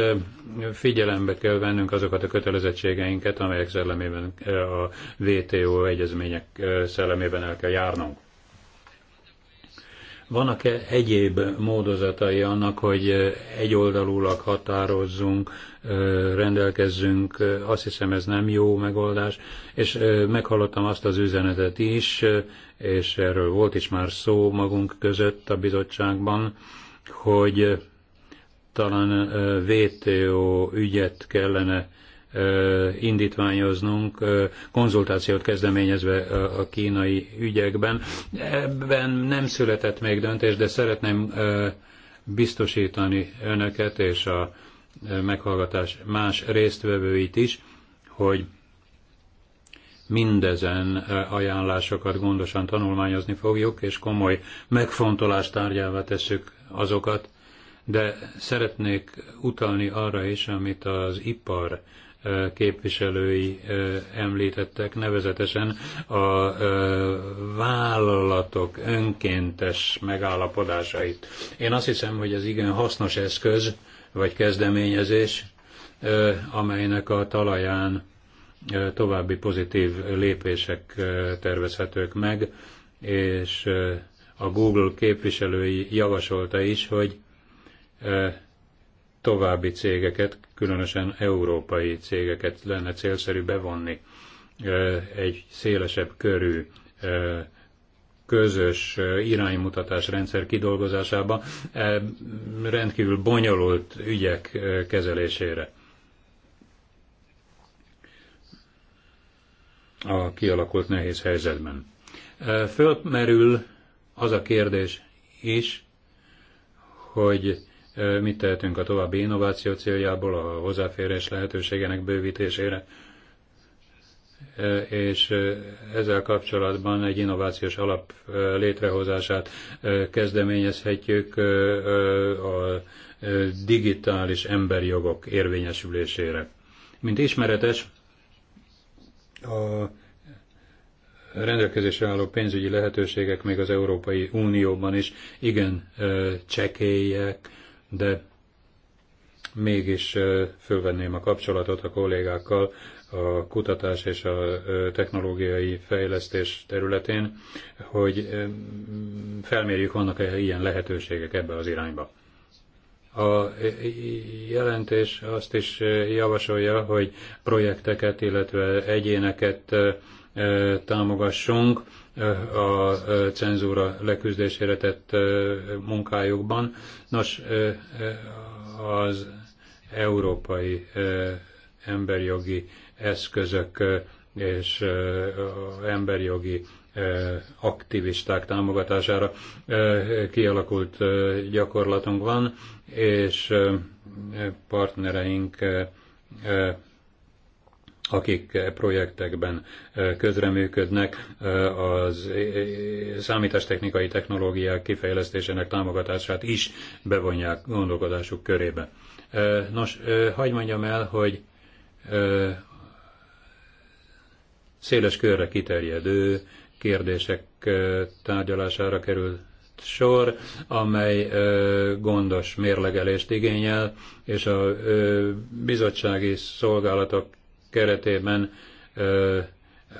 figyelembe kell vennünk azokat a kötelezettségeinket, amelyek szellemében a WTO egyezmények szellemében el kell járnunk. Vannak-e egyéb módozatai annak, hogy egyoldalúlag határozzunk, rendelkezzünk? Azt hiszem ez nem jó megoldás, és meghallottam azt az üzenetet is, és erről volt is már szó magunk között a bizottságban, hogy talán VTO ügyet kellene indítványoznunk, konzultációt kezdeményezve a kínai ügyekben. Ebben nem született még döntés, de szeretném biztosítani önöket és a meghallgatás más résztvevőit is, hogy mindezen eh, ajánlásokat gondosan tanulmányozni fogjuk, és komoly megfontolást tárgyává tesszük azokat, de szeretnék utalni arra is, amit az ipar eh, képviselői eh, említettek, nevezetesen a vállalatok önkéntes megállapodásait. Én azt hiszem, hogy ez igen hasznos eszköz, vagy kezdeményezés, amelynek a talaján további pozitív lépések tervezhetők meg, és a Google képviselői javasolta is, hogy további cégeket, különösen európai cégeket lenne célszerű bevonni egy szélesebb körű közös iránymutatás rendszer kidolgozásába rendkívül bonyolult ügyek kezelésére. a kialakult nehéz helyzetben. Fölmerül az a kérdés is, hogy mit tehetünk a további innováció céljából, a hozzáférés lehetőségének bővítésére, és ezzel kapcsolatban egy innovációs alap létrehozását kezdeményezhetjük a digitális emberjogok érvényesülésére. Mint ismeretes, a rendelkezésre álló pénzügyi lehetőségek még az Európai Unióban is igen csekélyek, de mégis fölvenném a kapcsolatot a kollégákkal a kutatás és a technológiai fejlesztés területén, hogy felmérjük, vannak-e ilyen lehetőségek ebbe az irányba. A jelentés azt is javasolja, hogy projekteket, illetve egyéneket támogassunk a cenzúra leküzdésére tett munkájukban. Nos, az európai emberjogi eszközök és emberjogi aktivisták támogatására kialakult gyakorlatunk van, és partnereink, akik e projektekben közreműködnek, az számítástechnikai technológiák kifejlesztésének támogatását is bevonják gondolkodásuk körébe. Nos, hagyd mondjam el, hogy széles körre kiterjedő kérdések tárgyalására került sor, amely gondos mérlegelést igényel, és a bizottsági szolgálatok keretében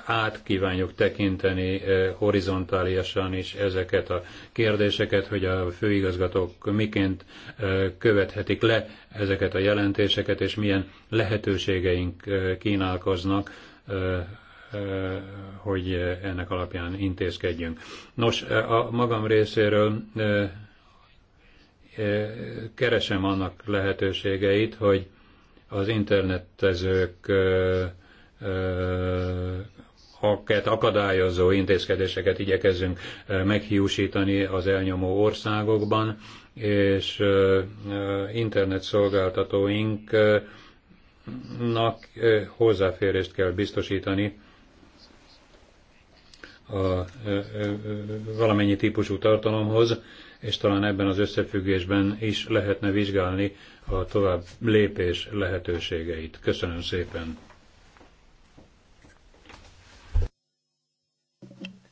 át kívánjuk tekinteni horizontálisan is ezeket a kérdéseket, hogy a főigazgatók miként követhetik le ezeket a jelentéseket, és milyen lehetőségeink kínálkoznak hogy ennek alapján intézkedjünk. Nos, a magam részéről keresem annak lehetőségeit, hogy az internetezők akket akadályozó intézkedéseket igyekezzünk meghiúsítani az elnyomó országokban, és internetszolgáltatóinknak hozzáférést kell biztosítani a valamennyi típusú tartalomhoz, és talán ebben az összefüggésben is lehetne vizsgálni a tovább lépés lehetőségeit. Köszönöm szépen!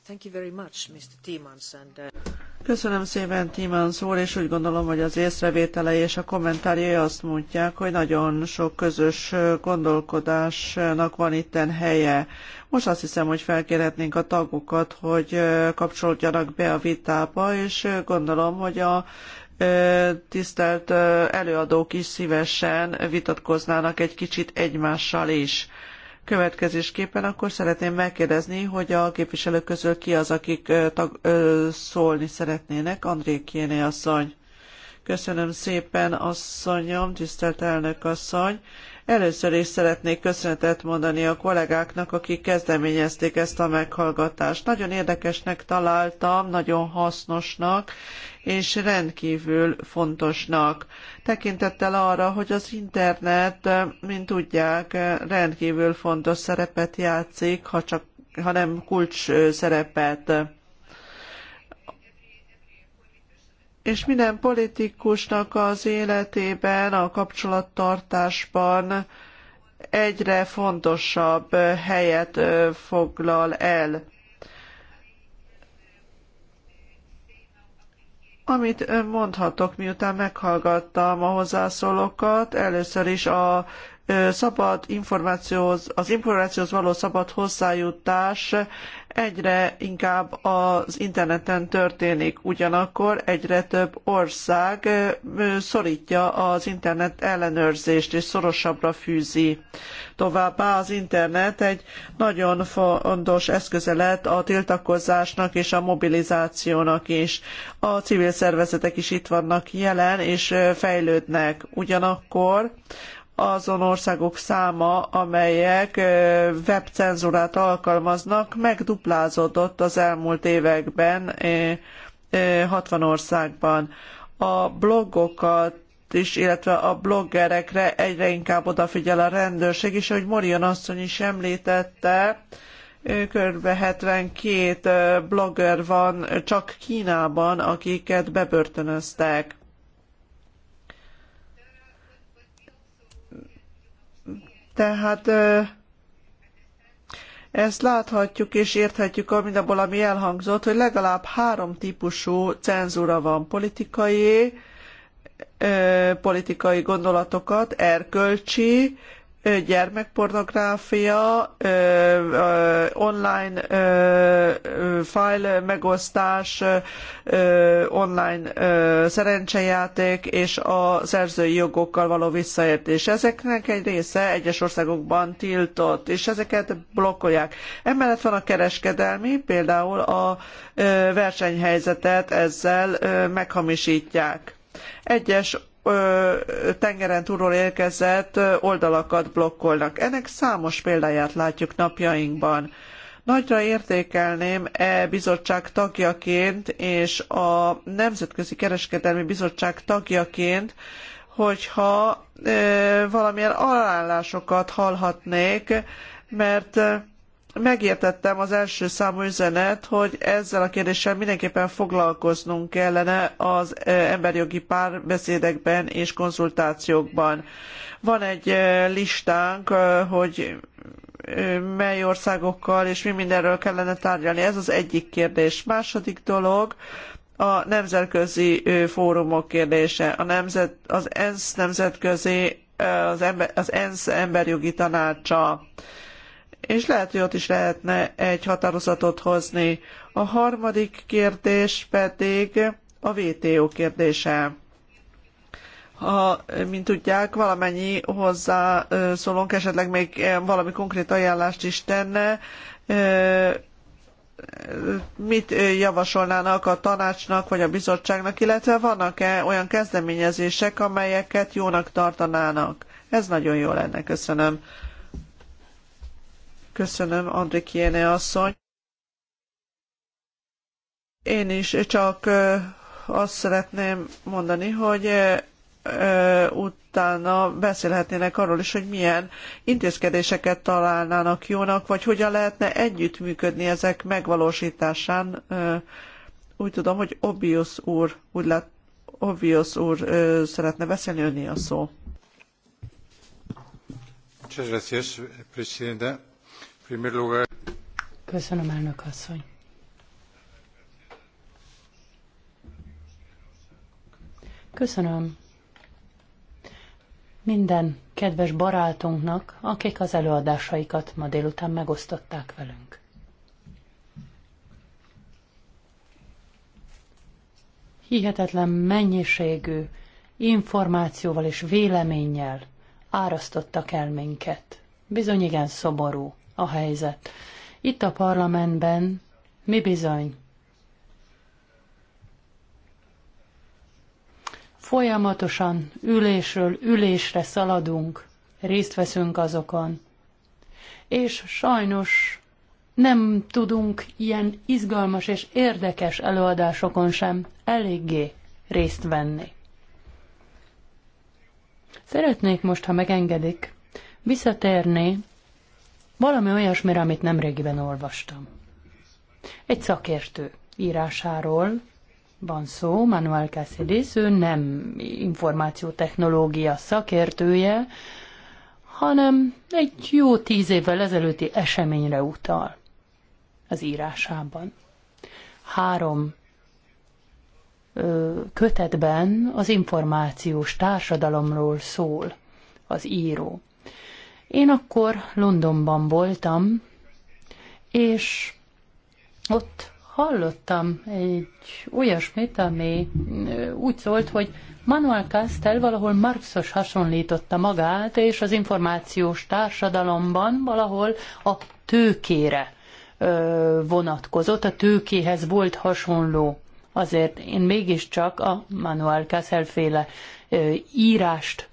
Thank you very much, Mr. Tiemans, and, uh... Köszönöm szépen Timán szól, és úgy gondolom, hogy az észrevételei és a kommentárjai azt mondják, hogy nagyon sok közös gondolkodásnak van itten helye. Most azt hiszem, hogy felkérhetnénk a tagokat, hogy kapcsolódjanak be a vitába, és gondolom, hogy a tisztelt előadók is szívesen vitatkoznának egy kicsit egymással is. Következésképpen akkor szeretném megkérdezni, hogy a képviselők közül ki az, akik tag, ö, szólni szeretnének. André Kéné asszony. Köszönöm szépen, asszonyom, tisztelt elnök asszony. Először is szeretnék köszönetet mondani a kollégáknak, akik kezdeményezték ezt a meghallgatást. Nagyon érdekesnek találtam, nagyon hasznosnak, és rendkívül fontosnak. Tekintettel arra, hogy az internet, mint tudják, rendkívül fontos szerepet játszik, ha csak ha nem kulcs szerepet. És minden politikusnak az életében, a kapcsolattartásban egyre fontosabb helyet foglal el Amit ön mondhatok, miután meghallgattam a hozzászólókat, először is a szabad információhoz, az információhoz való szabad hozzájutás egyre inkább az interneten történik. Ugyanakkor egyre több ország szorítja az internet ellenőrzést és szorosabbra fűzi. Továbbá az internet egy nagyon fontos eszköze lett a tiltakozásnak és a mobilizációnak is. A civil szervezetek is itt vannak jelen és fejlődnek. Ugyanakkor azon országok száma, amelyek webcenzúrát alkalmaznak, megduplázódott az elmúlt években 60 országban. A blogokat is, illetve a bloggerekre egyre inkább odafigyel a rendőrség, és ahogy Morion asszony is említette, kb. 72 blogger van csak Kínában, akiket bebörtönöztek. Tehát ezt láthatjuk és érthetjük abból, ami elhangzott, hogy legalább három típusú cenzúra van politikai, politikai gondolatokat, erkölcsi gyermekpornográfia, online fájl megosztás, online szerencsejáték és a szerzői jogokkal való visszaértés. Ezeknek egy része egyes országokban tiltott, és ezeket blokkolják. Emellett van a kereskedelmi, például a versenyhelyzetet ezzel meghamisítják. Egyes tengeren túlról érkezett oldalakat blokkolnak. Ennek számos példáját látjuk napjainkban. Nagyra értékelném e bizottság tagjaként és a Nemzetközi Kereskedelmi Bizottság tagjaként, hogyha valamilyen alállásokat hallhatnék, mert megértettem az első számú üzenet, hogy ezzel a kérdéssel mindenképpen foglalkoznunk kellene az e, emberi jogi párbeszédekben és konzultációkban. Van egy e, listánk, e, hogy mely országokkal és mi mindenről kellene tárgyalni. Ez az egyik kérdés. Második dolog, a nemzetközi fórumok kérdése, a nemzet, az ENSZ nemzetközi, az, ember, az ENSZ emberjogi tanácsa és lehet, hogy ott is lehetne egy határozatot hozni. A harmadik kérdés pedig a VTO kérdése. Ha, mint tudják, valamennyi szólunk, esetleg még valami konkrét ajánlást is tenne, mit javasolnának a tanácsnak vagy a bizottságnak, illetve vannak-e olyan kezdeményezések, amelyeket jónak tartanának? Ez nagyon jó lenne, köszönöm. Köszönöm, Andrikiene asszony. Én is csak azt szeretném mondani, hogy utána beszélhetnének arról is, hogy milyen intézkedéseket találnának jónak, vagy hogyan lehetne együttműködni ezek megvalósításán. Úgy tudom, hogy Obvious úr, úgy lett, Obvious úr szeretne beszélni, önné a szó. Muchas gracias, Köszönöm, elnök asszony. Köszönöm minden kedves barátunknak, akik az előadásaikat ma délután megosztották velünk. Hihetetlen mennyiségű információval és véleménnyel árasztottak el minket. Bizony igen szomorú a helyzet. Itt a parlamentben mi bizony folyamatosan ülésről ülésre szaladunk, részt veszünk azokon, és sajnos nem tudunk ilyen izgalmas és érdekes előadásokon sem eléggé részt venni. Szeretnék most, ha megengedik, visszatérni valami olyasmire, amit nemrégiben olvastam. Egy szakértő írásáról van szó, Manuel Cáceres, ő nem információtechnológia szakértője, hanem egy jó tíz évvel ezelőtti eseményre utal az írásában. Három ö, kötetben az információs társadalomról szól az író. Én akkor Londonban voltam, és ott hallottam egy olyasmit, ami úgy szólt, hogy Manuel Castel valahol Marxos hasonlította magát, és az információs társadalomban valahol a tőkére vonatkozott, a tőkéhez volt hasonló. Azért én mégiscsak a Manuel Castel féle írást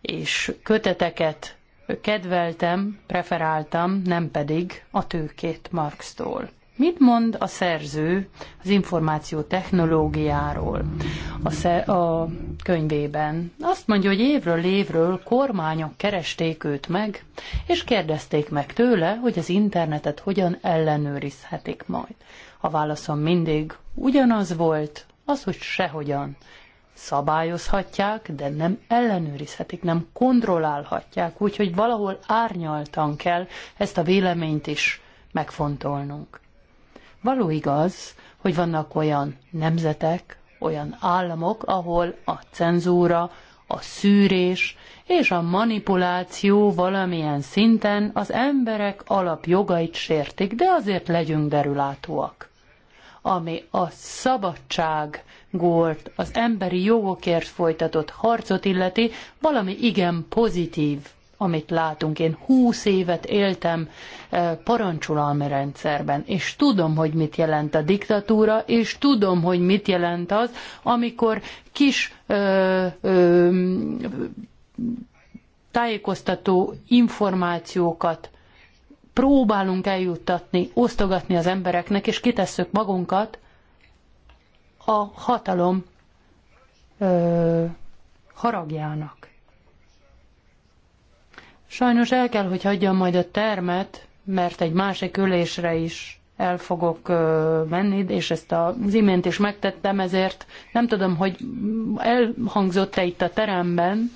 és köteteket kedveltem, preferáltam, nem pedig a tőkét Marx-tól. Mit mond a szerző az információ technológiáról a, sze- a könyvében? Azt mondja, hogy évről évről kormányok keresték őt meg, és kérdezték meg tőle, hogy az internetet hogyan ellenőrizhetik majd. A válaszom mindig ugyanaz volt, az, hogy sehogyan szabályozhatják, de nem ellenőrizhetik, nem kontrollálhatják, úgyhogy valahol árnyaltan kell ezt a véleményt is megfontolnunk. Való igaz, hogy vannak olyan nemzetek, olyan államok, ahol a cenzúra, a szűrés és a manipuláció valamilyen szinten az emberek alapjogait sértik, de azért legyünk derülátóak ami a szabadság gólt, az emberi jogokért folytatott harcot illeti, valami igen pozitív, amit látunk. Én húsz évet éltem eh, parancsolalmi rendszerben, és tudom, hogy mit jelent a diktatúra, és tudom, hogy mit jelent az, amikor kis ö, eh, ö, eh, tájékoztató információkat próbálunk eljuttatni, osztogatni az embereknek, és kitesszük magunkat a hatalom ö, haragjának. Sajnos el kell, hogy hagyjam majd a termet, mert egy másik ülésre is el fogok ö, menni, és ezt az imént is megtettem, ezért nem tudom, hogy elhangzott-e itt a teremben,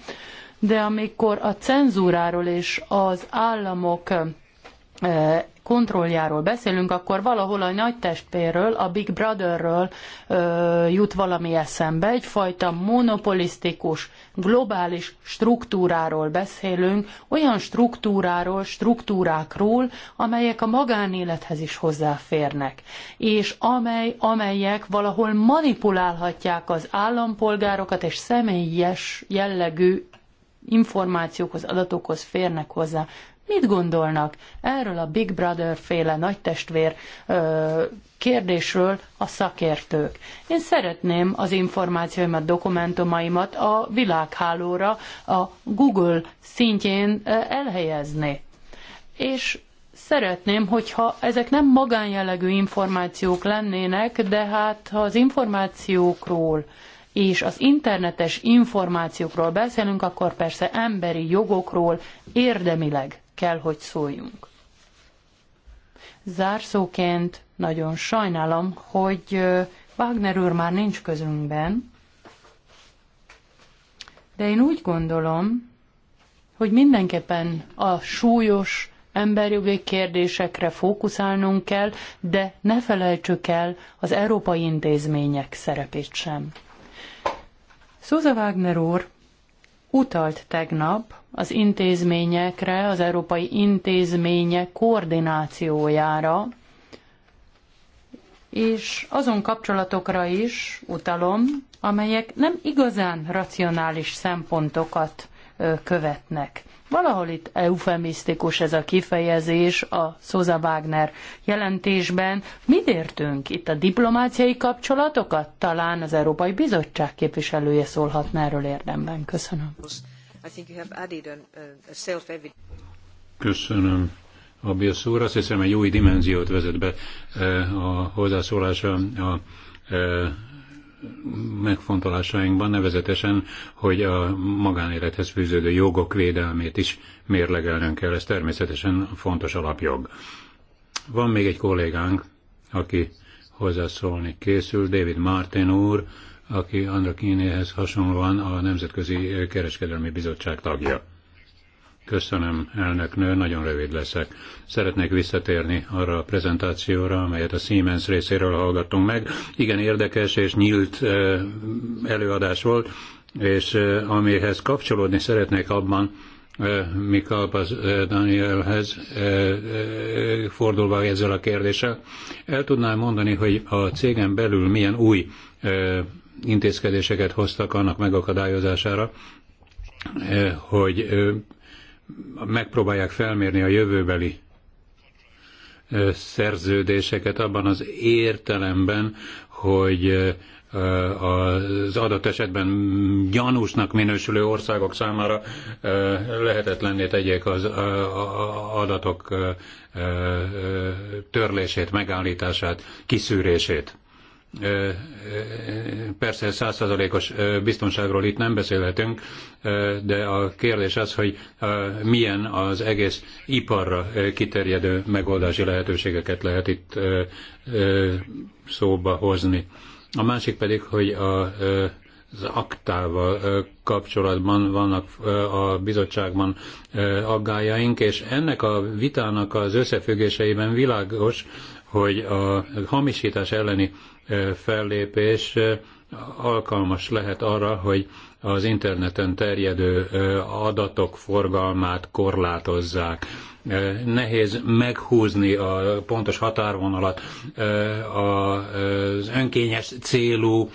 de amikor a cenzúráról és az államok kontrolljáról beszélünk, akkor valahol a nagy a Big Brotherről ö, jut valami eszembe. Egyfajta monopolisztikus, globális struktúráról beszélünk, olyan struktúráról, struktúrákról, amelyek a magánélethez is hozzáférnek, és amely, amelyek valahol manipulálhatják az állampolgárokat és személyes jellegű információkhoz, adatokhoz férnek hozzá. Mit gondolnak erről a Big Brother féle testvér ö, kérdésről a szakértők? Én szeretném az információimat, dokumentumaimat a világhálóra, a Google szintjén elhelyezni. És szeretném, hogyha ezek nem magánjellegű információk lennének, de hát ha az információkról és az internetes információkról beszélünk, akkor persze emberi jogokról érdemileg kell, hogy szóljunk. Zárszóként nagyon sajnálom, hogy Wagner úr már nincs közünkben, de én úgy gondolom, hogy mindenképpen a súlyos emberjogi kérdésekre fókuszálnunk kell, de ne felejtsük el az európai intézmények szerepét sem. Szóza Wagner úr utalt tegnap az intézményekre, az európai intézmények koordinációjára, és azon kapcsolatokra is utalom, amelyek nem igazán racionális szempontokat követnek. Valahol itt eufemisztikus ez a kifejezés a Szóza Wagner jelentésben. Mit értünk itt a diplomáciai kapcsolatokat? Talán az Európai Bizottság képviselője szólhatna erről érdemben. Köszönöm. Uh, Köszönöm. A Biosz úr azt hiszem egy új dimenziót vezet be uh, a hozzászólása a uh, megfontolásainkban, nevezetesen, hogy a magánélethez fűződő jogok védelmét is mérlegelnünk kell, ez természetesen fontos alapjog. Van még egy kollégánk, aki hozzászólni készül, David Martin úr, aki Andra Kínéhez hasonlóan a Nemzetközi Kereskedelmi Bizottság tagja. Köszönöm, elnök nő, nagyon rövid leszek. Szeretnék visszatérni arra a prezentációra, amelyet a Siemens részéről hallgattunk meg. Igen, érdekes és nyílt előadás volt, és amihez kapcsolódni szeretnék abban, Mikalpaz Danielhez fordulva ezzel a kérdéssel. El tudnám mondani, hogy a cégen belül milyen új intézkedéseket hoztak annak megakadályozására, hogy megpróbálják felmérni a jövőbeli szerződéseket abban az értelemben, hogy az adott esetben gyanúsnak minősülő országok számára lehetetlenné tegyék az adatok törlését, megállítását, kiszűrését. Persze százszázalékos biztonságról itt nem beszélhetünk, de a kérdés az, hogy milyen az egész iparra kiterjedő megoldási lehetőségeket lehet itt szóba hozni. A másik pedig, hogy a, az aktával kapcsolatban vannak a bizottságban aggájaink, és ennek a vitának az összefüggéseiben világos, hogy a hamisítás elleni fellépés alkalmas lehet arra, hogy az interneten terjedő adatok forgalmát korlátozzák. Nehéz meghúzni a pontos határvonalat az önkényes célú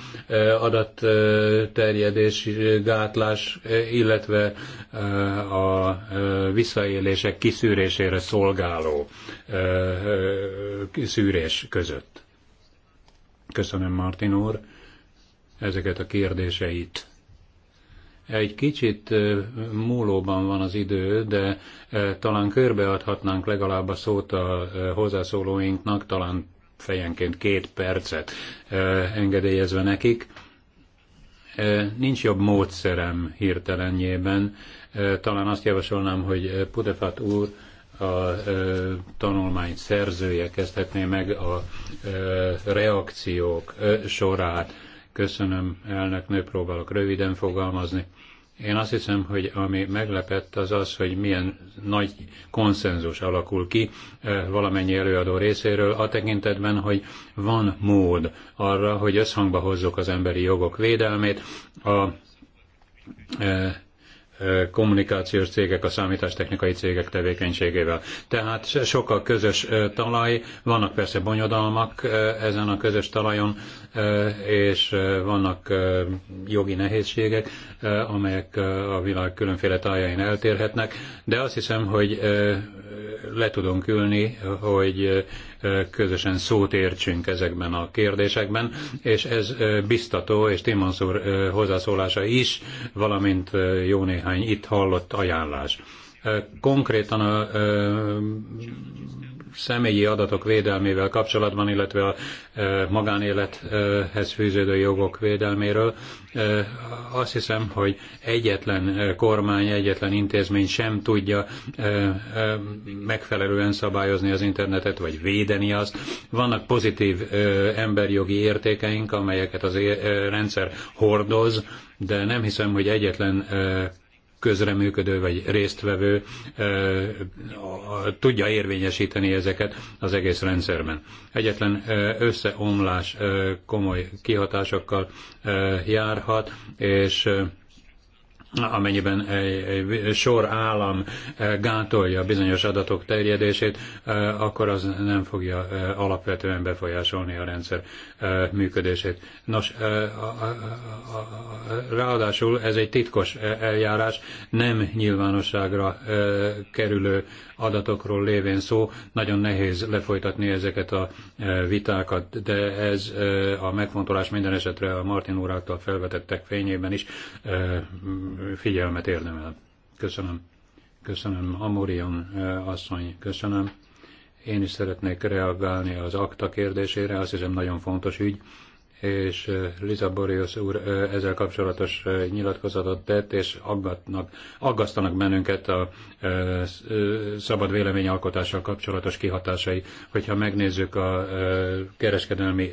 adatterjedés gátlás, illetve a visszaélések kiszűrésére szolgáló kiszűrés között. Köszönöm, Martin úr, ezeket a kérdéseit. Egy kicsit múlóban van az idő, de talán körbeadhatnánk legalább a szót a hozzászólóinknak, talán fejenként két percet engedélyezve nekik. Nincs jobb módszerem hirtelenjében. Talán azt javasolnám, hogy Pudefat úr a ö, tanulmány szerzője kezdhetné meg a ö, reakciók ö, sorát. Köszönöm, nő próbálok röviden fogalmazni. Én azt hiszem, hogy ami meglepett az az, hogy milyen nagy konszenzus alakul ki valamennyi előadó részéről a tekintetben, hogy van mód arra, hogy összhangba hozzuk az emberi jogok védelmét a kommunikációs cégek, a számítástechnikai cégek tevékenységével. Tehát sok a közös talaj, vannak persze bonyodalmak ezen a közös talajon, és vannak jogi nehézségek, amelyek a világ különféle tájain eltérhetnek, de azt hiszem, hogy le tudunk ülni, hogy közösen szót értsünk ezekben a kérdésekben, és ez biztató, és Timmons úr hozzászólása is, valamint jó néhány itt hallott ajánlás. Konkrétan a személyi adatok védelmével kapcsolatban, illetve a e, magánélethez fűződő jogok védelméről. E, azt hiszem, hogy egyetlen e, kormány, egyetlen intézmény sem tudja megfelelően szabályozni az internetet, vagy védeni azt. Vannak pozitív emberjogi értékeink, amelyeket az rendszer hordoz, de nem hiszem, hogy egyetlen közreműködő vagy résztvevő tudja érvényesíteni ezeket az egész rendszerben. Egyetlen összeomlás komoly kihatásokkal járhat, és amennyiben egy sor állam eh, gátolja bizonyos adatok terjedését, eh, akkor az nem fogja eh, alapvetően befolyásolni a rendszer működését. Nos, ráadásul ez egy titkos eljárás, nem nyilvánosságra kerülő adatokról lévén szó, nagyon nehéz lefolytatni ezeket a e, vitákat, de ez e, a megfontolás minden esetre a Martin úr által felvetettek fényében is e, figyelmet érdemel. Köszönöm. Köszönöm, Amorion asszony, köszönöm. Én is szeretnék reagálni az akta kérdésére, azt hiszem nagyon fontos ügy és Liza Borius úr ezzel kapcsolatos nyilatkozatot tett, és aggatnak, aggasztanak bennünket a szabad véleményalkotással kapcsolatos kihatásai. Hogyha megnézzük a kereskedelmi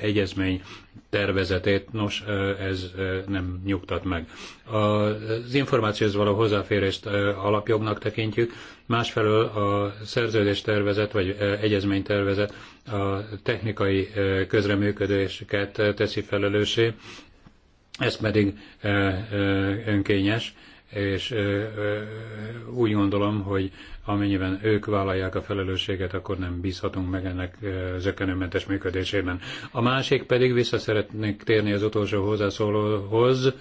egyezmény tervezetét, nos, ez nem nyugtat meg. Az információhoz való hozzáférést alapjognak tekintjük, másfelől a szerződés tervezet vagy egyezmény tervezet a technikai e, közreműködéseket e, teszi felelőssé, ez pedig e, önkényes, és úgy gondolom, hogy amennyiben ők vállalják a felelősséget, akkor nem bízhatunk meg ennek zökkenőmentes működésében. A másik pedig vissza szeretnék térni az utolsó hozzászólóhoz,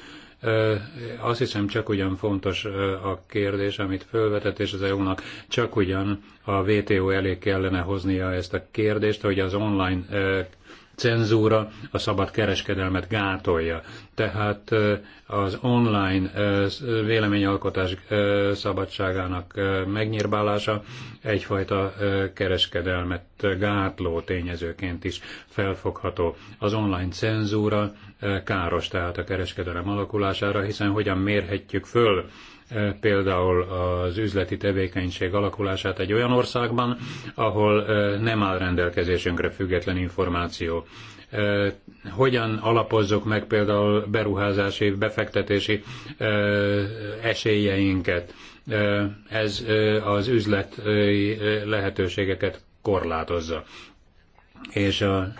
azt hiszem csak ugyan fontos a kérdés, amit felvetett, és az EU-nak csak ugyan a WTO elé kellene hoznia ezt a kérdést, hogy az online cenzúra a szabad kereskedelmet gátolja. Tehát az online véleményalkotás szabadságának megnyírbálása egyfajta kereskedelmet gátló tényezőként is felfogható. Az online cenzúra káros tehát a kereskedelem alakulására, hiszen hogyan mérhetjük föl E, például az üzleti tevékenység alakulását egy olyan országban, ahol e, nem áll rendelkezésünkre független információ. E, hogyan alapozzuk meg például beruházási, befektetési esélyeinket? Ez az üzlet lehetőségeket korlátozza. És a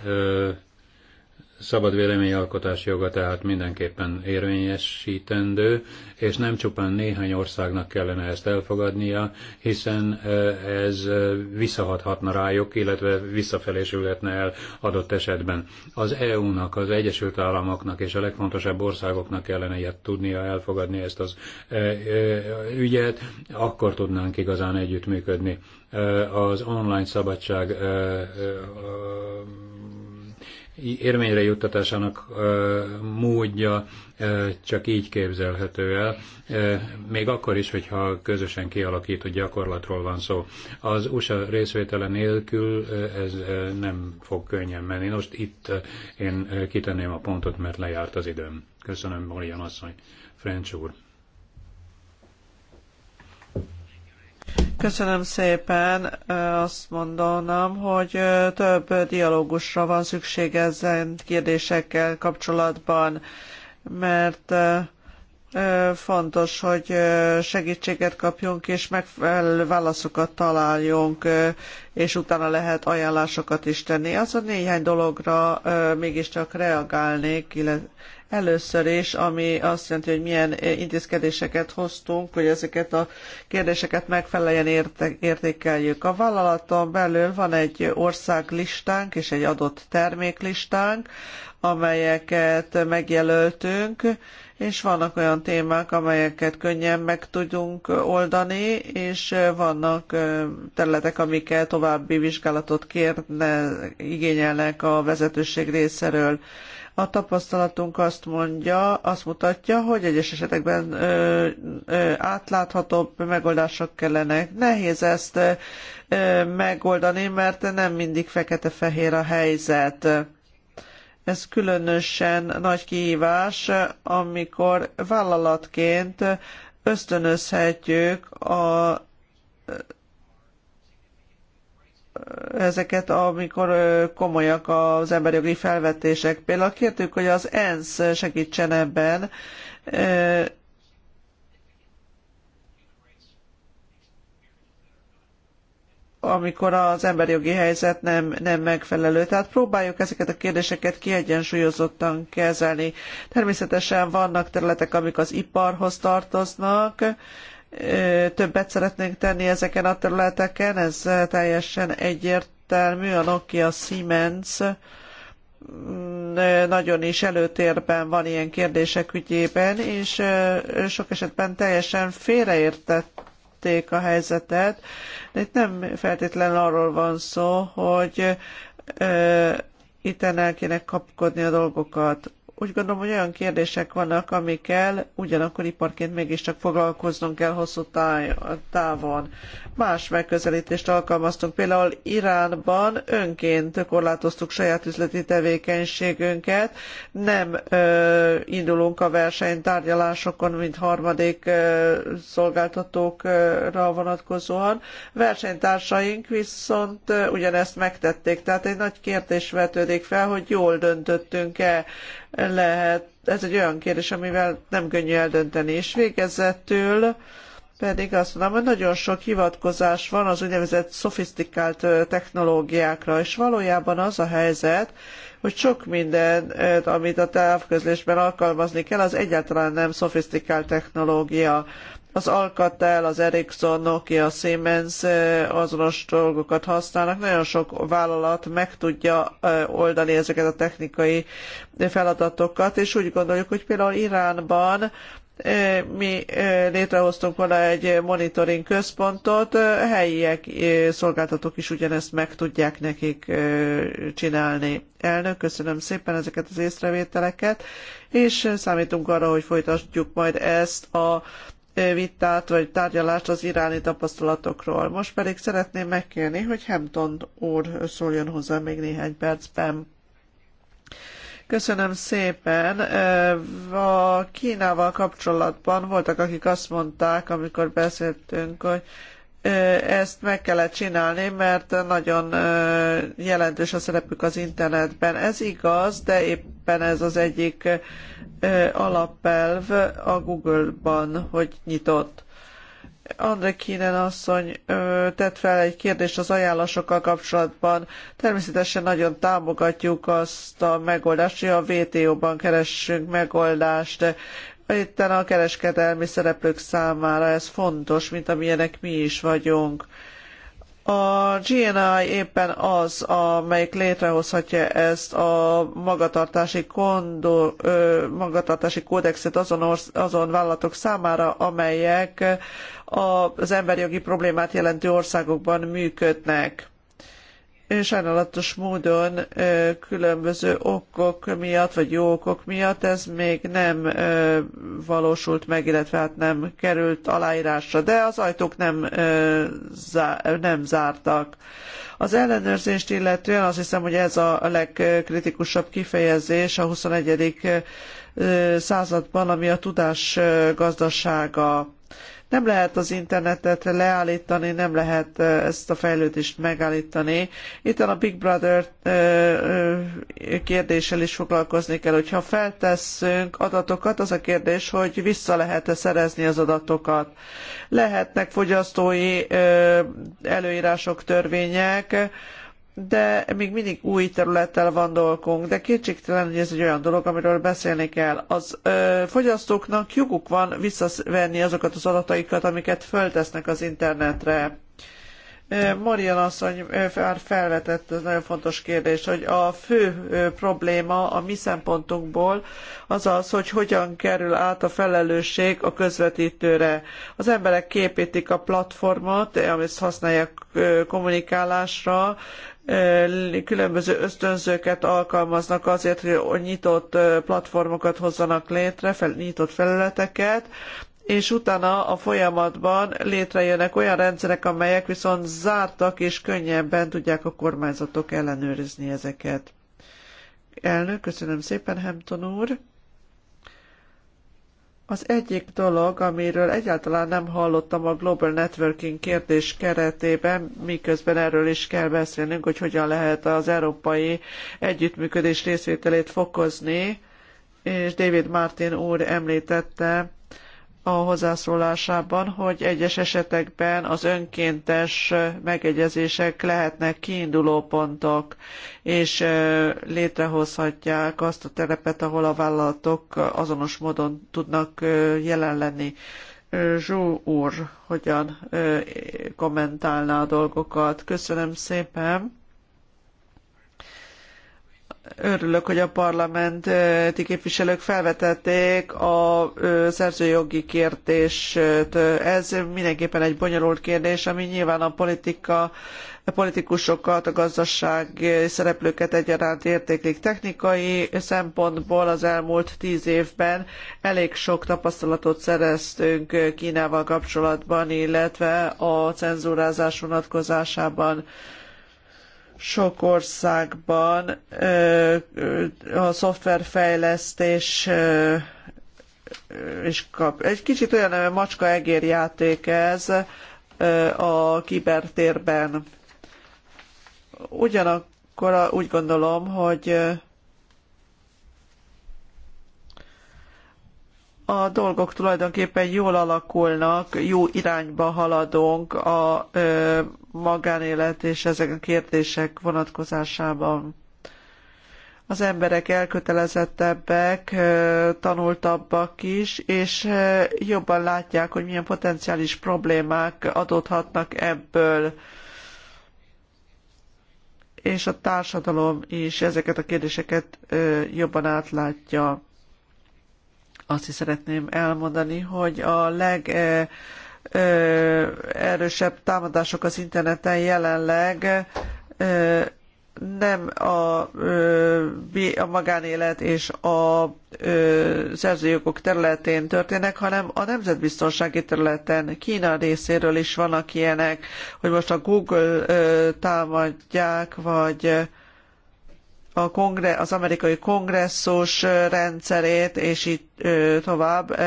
szabad véleményalkotás joga tehát mindenképpen érvényesítendő, és nem csupán néhány országnak kellene ezt elfogadnia, hiszen ez visszahathatna rájuk, illetve visszafelé sülhetne el adott esetben. Az EU-nak, az Egyesült Államoknak és a legfontosabb országoknak kellene ilyet tudnia elfogadni ezt az ügyet, akkor tudnánk igazán együttműködni. Az online szabadság érményre juttatásának módja csak így képzelhető el, még akkor is, hogyha közösen kialakított gyakorlatról van szó. Az USA részvétele nélkül ez nem fog könnyen menni. Most itt én kitenném a pontot, mert lejárt az időm. Köszönöm, Marian asszony. French úr. Köszönöm szépen. Azt mondanám, hogy több dialógusra van szükség ezen kérdésekkel kapcsolatban, mert fontos, hogy segítséget kapjunk és megfelelő válaszokat találjunk, és utána lehet ajánlásokat is tenni. Azon néhány dologra mégiscsak reagálnék, Először is, ami azt jelenti, hogy milyen eh, intézkedéseket hoztunk, hogy ezeket a kérdéseket megfelelően érte- értékeljük. A vállalaton belül van egy országlistánk és egy adott terméklistánk, amelyeket megjelöltünk, és vannak olyan témák, amelyeket könnyen meg tudunk oldani, és vannak eh, területek, amikkel további vizsgálatot kérne, igényelnek a vezetőség részéről. A tapasztalatunk azt mondja, azt mutatja, hogy egyes esetekben ö, ö, átláthatóbb megoldások kellenek. Nehéz ezt ö, megoldani, mert nem mindig fekete-fehér a helyzet. Ez különösen nagy kihívás, amikor vállalatként ösztönözhetjük a ezeket, amikor komolyak az emberjogi felvetések. Például kértük, hogy az ENSZ segítsen ebben, amikor az emberjogi helyzet nem, nem megfelelő. Tehát próbáljuk ezeket a kérdéseket kiegyensúlyozottan kezelni. Természetesen vannak területek, amik az iparhoz tartoznak, többet szeretnénk tenni ezeken a területeken, ez teljesen egyértelmű. A Nokia Siemens mm, nagyon is előtérben van ilyen kérdések ügyében, és sok esetben teljesen félreértették a helyzetet. De itt nem feltétlenül arról van szó, hogy itten el kéne kapkodni a dolgokat úgy gondolom, hogy olyan kérdések vannak, amikkel ugyanakkor iparként mégiscsak foglalkoznunk kell hosszú távon. Más megközelítést alkalmaztunk, például Iránban önként korlátoztuk saját üzleti tevékenységünket, nem ö, indulunk a versenytárgyalásokon, mint harmadik ö, szolgáltatókra vonatkozóan. Versenytársaink viszont ö, ugyanezt megtették, tehát egy nagy kérdés vetődik fel, hogy jól döntöttünk-e lehet, ez egy olyan kérdés, amivel nem könnyű eldönteni. És végezetül pedig azt mondom, hogy nagyon sok hivatkozás van az úgynevezett szofisztikált technológiákra, és valójában az a helyzet, hogy sok minden, amit a távközlésben alkalmazni kell, az egyáltalán nem szofisztikált technológia az Alcatel, az Ericsson, Nokia, a Siemens azonos dolgokat használnak. Nagyon sok vállalat meg tudja oldani ezeket a technikai feladatokat, és úgy gondoljuk, hogy például Iránban mi létrehoztunk volna egy monitoring központot, helyiek szolgáltatók is ugyanezt meg tudják nekik csinálni. Elnök, köszönöm szépen ezeket az észrevételeket, és számítunk arra, hogy folytatjuk majd ezt a vitát vagy tárgyalást az iráni tapasztalatokról. Most pedig szeretném megkérni, hogy Hampton úr szóljon hozzá még néhány percben. Köszönöm szépen. A Kínával kapcsolatban voltak, akik azt mondták, amikor beszéltünk, hogy ezt meg kellett csinálni, mert nagyon jelentős a szerepük az internetben. Ez igaz, de éppen ez az egyik alapelv a Google-ban, hogy nyitott. André Kínen asszony ö, tett fel egy kérdést az ajánlásokkal kapcsolatban. Természetesen nagyon támogatjuk azt a megoldást, hogy a WTO-ban keressünk megoldást. Itten a kereskedelmi szereplők számára ez fontos, mint amilyenek mi is vagyunk a GNI éppen az, amelyik létrehozhatja ezt a magatartási, magatartási kódexet azon, orsz, azon vállalatok számára, amelyek az emberi jogi problémát jelentő országokban működnek sajnálatos módon különböző okok miatt, vagy jó okok miatt ez még nem valósult meg, illetve hát nem került aláírásra, de az ajtók nem, nem zártak. Az ellenőrzést illetően azt hiszem, hogy ez a legkritikusabb kifejezés a 21. században, ami a tudás gazdasága nem lehet az internetet leállítani, nem lehet ezt a fejlődést megállítani. Itt a Big Brother kérdéssel is foglalkozni kell, hogyha feltesszünk adatokat, az a kérdés, hogy vissza lehet-e szerezni az adatokat. Lehetnek fogyasztói előírások, törvények, de még mindig új területtel van dolgunk, de kétségtelen, hogy ez egy olyan dolog, amiről beszélni kell. Az ö, fogyasztóknak joguk van visszavenni azokat az adataikat, amiket föltesznek az internetre. Marian asszony már felvetett ez nagyon fontos kérdés, hogy a fő probléma a mi szempontunkból az az, hogy hogyan kerül át a felelősség a közvetítőre. Az emberek képítik a platformot, amit használják kommunikálásra, különböző ösztönzőket alkalmaznak azért, hogy nyitott platformokat hozzanak létre, fel, nyitott felületeket, és utána a folyamatban létrejönnek olyan rendszerek, amelyek viszont zártak és könnyebben tudják a kormányzatok ellenőrizni ezeket. Elnök, köszönöm szépen, Hampton úr. Az egyik dolog, amiről egyáltalán nem hallottam a Global Networking kérdés keretében, miközben erről is kell beszélnünk, hogy hogyan lehet az európai együttműködés részvételét fokozni, és David Martin úr említette a hozzászólásában, hogy egyes esetekben az önkéntes megegyezések lehetnek kiindulópontok, és létrehozhatják azt a terepet, ahol a vállalatok azonos módon tudnak jelen lenni. Zsó úr hogyan kommentálná a dolgokat. Köszönöm szépen örülök, hogy a parlamenti képviselők felvetették a szerzőjogi kérdést. Ez mindenképpen egy bonyolult kérdés, ami nyilván a politika, a politikusokat, a gazdaság szereplőket egyaránt értéklik. Technikai szempontból az elmúlt tíz évben elég sok tapasztalatot szereztünk Kínával kapcsolatban, illetve a cenzúrázás vonatkozásában sok országban a szoftverfejlesztés és kap. Egy kicsit olyan macska egér játék ez a kibertérben. Ugyanakkor úgy gondolom, hogy a dolgok tulajdonképpen jól alakulnak, jó irányba haladunk a ö, magánélet és ezek a kérdések vonatkozásában. Az emberek elkötelezettebbek, tanultabbak is, és jobban látják, hogy milyen potenciális problémák adódhatnak ebből és a társadalom is ezeket a kérdéseket jobban átlátja. Azt is szeretném elmondani, hogy a leg erősebb támadások az interneten jelenleg nem a, a magánélet és a szerzőjogok területén történnek, hanem a nemzetbiztonsági területen. Kína részéről is vannak ilyenek, hogy most a Google támadják, vagy a kongre, az amerikai kongresszus rendszerét, és így tovább.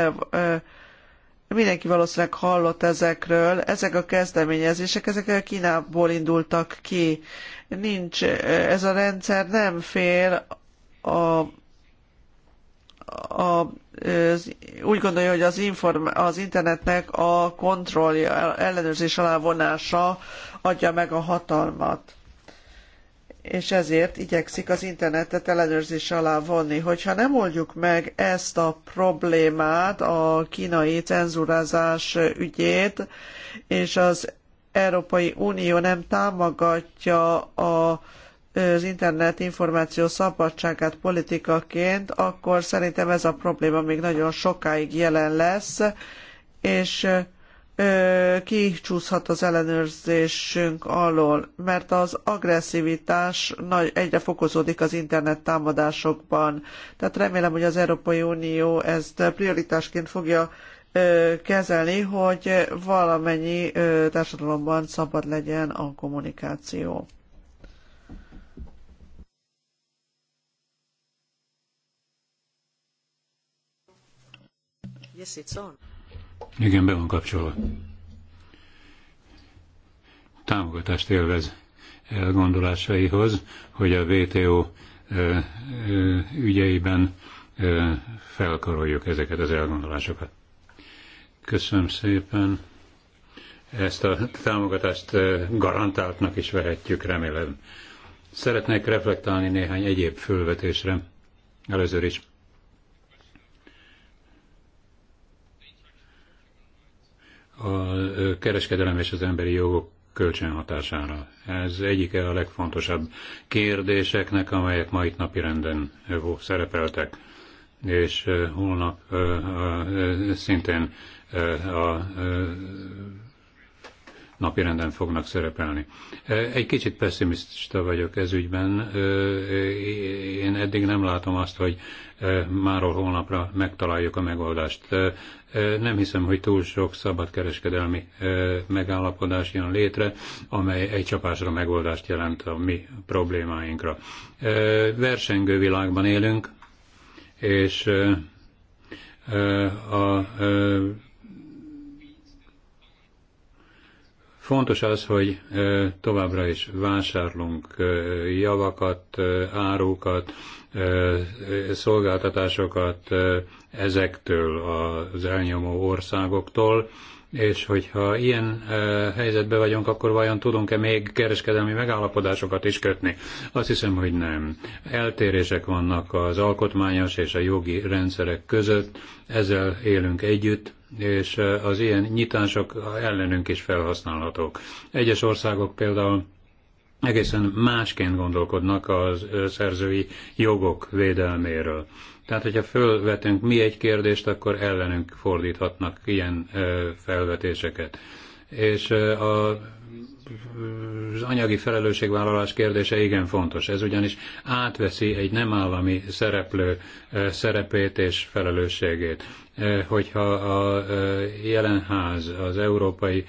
Mindenki valószínűleg hallott ezekről. Ezek a kezdeményezések, ezek Kínából indultak ki. Nincs, ez a rendszer nem fél a a, az, úgy gondolja, hogy az, inform, az internetnek a kontrollja, ellenőrzés alá vonása adja meg a hatalmat és ezért igyekszik az internetet ellenőrzés alá vonni. Hogyha nem oldjuk meg ezt a problémát, a kínai cenzúrázás ügyét, és az Európai Unió nem támogatja a az internet információ szabadságát politikaként, akkor szerintem ez a probléma még nagyon sokáig jelen lesz, és kicsúszhat az ellenőrzésünk alól, mert az agresszivitás nagy, egyre fokozódik az internet támadásokban. Tehát remélem, hogy az Európai Unió ezt prioritásként fogja kezelni, hogy valamennyi társadalomban szabad legyen a kommunikáció. Yes, it's on. Igen, be van kapcsolva. Támogatást élvez elgondolásaihoz, hogy a VTO ügyeiben felkaroljuk ezeket az elgondolásokat. Köszönöm szépen. Ezt a támogatást garantáltnak is vehetjük, remélem. Szeretnék reflektálni néhány egyéb fölvetésre. Először is a kereskedelem és az emberi jogok kölcsönhatására. Ez egyike a legfontosabb kérdéseknek, amelyek ma itt napirenden szerepeltek, és holnap szintén a napirenden fognak szerepelni. Egy kicsit pessimista vagyok ez ügyben. Én eddig nem látom azt, hogy máról holnapra megtaláljuk a megoldást. Nem hiszem, hogy túl sok szabadkereskedelmi megállapodás jön létre, amely egy csapásra megoldást jelent a mi problémáinkra. Versengő világban élünk, és a Fontos az, hogy továbbra is vásárlunk javakat, árukat, szolgáltatásokat ezektől az elnyomó országoktól, és hogyha ilyen helyzetben vagyunk, akkor vajon tudunk-e még kereskedelmi megállapodásokat is kötni? Azt hiszem, hogy nem. Eltérések vannak az alkotmányos és a jogi rendszerek között, ezzel élünk együtt, és az ilyen nyitások ellenünk is felhasználhatók. Egyes országok például egészen másként gondolkodnak a szerzői jogok védelméről. Tehát, hogyha fölvetünk mi egy kérdést, akkor ellenünk fordíthatnak ilyen felvetéseket. És a, az anyagi felelősségvállalás kérdése igen fontos. Ez ugyanis átveszi egy nem állami szereplő szerepét és felelősségét. Hogyha a jelenház, az európai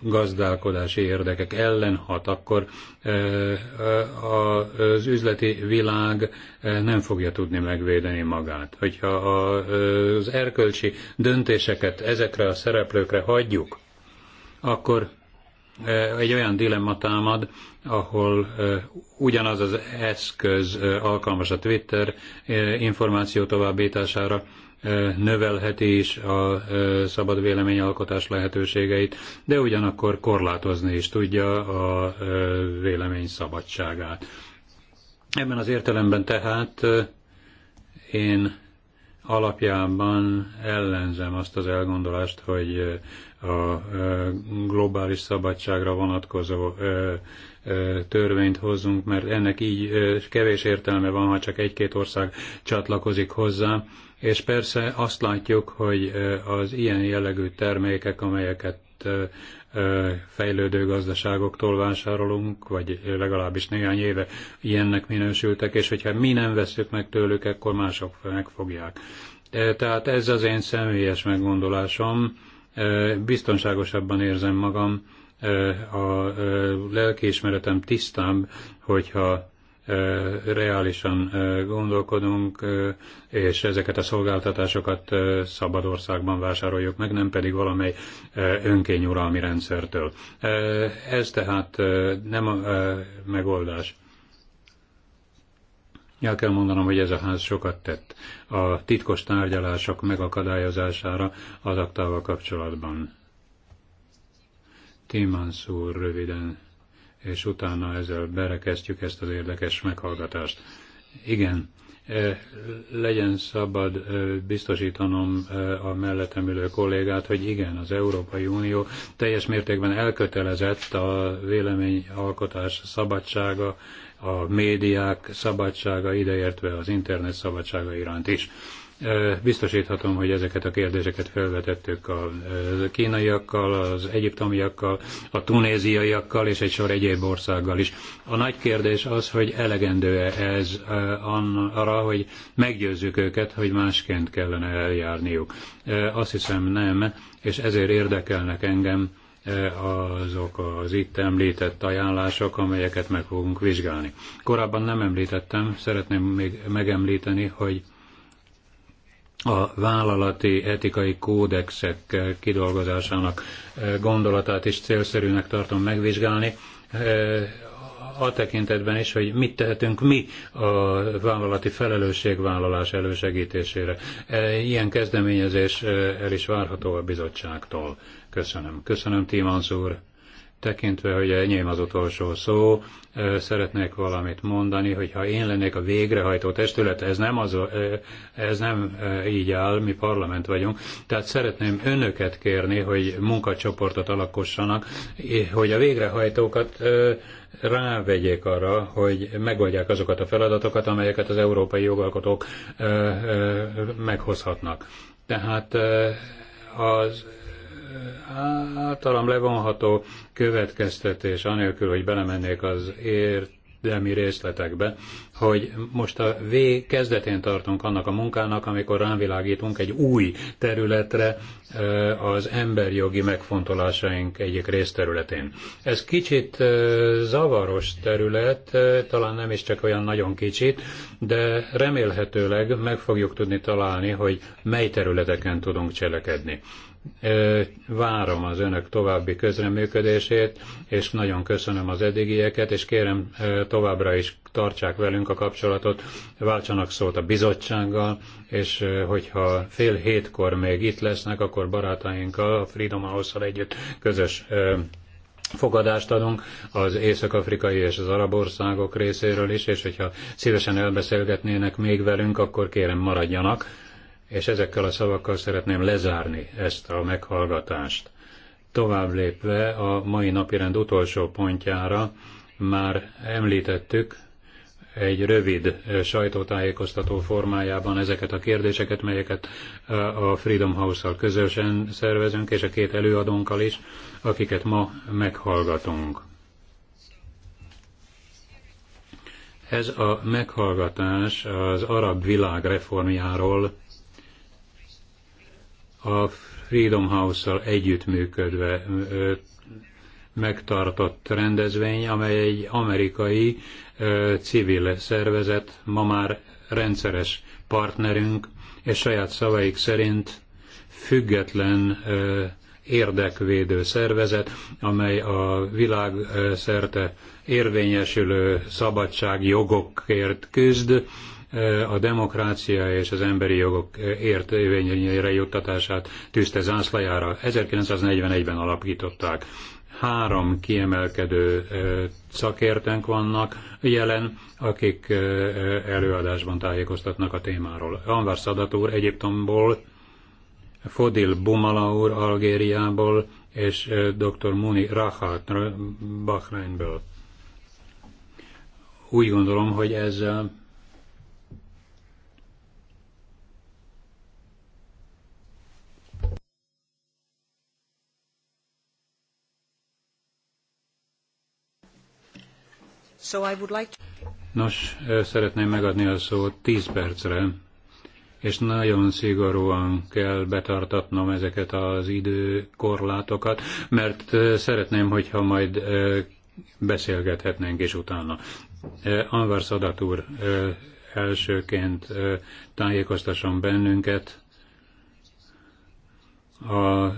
gazdálkodási érdekek ellen hat, akkor az üzleti világ nem fogja tudni megvédeni magát. Hogyha az erkölcsi döntéseket ezekre a szereplőkre hagyjuk, akkor egy olyan dilemma támad, ahol ugyanaz az eszköz alkalmas a Twitter információ továbbítására, növelheti is a szabad véleményalkotás lehetőségeit, de ugyanakkor korlátozni is tudja a vélemény szabadságát. Ebben az értelemben tehát én alapjában ellenzem azt az elgondolást, hogy a globális szabadságra vonatkozó törvényt hozzunk, mert ennek így kevés értelme van, ha csak egy-két ország csatlakozik hozzá és persze azt látjuk, hogy az ilyen jellegű termékek, amelyeket fejlődő gazdaságoktól vásárolunk, vagy legalábbis néhány éve ilyennek minősültek, és hogyha mi nem veszük meg tőlük, akkor mások megfogják. Tehát ez az én személyes meggondolásom, biztonságosabban érzem magam, a lelkiismeretem tisztább, hogyha reálisan gondolkodunk, és ezeket a szolgáltatásokat szabad országban vásároljuk meg, nem pedig valamely önkényuralmi rendszertől. Ez tehát nem a megoldás. El kell mondanom, hogy ez a ház sokat tett a titkos tárgyalások megakadályozására az aktával kapcsolatban. Timans röviden és utána ezzel berekeztjük ezt az érdekes meghallgatást. Igen, e, legyen szabad e, biztosítanom e, a mellettem ülő kollégát, hogy igen, az Európai Unió teljes mértékben elkötelezett a véleményalkotás szabadsága, a médiák szabadsága, ideértve az internet szabadsága iránt is. Biztosíthatom, hogy ezeket a kérdéseket felvetettük a kínaiakkal, az egyiptomiakkal, a tunéziaiakkal és egy sor egyéb országgal is. A nagy kérdés az, hogy elegendő-e ez arra, hogy meggyőzzük őket, hogy másként kellene eljárniuk. Azt hiszem nem, és ezért érdekelnek engem azok az itt említett ajánlások, amelyeket meg fogunk vizsgálni. Korábban nem említettem, szeretném még megemlíteni, hogy a vállalati etikai kódexek kidolgozásának eh, gondolatát is célszerűnek tartom megvizsgálni, eh, a tekintetben is, hogy mit tehetünk mi a vállalati felelősségvállalás elősegítésére. Eh, ilyen kezdeményezés el is várható a bizottságtól. Köszönöm. Köszönöm, Tímanz úr tekintve, hogy enyém az utolsó szó, szeretnék valamit mondani, hogy ha én lennék a végrehajtó testület, ez nem, az, ez nem így áll, mi parlament vagyunk, tehát szeretném önöket kérni, hogy munkacsoportot alakossanak, hogy a végrehajtókat rávegyék arra, hogy megoldják azokat a feladatokat, amelyeket az európai jogalkotók meghozhatnak. Tehát az általam levonható következtetés, anélkül, hogy belemennék az ért érdemi részletekbe, hogy most a V kezdetén tartunk annak a munkának, amikor rávilágítunk egy új területre eh, az emberjogi megfontolásaink egyik részterületén. Ez kicsit eh, zavaros terület, eh, talán nem is csak olyan nagyon kicsit, de remélhetőleg meg fogjuk tudni találni, hogy mely területeken tudunk cselekedni várom az önök további közreműködését, és nagyon köszönöm az eddigieket, és kérem továbbra is tartsák velünk a kapcsolatot, váltsanak szót a bizottsággal, és hogyha fél hétkor még itt lesznek, akkor barátainkkal, a Freedom house együtt közös fogadást adunk az észak-afrikai és az arab országok részéről is, és hogyha szívesen elbeszélgetnének még velünk, akkor kérem maradjanak és ezekkel a szavakkal szeretném lezárni ezt a meghallgatást. Tovább lépve a mai napirend utolsó pontjára már említettük egy rövid sajtótájékoztató formájában ezeket a kérdéseket, melyeket a Freedom House-szal közösen szervezünk, és a két előadónkkal is, akiket ma meghallgatunk. Ez a meghallgatás az arab világ reformjáról a Freedom House-szal együttműködve megtartott rendezvény, amely egy amerikai civil szervezet, ma már rendszeres partnerünk, és saját szavaik szerint független érdekvédő szervezet, amely a világ szerte érvényesülő szabadságjogokért küzd, a demokrácia és az emberi jogok érvényre juttatását tűzte zászlajára. 1941-ben alapították. Három kiemelkedő szakértőnk vannak jelen, akik előadásban tájékoztatnak a témáról. Anvar Szadat úr Egyiptomból, Fodil Bumala úr Algériából, és dr. Muni Rahat Bahreinből. Úgy gondolom, hogy ezzel So I would like to... Nos, szeretném megadni a szót 10 percre, és nagyon szigorúan kell betartatnom ezeket az időkorlátokat, mert szeretném, hogyha majd beszélgethetnénk is utána. Anvar Szadat úr elsőként tájékoztasson bennünket a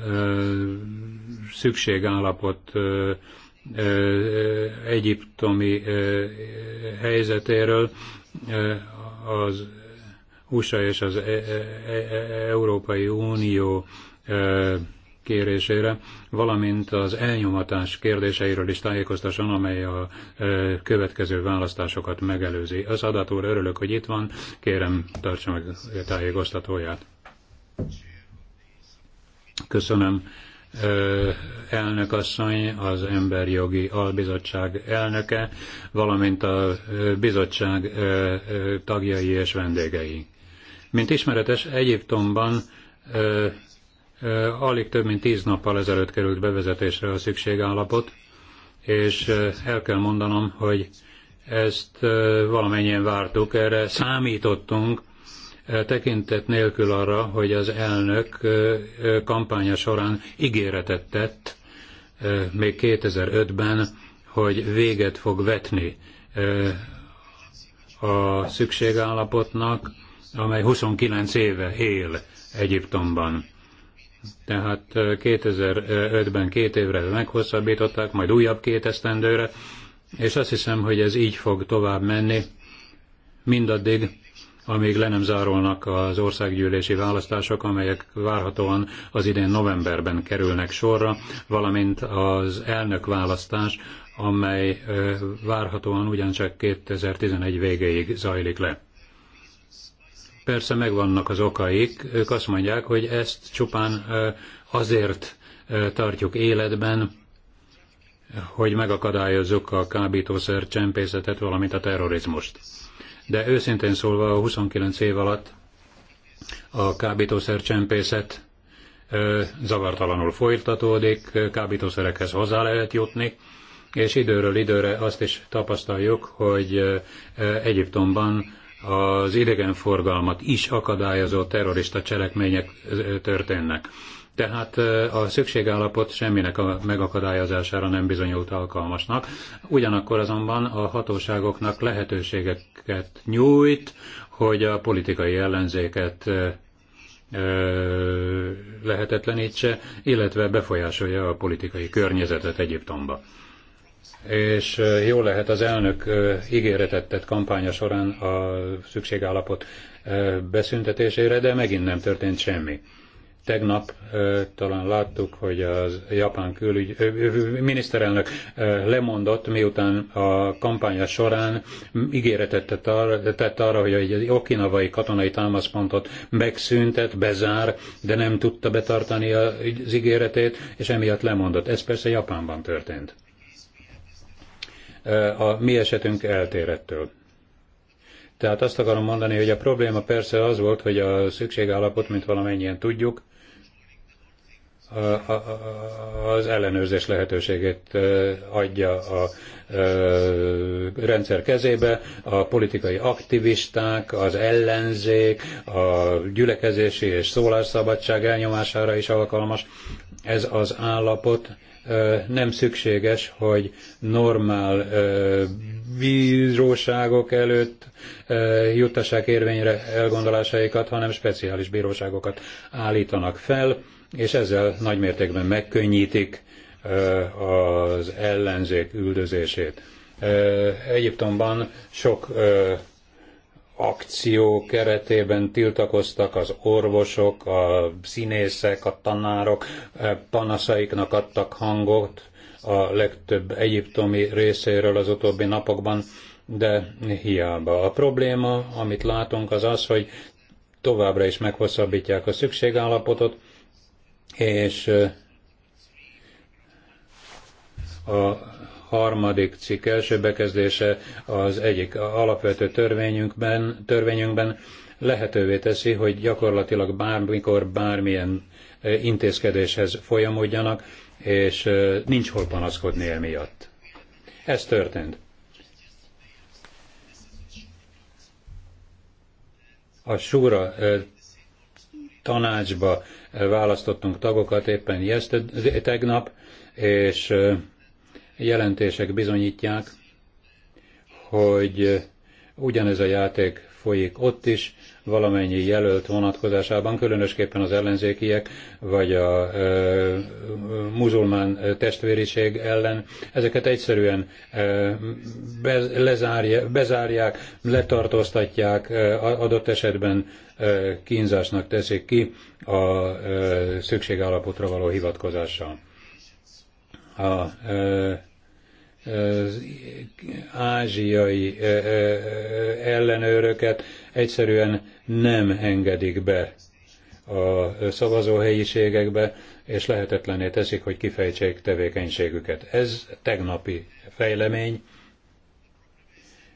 szükségállapot egyiptomi helyzetéről az USA és az e-, e-, e-, Európai Unió kérésére, valamint az elnyomatás kérdéseiről is tájékoztasson, amely a következő választásokat megelőzi. Az adatúr örülök, hogy itt van, kérem tartsa meg tájékoztatóját. Köszönöm elnökasszony, az Emberjogi Albizottság elnöke, valamint a bizottság tagjai és vendégei. Mint ismeretes, Egyiptomban alig több mint tíz nappal ezelőtt került bevezetésre a szükségállapot, és el kell mondanom, hogy ezt valamennyien vártuk, erre számítottunk, tekintet nélkül arra, hogy az elnök kampánya során ígéretet tett még 2005-ben, hogy véget fog vetni a szükségállapotnak, amely 29 éve él Egyiptomban. Tehát 2005-ben két évre meghosszabbították, majd újabb két esztendőre, és azt hiszem, hogy ez így fog tovább menni, mindaddig, amíg le nem zárolnak az országgyűlési választások, amelyek várhatóan az idén novemberben kerülnek sorra, valamint az elnök választás, amely várhatóan ugyancsak 2011 végéig zajlik le. Persze megvannak az okaik, ők azt mondják, hogy ezt csupán azért tartjuk életben, hogy megakadályozzuk a kábítószer csempészetet, valamint a terrorizmust de őszintén szólva a 29 év alatt a kábítószercsempészet zavartalanul folytatódik, kábítószerekhez hozzá lehet jutni, és időről időre azt is tapasztaljuk, hogy Egyiptomban az idegenforgalmat is akadályozó terrorista cselekmények történnek. Tehát a szükségállapot semminek a megakadályozására nem bizonyult alkalmasnak. Ugyanakkor azonban a hatóságoknak lehetőségeket nyújt, hogy a politikai ellenzéket lehetetlenítse, illetve befolyásolja a politikai környezetet Egyiptomba. És jó lehet az elnök ígéretet tett kampánya során a szükségállapot beszüntetésére, de megint nem történt semmi. Tegnap talán láttuk, hogy a japán külügy, miniszterelnök lemondott, miután a kampánya során ígéretet tett arra, tett arra hogy egy okinavai katonai támaszpontot megszüntet, bezár, de nem tudta betartani az ígéretét, és emiatt lemondott. Ez persze Japánban történt. A mi esetünk eltérettől. Tehát azt akarom mondani, hogy a probléma persze az volt, hogy a szükségállapot, mint valamennyien tudjuk, az ellenőrzés lehetőségét adja a rendszer kezébe, a politikai aktivisták, az ellenzék, a gyülekezési és szólásszabadság elnyomására is alkalmas. Ez az állapot nem szükséges, hogy normál bíróságok előtt juttassák érvényre elgondolásaikat, hanem speciális bíróságokat állítanak fel, és ezzel nagymértékben megkönnyítik az ellenzék üldözését. Egyiptomban sok akció keretében tiltakoztak az orvosok, a színészek, a tanárok, panaszaiknak adtak hangot a legtöbb egyiptomi részéről az utóbbi napokban, de hiába. A probléma, amit látunk, az az, hogy továbbra is meghosszabbítják a szükségállapotot, és a harmadik cikk első bekezdése az egyik alapvető törvényünkben, törvényünkben lehetővé teszi, hogy gyakorlatilag bármikor bármilyen intézkedéshez folyamodjanak, és nincs hol panaszkodni emiatt. Ez történt. A Súra tanácsba eh, választottunk tagokat éppen tegnap, és eh, jelentések bizonyítják, hogy eh, ugyanez a játék folyik ott is, valamennyi jelölt vonatkozásában, különösképpen az ellenzékiek vagy a ö, muzulmán testvériség ellen, ezeket egyszerűen ö, be, lezárja, bezárják, letartóztatják, adott esetben kínzásnak teszik ki a ö, szükségállapotra való hivatkozással. A, az ázsiai ellenőröket egyszerűen nem engedik be a szavazóhelyiségekbe, és lehetetlené teszik, hogy kifejtsék tevékenységüket. Ez tegnapi fejlemény,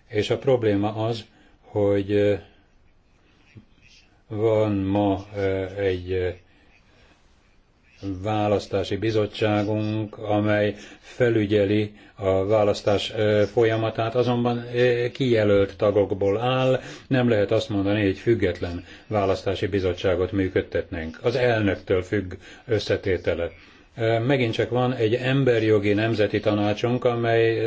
és a probléma az, hogy van ma eh, egy eh, választási bizottságunk, amely felügyeli a választás folyamatát, azonban kijelölt tagokból áll, nem lehet azt mondani, hogy független választási bizottságot működtetnénk. Az elnöktől függ összetétele. Megint csak van egy emberjogi nemzeti tanácsunk, amely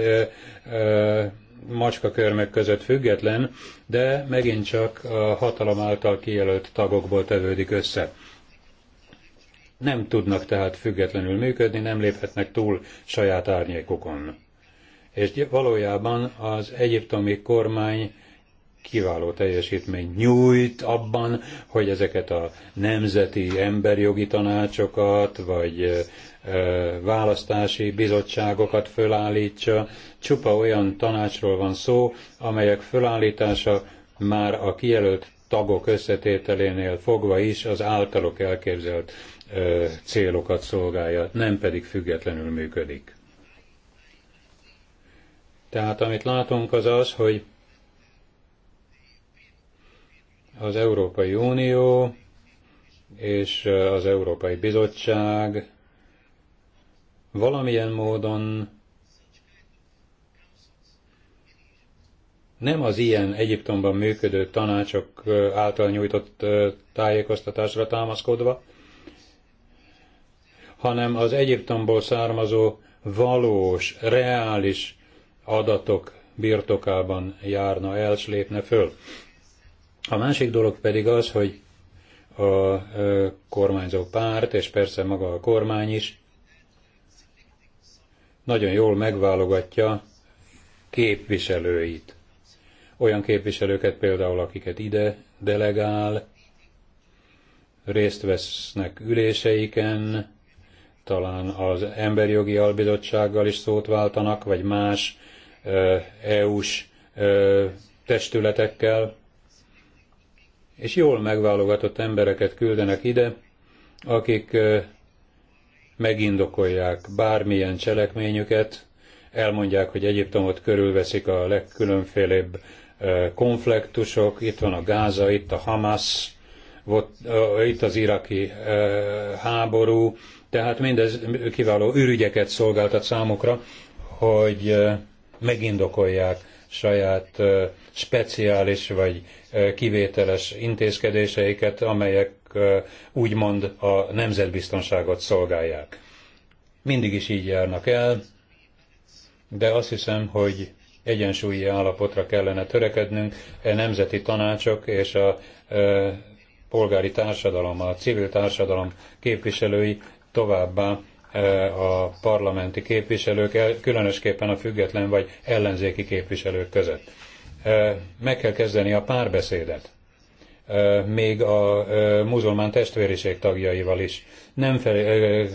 macskakörmök között független, de megint csak a hatalom által kijelölt tagokból tevődik össze nem tudnak tehát függetlenül működni, nem léphetnek túl saját árnyékokon. És valójában az egyiptomi kormány kiváló teljesítményt nyújt abban, hogy ezeket a nemzeti emberjogi tanácsokat, vagy választási bizottságokat fölállítsa. Csupa olyan tanácsról van szó, amelyek fölállítása már a kijelölt tagok összetételénél fogva is az általuk elképzelt célokat szolgálja, nem pedig függetlenül működik. Tehát amit látunk az az, hogy az Európai Unió és az Európai Bizottság valamilyen módon nem az ilyen Egyiptomban működő tanácsok által nyújtott tájékoztatásra támaszkodva, hanem az Egyiptomból származó valós, reális adatok birtokában járna el, s lépne föl. A másik dolog pedig az, hogy a kormányzó párt, és persze maga a kormány is, nagyon jól megválogatja képviselőit. Olyan képviselőket például, akiket ide delegál, részt vesznek üléseiken, talán az emberi jogi Albizottsággal is szót váltanak, vagy más EU-s testületekkel, és jól megválogatott embereket küldenek ide, akik megindokolják bármilyen cselekményüket, elmondják, hogy Egyiptomot körülveszik a legkülönfélebb konfliktusok, itt van a Gáza, itt a Hamas, volt itt az iraki háború, tehát mindez kiváló ürügyeket szolgáltat számukra, hogy megindokolják saját speciális vagy kivételes intézkedéseiket, amelyek úgymond a nemzetbiztonságot szolgálják. Mindig is így járnak el, de azt hiszem, hogy egyensúlyi állapotra kellene törekednünk, E nemzeti tanácsok és a polgári társadalom, a civil társadalom képviselői, továbbá e, a parlamenti képviselők, különösképpen a független vagy ellenzéki képviselők között. E, meg kell kezdeni a párbeszédet, e, még a muzulmán testvériség tagjaival is. Nem fel,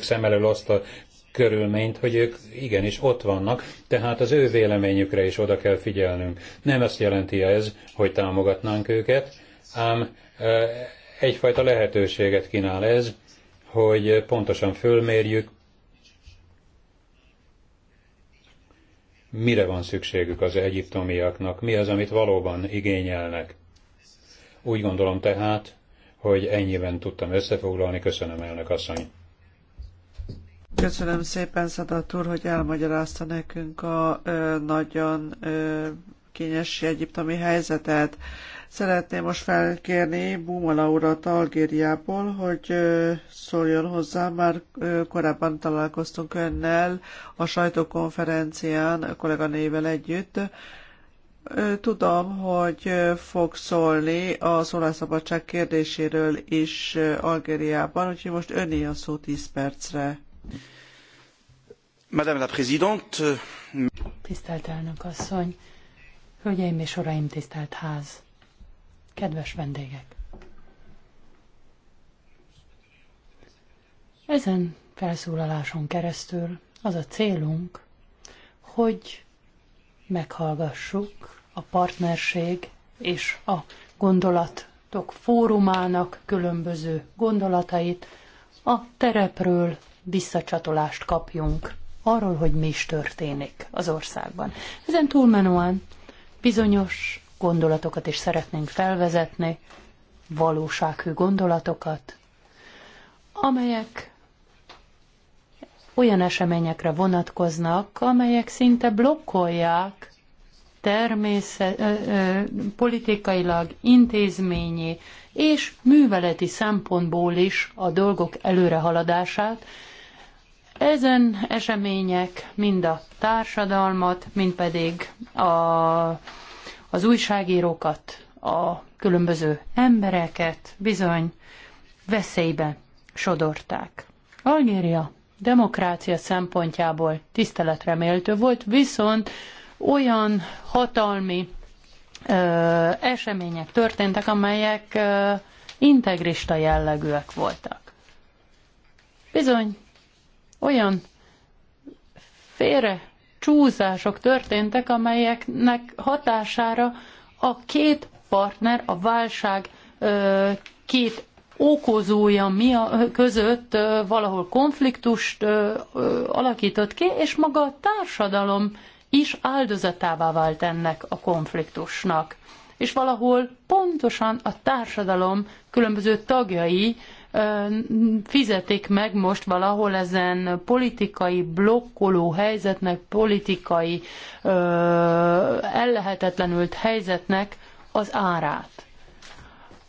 szem elől azt a körülményt, hogy ők igenis ott vannak, tehát az ő véleményükre is oda kell figyelnünk. Nem azt jelenti ez, hogy támogatnánk őket, ám egyfajta lehetőséget kínál ez, hogy pontosan fölmérjük, mire van szükségük az egyiptomiaknak, mi az, amit valóban igényelnek. Úgy gondolom tehát, hogy ennyiben tudtam összefoglalni. Köszönöm, elnök asszony. Köszönöm szépen, Szadat úr, hogy elmagyarázta nekünk a ö, nagyon ö, kényes egyiptomi helyzetet. Szeretném most felkérni Buma Laura Algériából, hogy szóljon hozzá, már korábban találkoztunk önnel a sajtókonferencián a kolléganével együtt. Tudom, hogy fog szólni a szólásszabadság kérdéséről is Algériában, úgyhogy most öné a szó 10 percre. Madame la Présidente. Euh, tisztelt elnök asszony, hölgyeim és uraim, tisztelt ház. Kedves vendégek! Ezen felszólaláson keresztül az a célunk, hogy meghallgassuk a partnerség és a gondolatok fórumának különböző gondolatait, a terepről visszacsatolást kapjunk arról, hogy mi is történik az országban. Ezen túlmenően bizonyos gondolatokat is szeretnénk felvezetni, valósághű gondolatokat, amelyek olyan eseményekre vonatkoznak, amelyek szinte blokkolják természet, ö, ö, politikailag, intézményi és műveleti szempontból is a dolgok előrehaladását. Ezen események mind a társadalmat, mind pedig a az újságírókat, a különböző embereket bizony veszélybe sodorták. Algéria demokrácia szempontjából tiszteletre méltő volt, viszont olyan hatalmi ö, események történtek, amelyek ö, integrista jellegűek voltak. Bizony, olyan félre csúzások történtek, amelyeknek hatására a két partner a válság két okozója mi a, között valahol konfliktust alakított ki, és maga a társadalom is áldozatává vált ennek a konfliktusnak. És valahol pontosan a társadalom különböző tagjai fizetik meg most valahol ezen politikai blokkoló helyzetnek, politikai ellehetetlenült helyzetnek az árát.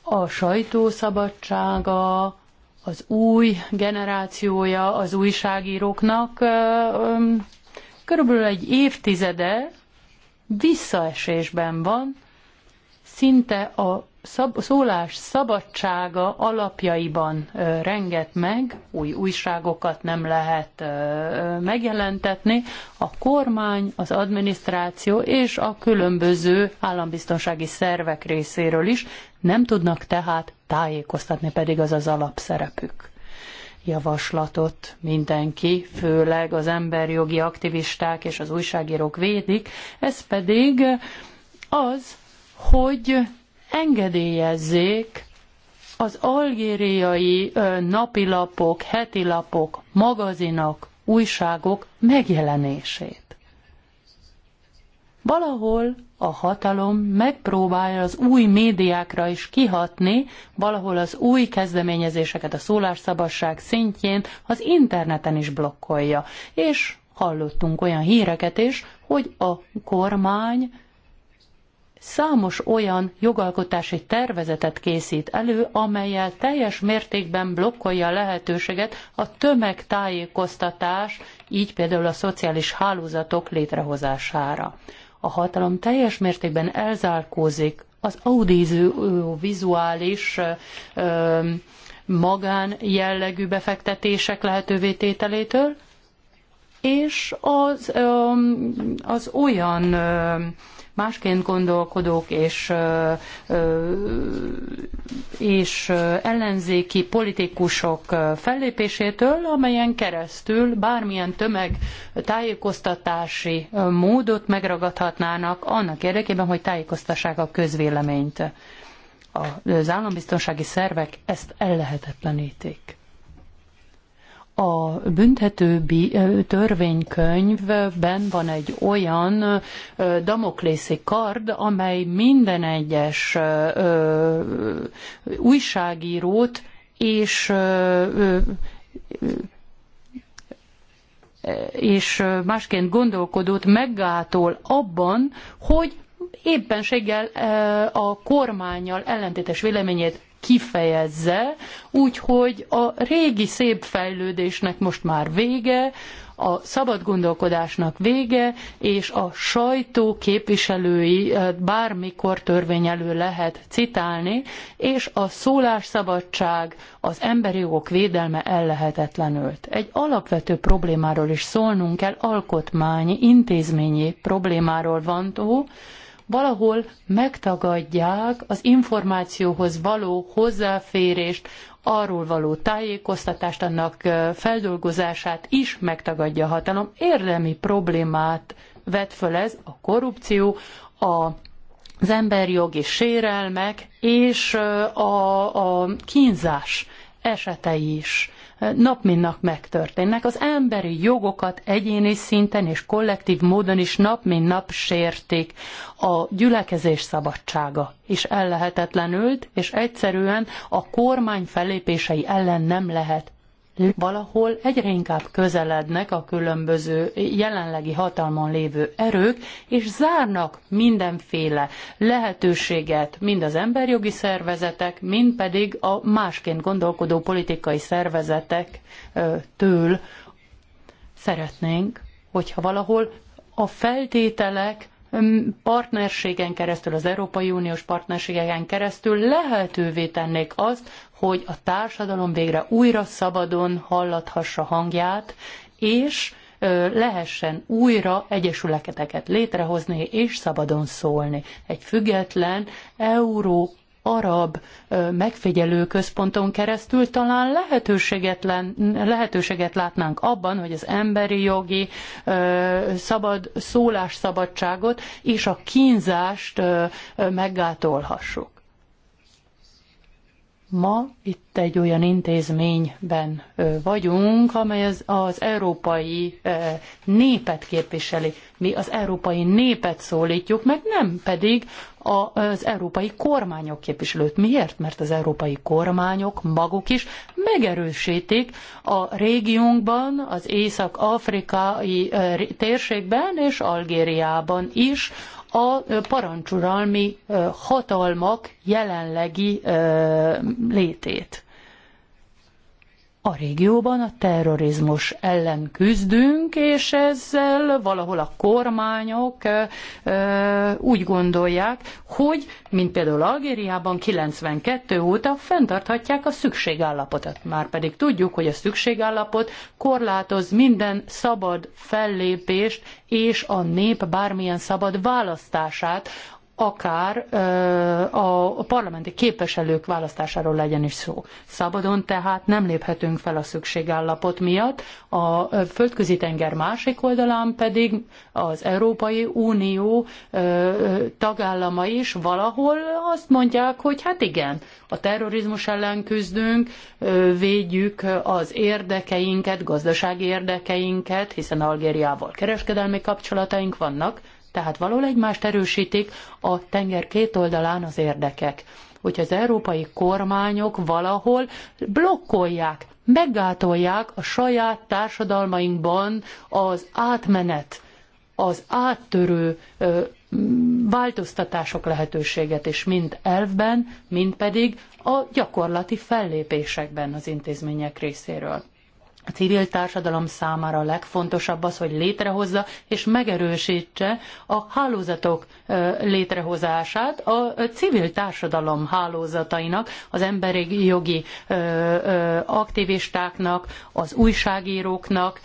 A sajtószabadsága, az új generációja az újságíróknak körülbelül egy évtizede visszaesésben van, szinte a szab, szólás szabadsága alapjaiban ö, renget meg, új újságokat nem lehet ö, megjelentetni, a kormány, az adminisztráció és a különböző állambiztonsági szervek részéről is nem tudnak tehát tájékoztatni, pedig az az alapszerepük javaslatot mindenki, főleg az emberjogi aktivisták és az újságírók védik, ez pedig az, hogy engedélyezzék az algériai napilapok, hetilapok, magazinok, újságok megjelenését. Valahol a hatalom megpróbálja az új médiákra is kihatni, valahol az új kezdeményezéseket a szólásszabadság szintjén az interneten is blokkolja. És hallottunk olyan híreket is, hogy a kormány számos olyan jogalkotási tervezetet készít elő, amelyel teljes mértékben blokkolja a lehetőséget a tömegtájékoztatás, így például a szociális hálózatok létrehozására. A hatalom teljes mértékben elzárkózik az audiovizuális magán jellegű befektetések lehetővé tételétől, és az, az olyan másként gondolkodók és, és ellenzéki politikusok fellépésétől, amelyen keresztül bármilyen tömegtájékoztatási módot megragadhatnának annak érdekében, hogy tájékoztassák a közvéleményt. Az állambiztonsági szervek ezt ellehetetlenítik a büntető törvénykönyvben van egy olyan damoklészi kard, amely minden egyes újságírót és és másként gondolkodót meggátol abban, hogy éppenséggel a kormányjal ellentétes véleményét kifejezze, úgyhogy a régi szép fejlődésnek most már vége, a szabad gondolkodásnak vége, és a sajtó képviselői bármikor törvény elő lehet citálni, és a szólásszabadság, az emberi jogok védelme ellehetetlenült. Egy alapvető problémáról is szólnunk kell, alkotmányi, intézményi problémáról van szó, valahol megtagadják az információhoz való hozzáférést, arról való tájékoztatást, annak feldolgozását is megtagadja a hatalom. Érdemi problémát vet föl ez a korrupció, a az emberjogi sérelmek és a, a kínzás esetei is nap mint nap megtörténnek. Az emberi jogokat egyéni szinten és kollektív módon is nap mint nap sértik. A gyülekezés szabadsága is ellehetetlenült, és egyszerűen a kormány fellépései ellen nem lehet valahol egyre inkább közelednek a különböző jelenlegi hatalmon lévő erők, és zárnak mindenféle lehetőséget mind az emberjogi szervezetek, mind pedig a másként gondolkodó politikai szervezetektől. Szeretnénk, hogyha valahol a feltételek partnerségen keresztül, az Európai Uniós partnerségeken keresztül lehetővé tennék azt, hogy a társadalom végre újra szabadon hallathassa hangját, és lehessen újra egyesületeket létrehozni és szabadon szólni. Egy független euró arab megfigyelő központon keresztül talán lehetőséget, lehetőséget látnánk abban, hogy az emberi jogi szabad szólásszabadságot és a kínzást meggátolhassuk. Ma itt egy olyan intézményben vagyunk, amely az, az európai népet képviseli. Mi az európai népet szólítjuk meg, nem pedig az európai kormányok képviselőt. Miért? Mert az európai kormányok maguk is megerősítik a régiónkban, az észak-afrikai térségben és Algériában is a parancsuralmi hatalmak jelenlegi létét a régióban a terrorizmus ellen küzdünk, és ezzel valahol a kormányok úgy gondolják, hogy, mint például Algériában 92 óta fenntarthatják a szükségállapotot. Már pedig tudjuk, hogy a szükségállapot korlátoz minden szabad fellépést és a nép bármilyen szabad választását akár a parlamenti képviselők választásáról legyen is szó. Szabadon tehát nem léphetünk fel a szükségállapot miatt, a földközi tenger másik oldalán pedig az Európai Unió tagállama is valahol azt mondják, hogy hát igen, a terrorizmus ellen küzdünk, védjük az érdekeinket, gazdasági érdekeinket, hiszen Algériával kereskedelmi kapcsolataink vannak, tehát való egymást erősítik a tenger két oldalán az érdekek. hogy az európai kormányok valahol blokkolják, meggátolják a saját társadalmainkban az átmenet, az áttörő ö, változtatások lehetőséget is, mind elvben, mind pedig a gyakorlati fellépésekben az intézmények részéről a civil társadalom számára a legfontosabb az, hogy létrehozza és megerősítse a hálózatok létrehozását, a civil társadalom hálózatainak, az emberi jogi aktivistáknak, az újságíróknak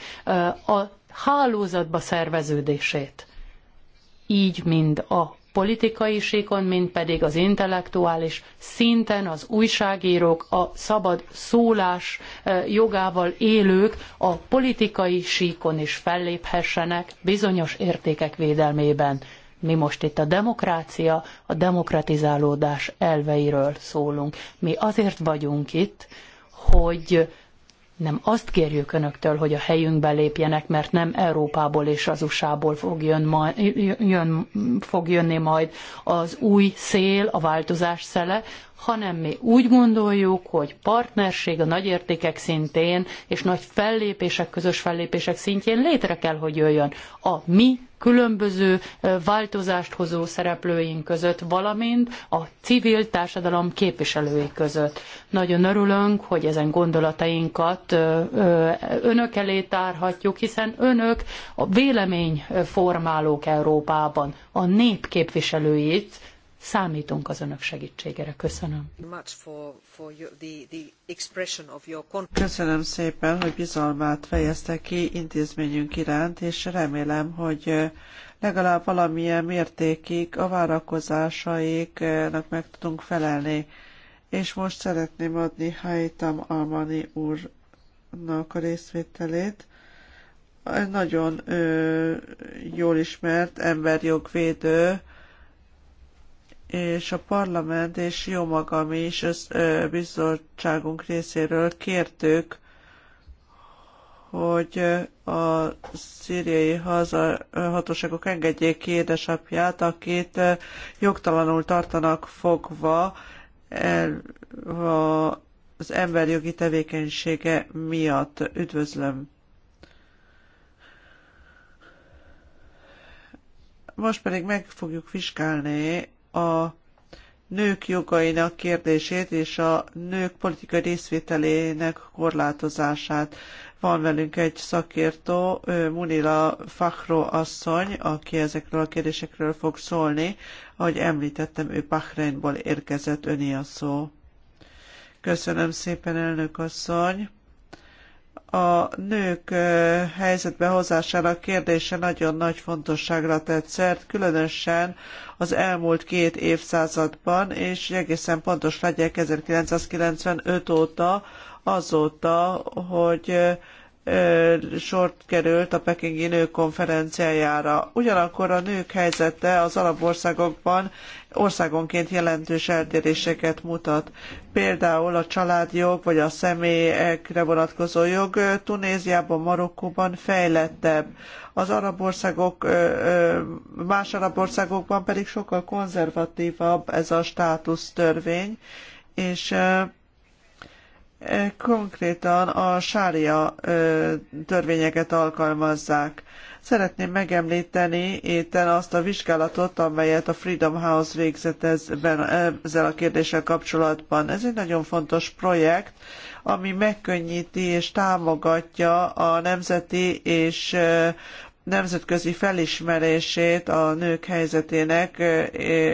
a hálózatba szerveződését. Így mind a politikai síkon, mint pedig az intellektuális szinten az újságírók, a szabad szólás eh, jogával élők a politikai síkon is felléphessenek bizonyos értékek védelmében. Mi most itt a demokrácia, a demokratizálódás elveiről szólunk. Mi azért vagyunk itt, hogy nem azt kérjük önöktől, hogy a helyünkbe lépjenek, mert nem Európából és az USA-ból fog, jön majd, jön, fog jönni majd az új szél, a változás szele, hanem mi úgy gondoljuk, hogy partnerség a nagy értékek szintén és nagy fellépések, közös fellépések szintjén létre kell, hogy jöjjön a mi különböző változást hozó szereplőink között, valamint a civil társadalom képviselői között. Nagyon örülünk, hogy ezen gondolatainkat önök elé tárhatjuk, hiszen önök a véleményformálók Európában, a nép képviselőit Számítunk az önök segítségére. Köszönöm. Köszönöm szépen, hogy bizalmát fejezte ki intézményünk iránt, és remélem, hogy legalább valamilyen mértékig a várakozásaiknak meg tudunk felelni. És most szeretném adni Haitam Almani úrnak a részvételét nagyon ö, jól ismert emberjogvédő, és a parlament és jó magam is az ö, bizottságunk részéről kértük, hogy a szíriai haza, hatóságok engedjék ki édesapját, akit jogtalanul tartanak fogva el, a, az emberjogi tevékenysége miatt. Üdvözlöm! Most pedig meg fogjuk vizsgálni a nők jogainak kérdését és a nők politikai részvételének korlátozását. Van velünk egy szakértő, Munila Fakro asszony, aki ezekről a kérdésekről fog szólni. Ahogy említettem, ő Bahreinból érkezett, öni a szó. Köszönöm szépen, elnök asszony! a nők helyzetbe hozásának kérdése nagyon nagy fontosságra tett szert, különösen az elmúlt két évszázadban, és egészen pontos legyek 1995 óta, azóta, hogy sort került a pekingi nők konferenciájára. Ugyanakkor a nők helyzete az arab országokban országonként jelentős eltéréseket mutat. Például a családjog vagy a személyekre vonatkozó jog Tunéziában, Marokkóban fejlettebb. Az arab országok, más arab országokban pedig sokkal konzervatívabb ez a státusz törvény, és konkrétan a sária törvényeket alkalmazzák. Szeretném megemlíteni éten azt a vizsgálatot, amelyet a Freedom House végzett ezzel a kérdéssel kapcsolatban. Ez egy nagyon fontos projekt, ami megkönnyíti és támogatja a nemzeti és nemzetközi felismerését a nők helyzetének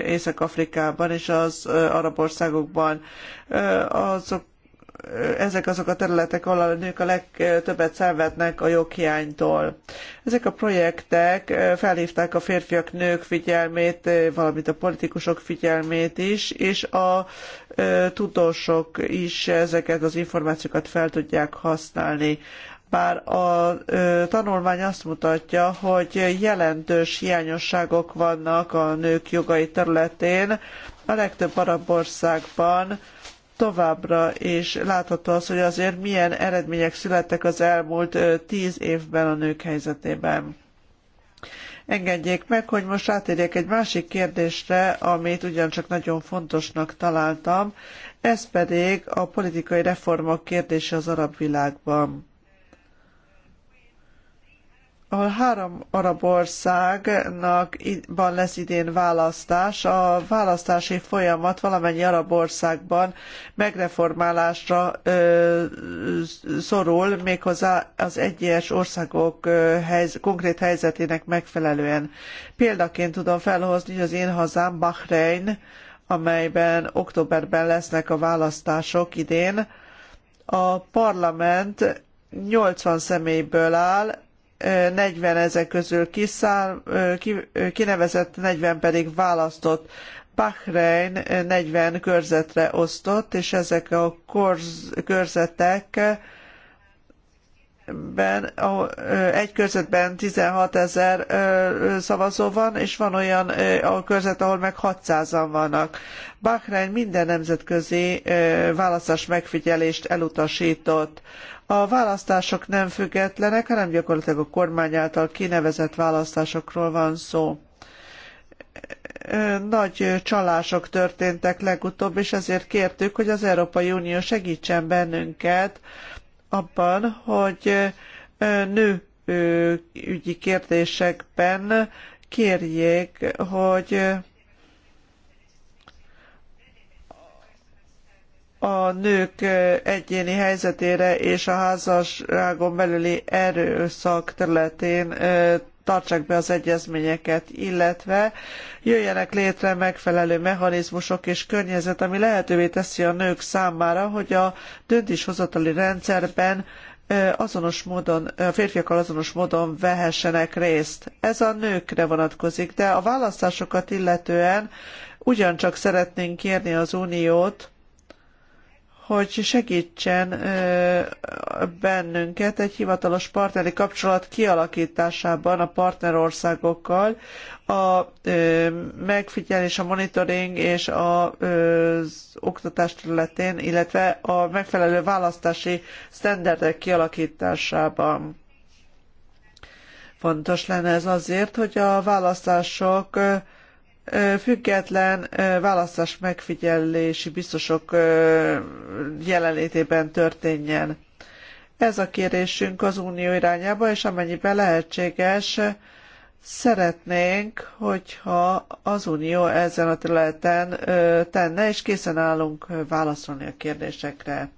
Észak-Afrikában és az arab országokban. Azok ezek azok a területek, ahol a nők a legtöbbet szenvednek a joghiánytól. Ezek a projektek felhívták a férfiak nők figyelmét, valamint a politikusok figyelmét is, és a tudósok is ezeket az információkat fel tudják használni bár a tanulmány azt mutatja, hogy jelentős hiányosságok vannak a nők jogai területén, a legtöbb arab országban továbbra, és látható az, hogy azért milyen eredmények születtek az elmúlt tíz évben a nők helyzetében. Engedjék meg, hogy most átérjek egy másik kérdésre, amit ugyancsak nagyon fontosnak találtam, ez pedig a politikai reformok kérdése az arab világban ahol három arab országnak van lesz idén választás, a választási folyamat valamennyi arab országban megreformálásra ö, szorul, méghozzá az egyes országok ö, helyz, konkrét helyzetének megfelelően. Példaként tudom felhozni, hogy az én hazám Bahrein, amelyben októberben lesznek a választások idén, a parlament 80 személyből áll, 40 ezek közül kinevezett, 40 pedig választott. Bahrein 40 körzetre osztott, és ezek a korz, körzetek ben, egy körzetben 16 ezer szavazó van, és van olyan a körzet, ahol meg 600-an vannak. Bahrein minden nemzetközi választás megfigyelést elutasított. A választások nem függetlenek, hanem gyakorlatilag a kormány által kinevezett választásokról van szó nagy csalások történtek legutóbb, és ezért kértük, hogy az Európai Unió segítsen bennünket abban, hogy nő ügyi kérdésekben kérjék, hogy a nők egyéni helyzetére és a házasságon belüli erőszak területén tartsák be az egyezményeket, illetve jöjjenek létre megfelelő mechanizmusok és környezet, ami lehetővé teszi a nők számára, hogy a döntéshozatali rendszerben azonos módon, a férfiakkal azonos módon vehessenek részt. Ez a nőkre vonatkozik, de a választásokat illetően ugyancsak szeretnénk kérni az Uniót, hogy segítsen bennünket egy hivatalos partneri kapcsolat kialakításában a partnerországokkal, a megfigyelés, a monitoring és az oktatás területén, illetve a megfelelő választási sztenderdek kialakításában. Fontos lenne ez azért, hogy a választások független választás megfigyelési biztosok jelenlétében történjen. Ez a kérésünk az unió irányába, és amennyiben lehetséges, szeretnénk, hogyha az unió ezen a területen tenne, és készen állunk válaszolni a kérdésekre.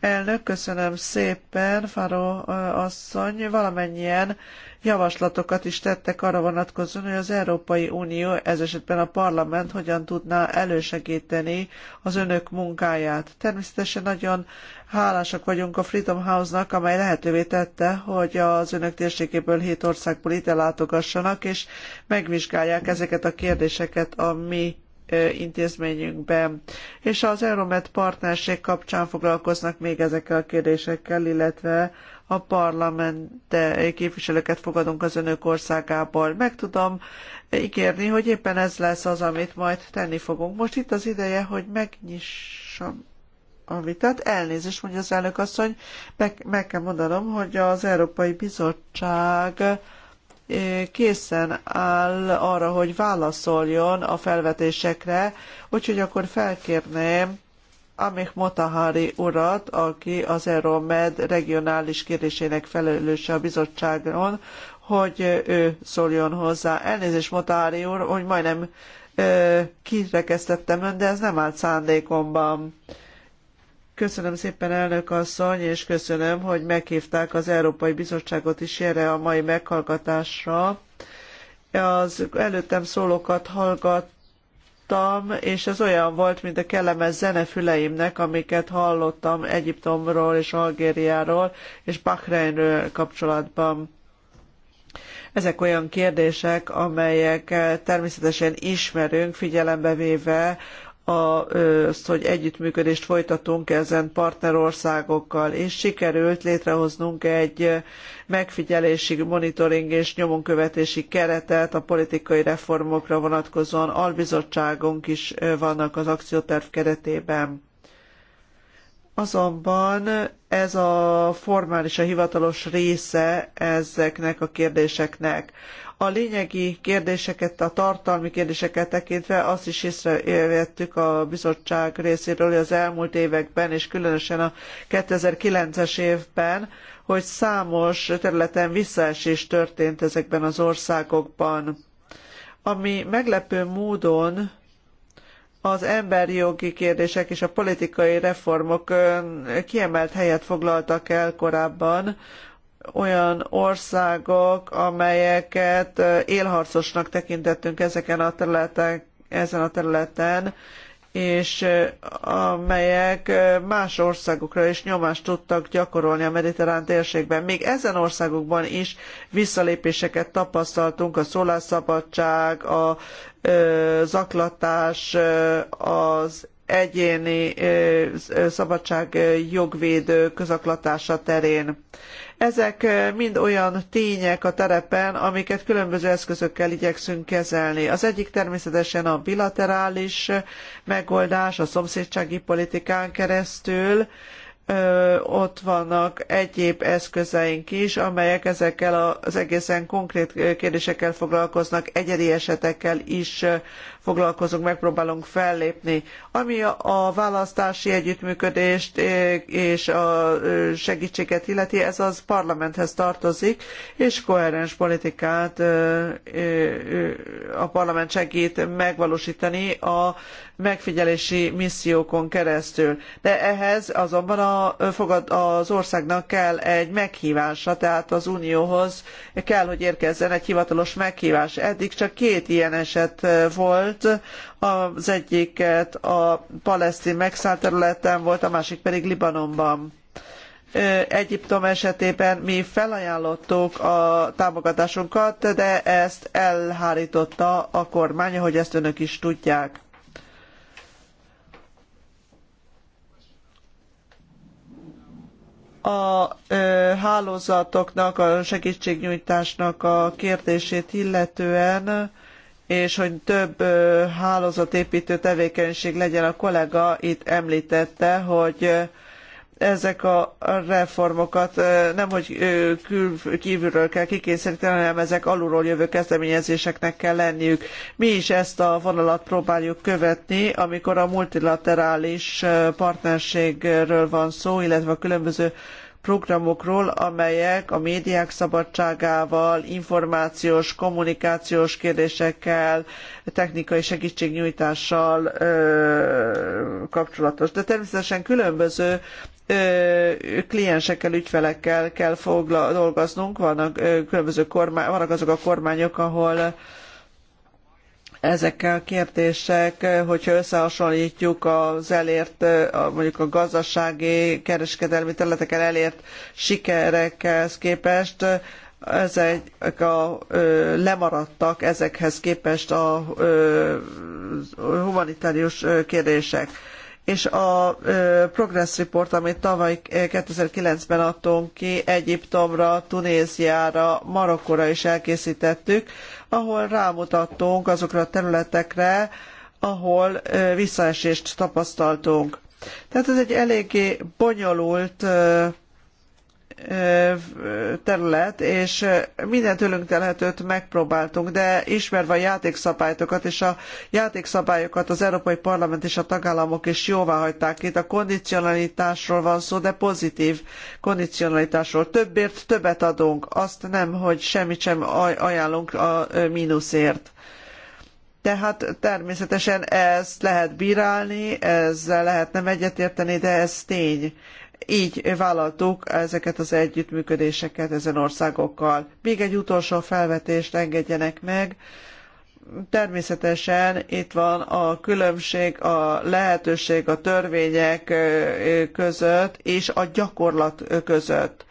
Elnök, köszönöm szépen, Faro asszony, valamennyien javaslatokat is tettek arra vonatkozóan, hogy az Európai Unió, ez esetben a parlament hogyan tudná elősegíteni az önök munkáját. Természetesen nagyon hálásak vagyunk a Freedom House-nak, amely lehetővé tette, hogy az önök térségéből hét országból ide látogassanak, és megvizsgálják ezeket a kérdéseket a mi intézményünkben. És az Euromed partnerség kapcsán foglalkoznak még ezekkel a kérdésekkel, illetve a parlament képviselőket fogadunk az önök országából. Meg tudom ígérni, hogy éppen ez lesz az, amit majd tenni fogunk. Most itt az ideje, hogy megnyissam a vitát. Elnézést, mondja az elnök asszony, meg, meg kell mondanom, hogy az Európai Bizottság eh, készen áll arra, hogy válaszoljon a felvetésekre, úgyhogy akkor felkérném Amik Motahari urat, aki az Euromed regionális kérdésének felelőse a bizottságon, hogy ő szóljon hozzá. Elnézést, Motári úr, hogy majdnem ö, kirekesztettem ön, de ez nem állt szándékomban. Köszönöm szépen, elnök asszony, és köszönöm, hogy meghívták az Európai Bizottságot is erre a mai meghallgatásra. Az előttem szólókat hallgat, hallottam, és ez olyan volt, mint a kellemes zenefüleimnek, amiket hallottam Egyiptomról és Algériáról és Bahreinről kapcsolatban. Ezek olyan kérdések, amelyek természetesen ismerünk, figyelembe véve azt, hogy együttműködést folytatunk ezen partnerországokkal, és sikerült létrehoznunk egy megfigyelési, monitoring és nyomonkövetési keretet a politikai reformokra vonatkozóan. Albizottságunk is vannak az akcióterv keretében. Azonban ez a formális, a hivatalos része ezeknek a kérdéseknek. A lényegi kérdéseket, a tartalmi kérdéseket tekintve azt is észrevettük a bizottság részéről, hogy az elmúlt években, és különösen a 2009-es évben, hogy számos területen visszaesés történt ezekben az országokban. Ami meglepő módon az emberi jogi kérdések és a politikai reformok kiemelt helyet foglaltak el korábban olyan országok, amelyeket élharcosnak tekintettünk ezeken a ezen a területen, és amelyek más országokra is nyomást tudtak gyakorolni a mediterrán térségben. Még ezen országokban is visszalépéseket tapasztaltunk, a szólásszabadság, a zaklatás, az egyéni szabadság jogvédő közaklatása terén. Ezek mind olyan tények a terepen, amiket különböző eszközökkel igyekszünk kezelni. Az egyik természetesen a bilaterális megoldás, a szomszédsági politikán keresztül, ott vannak egyéb eszközeink is, amelyek ezekkel az egészen konkrét kérdésekkel foglalkoznak, egyedi esetekkel is foglalkozunk, megpróbálunk fellépni. Ami a választási együttműködést eh, és a segítséget illeti, ez az parlamenthez tartozik, és koherens politikát a parlament segít megvalósítani a megfigyelési missziókon keresztül. De ehhez azonban a, fogad, az országnak kell egy meghívása, tehát az Unióhoz kell, hogy érkezzen egy hivatalos meghívás. Eddig csak két ilyen eset volt, volt, az egyiket a palesztin megszállt területen volt, a másik pedig Libanonban. Egyiptom esetében mi felajánlottuk a támogatásunkat, de ezt elhárította a kormány, ahogy ezt önök is tudják. a hálózatoknak, a segítségnyújtásnak a kérdését illetően és hogy több hálózatépítő tevékenység legyen. A kollega itt említette, hogy ezek a reformokat nem, hogy kívülről kell kikényszeríteni, hanem ezek alulról jövő kezdeményezéseknek kell lenniük. Mi is ezt a vonalat próbáljuk követni, amikor a multilaterális partnerségről van szó, illetve a különböző programokról, amelyek a médiák szabadságával, információs, kommunikációs kérdésekkel, technikai segítségnyújtással ö, kapcsolatos. De természetesen különböző kliensekkel, ügyfelekkel kell fogla, dolgoznunk, vannak, különböző kormány, vannak azok a kormányok, ahol ezek a kérdések, hogyha összehasonlítjuk az elért, mondjuk a gazdasági, kereskedelmi területeken elért sikerekhez képest, ezek a ö, lemaradtak ezekhez képest a ö, humanitárius kérdések. És a ö, Progress Report, amit tavaly 2009-ben adtunk ki, Egyiptomra, Tunéziára, Marokkora is elkészítettük, ahol rámutattunk azokra a területekre, ahol visszaesést tapasztaltunk. Tehát ez egy eléggé bonyolult terület, és minden tőlünk telhetőt megpróbáltunk, de ismerve a játékszabályokat, és a játékszabályokat az Európai Parlament és a tagállamok is jóváhagyták. Itt a kondicionalitásról van szó, de pozitív kondicionalitásról. Többért többet adunk, azt nem, hogy semmit sem ajánlunk a mínuszért. Tehát természetesen ezt lehet bírálni, ezzel lehet nem egyetérteni, de ez tény így vállaltuk ezeket az együttműködéseket ezen országokkal. Még egy utolsó felvetést engedjenek meg. Természetesen itt van a különbség, a lehetőség a törvények között és a gyakorlat között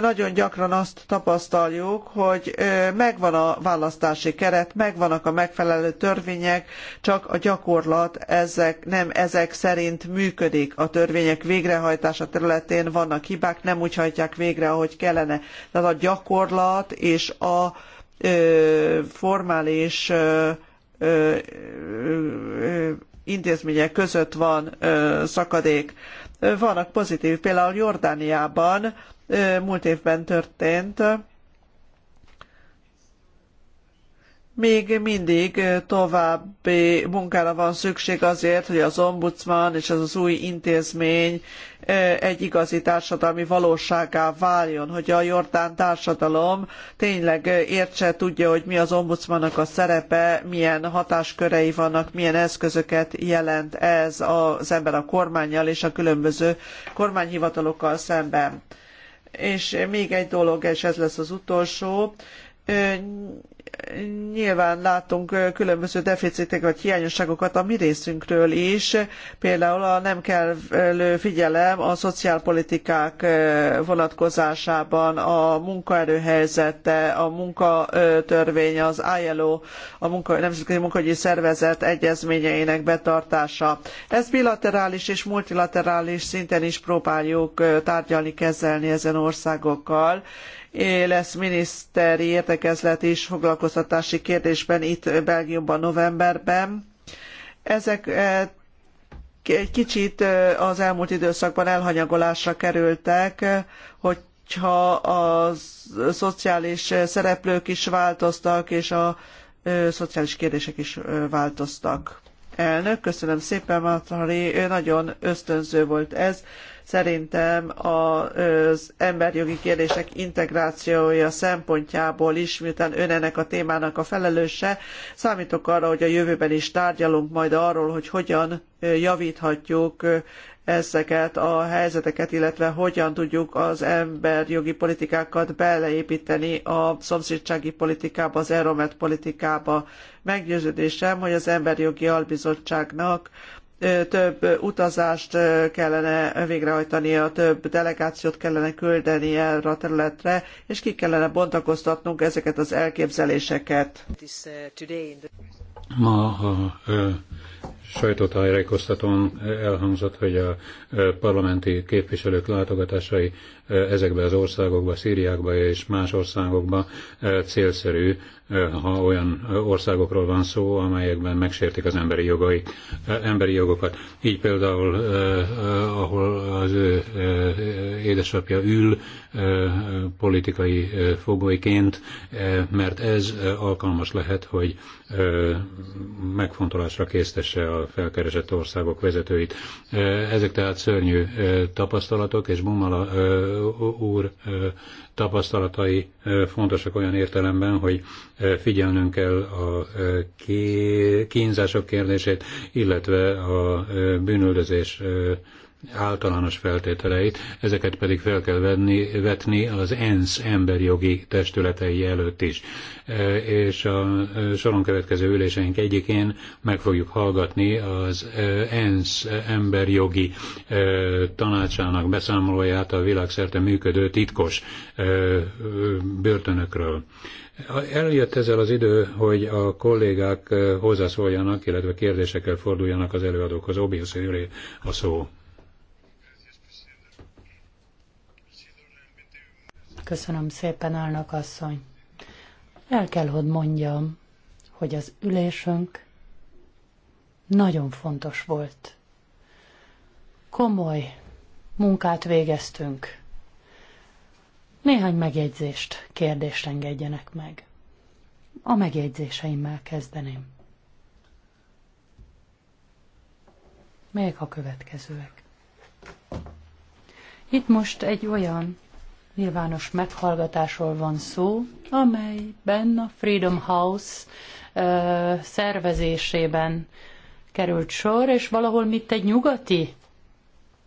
nagyon gyakran azt tapasztaljuk, hogy megvan a választási keret, megvannak a megfelelő törvények, csak a gyakorlat ezek, nem ezek szerint működik. A törvények végrehajtása területén vannak hibák, nem úgy hajtják végre, ahogy kellene. Tehát a gyakorlat és a ö, formális ö, ö, intézmények között van szakadék vannak pozitív. Például Jordániában múlt évben történt, még mindig további munkára van szükség azért, hogy az ombudsman és az, az új intézmény egy igazi társadalmi valóságá váljon, hogy a jordán társadalom tényleg értse, tudja, hogy mi az ombudsmannak a szerepe, milyen hatáskörei vannak, milyen eszközöket jelent ez az ember a kormányjal és a különböző kormányhivatalokkal szemben. És még egy dolog, és ez lesz az utolsó, nyilván látunk különböző deficiteket vagy hiányosságokat a mi részünkről is, például a nem kellő figyelem a szociálpolitikák vonatkozásában, a munkaerőhelyzete, a munkatörvény, az ILO, a munka, Nemzetközi Munkahogyi Szervezet egyezményeinek betartása. Ezt bilaterális és multilaterális szinten is próbáljuk tárgyalni, kezelni ezen országokkal, lesz miniszteri értekezlet is foglalkoztatási kérdésben itt Belgiumban novemberben. Ezek e, egy kicsit e, az elmúlt időszakban elhanyagolásra kerültek, hogyha a szociális szereplők is változtak, és a e, szociális kérdések is változtak. Elnök, köszönöm szépen, Matrari, nagyon ösztönző volt ez. Szerintem az emberjogi kérdések integrációja szempontjából is, miután ön ennek a témának a felelőse, számítok arra, hogy a jövőben is tárgyalunk majd arról, hogy hogyan javíthatjuk ezeket a helyzeteket, illetve hogyan tudjuk az emberjogi politikákat beleépíteni a szomszédsági politikába, az Euromed politikába. Meggyőződésem, hogy az Emberjogi Albizottságnak több utazást kellene végrehajtania, több delegációt kellene küldeni erre a területre, és ki kellene bontakoztatnunk ezeket az elképzeléseket. Ma a sajtótájékoztatón elhangzott, hogy a parlamenti képviselők látogatásai ezekbe az országokba, Szíriákba és más országokba célszerű, ha olyan országokról van szó, amelyekben megsértik az emberi, jogai, emberi jogokat. Így például, ahol az ő édesapja ül politikai fogolyként, mert ez alkalmas lehet, hogy megfontolásra késztesse a felkeresett országok vezetőit. Ezek tehát szörnyű tapasztalatok, és Bumala úr tapasztalatai fontosak olyan értelemben, hogy figyelnünk kell a kínzások kérdését, illetve a bűnöldözés általános feltételeit, ezeket pedig fel kell venni, vetni az ENSZ emberjogi testületei előtt is. E, és a e, soron következő üléseink egyikén meg fogjuk hallgatni az e, ENSZ emberjogi tanácsának beszámolóját a világszerte működő titkos börtönökről. Eljött ezzel az idő, hogy a kollégák hozzászóljanak, illetve kérdésekkel forduljanak az előadókhoz. Obviously a szó. Köszönöm szépen, elnök asszony. El kell, hogy mondjam, hogy az ülésünk nagyon fontos volt. Komoly munkát végeztünk. Néhány megjegyzést, kérdést engedjenek meg. A megjegyzéseimmel kezdeném. Melyek a következőek? Itt most egy olyan nyilvános meghallgatásról van szó, amelyben a Freedom House ö, szervezésében került sor, és valahol mit egy nyugati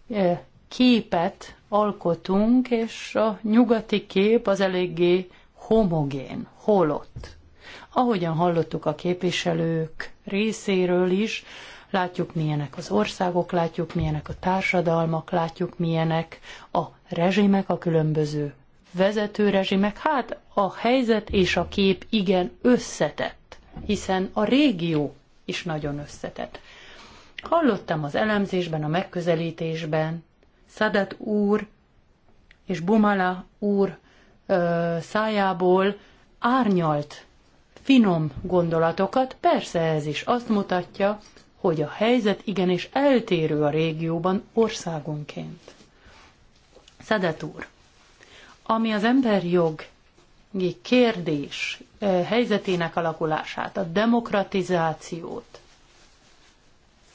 ö, képet alkotunk, és a nyugati kép az eléggé homogén, holott. Ahogyan hallottuk a képviselők részéről is, látjuk milyenek az országok, látjuk milyenek a társadalmak, látjuk milyenek a rezsimek, a különböző vezető rezsimek, hát a helyzet és a kép igen összetett, hiszen a régió is nagyon összetett. Hallottam az elemzésben, a megközelítésben, Szadat úr és Bumala úr ö, szájából árnyalt, finom gondolatokat, persze ez is azt mutatja, hogy a helyzet igenis eltérő a régióban országonként. Szedet úr, ami az emberjog kérdés eh, helyzetének alakulását, a demokratizációt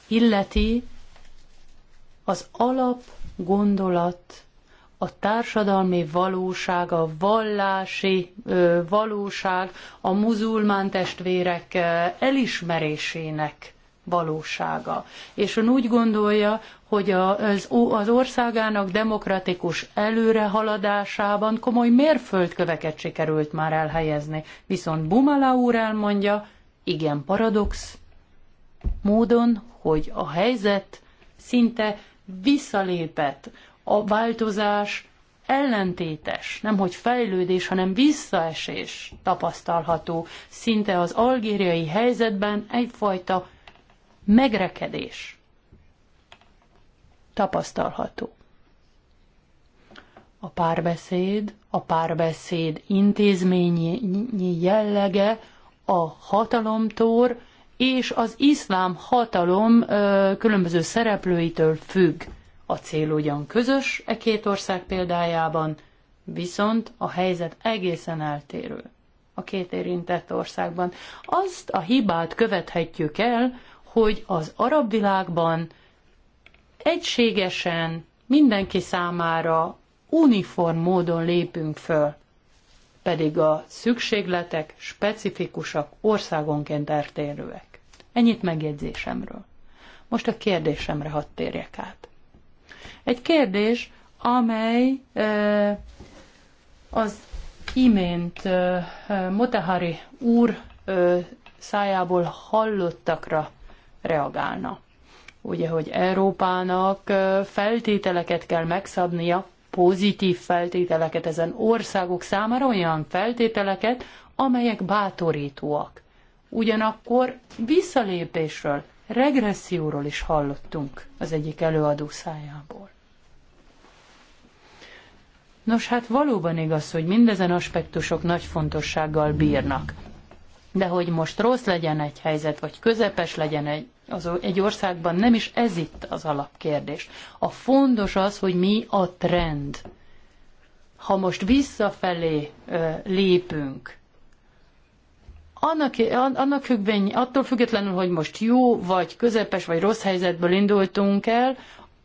illeti az alap gondolat, a társadalmi valóság, a vallási valóság, a muzulmán testvérek eh, elismerésének valósága. És ön úgy gondolja, hogy az, az országának demokratikus előrehaladásában komoly mérföldköveket sikerült már elhelyezni. Viszont Bumala úr elmondja, igen paradox módon, hogy a helyzet szinte visszalépett, a változás ellentétes, nem hogy fejlődés, hanem visszaesés tapasztalható. Szinte az algériai helyzetben egyfajta megrekedés tapasztalható. A párbeszéd, a párbeszéd intézményi jellege a hatalomtól és az iszlám hatalom ö, különböző szereplőitől függ. A cél ugyan közös e két ország példájában, viszont a helyzet egészen eltérő a két érintett országban. Azt a hibát követhetjük el, hogy az arab világban egységesen mindenki számára uniform módon lépünk föl, pedig a szükségletek specifikusak országonként eltérőek. Ennyit megjegyzésemről. Most a kérdésemre hadd térjek át. Egy kérdés, amely eh, az imént eh, Motahari úr eh, szájából hallottakra reagálna. Ugye, hogy Európának feltételeket kell megszabnia, pozitív feltételeket ezen országok számára, olyan feltételeket, amelyek bátorítóak. Ugyanakkor visszalépésről, regresszióról is hallottunk az egyik előadó szájából. Nos, hát valóban igaz, hogy mindezen aspektusok nagy fontossággal bírnak. De hogy most rossz legyen egy helyzet, vagy közepes legyen egy, az, egy országban, nem is ez itt az alapkérdés. A fontos az, hogy mi a trend. Ha most visszafelé ö, lépünk, annak, annak függvény, attól függetlenül, hogy most jó, vagy közepes, vagy rossz helyzetből indultunk el,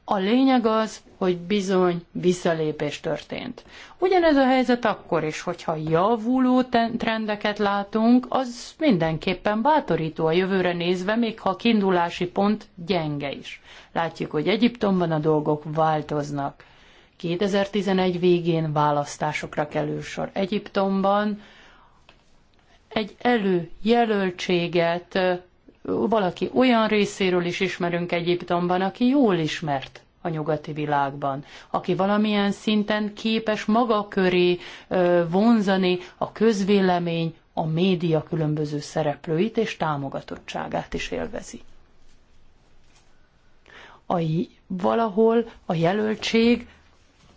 a lényeg az, hogy bizony visszalépés történt. Ugyanez a helyzet akkor is, hogyha javuló trendeket látunk, az mindenképpen bátorító a jövőre nézve, még ha a kiindulási pont gyenge is. Látjuk, hogy Egyiptomban a dolgok változnak. 2011 végén választásokra kerül sor Egyiptomban, egy előjelöltséget valaki olyan részéről is ismerünk Egyiptomban, aki jól ismert a nyugati világban, aki valamilyen szinten képes maga köré vonzani a közvélemény, a média különböző szereplőit és támogatottságát is élvezi. A, valahol a jelöltség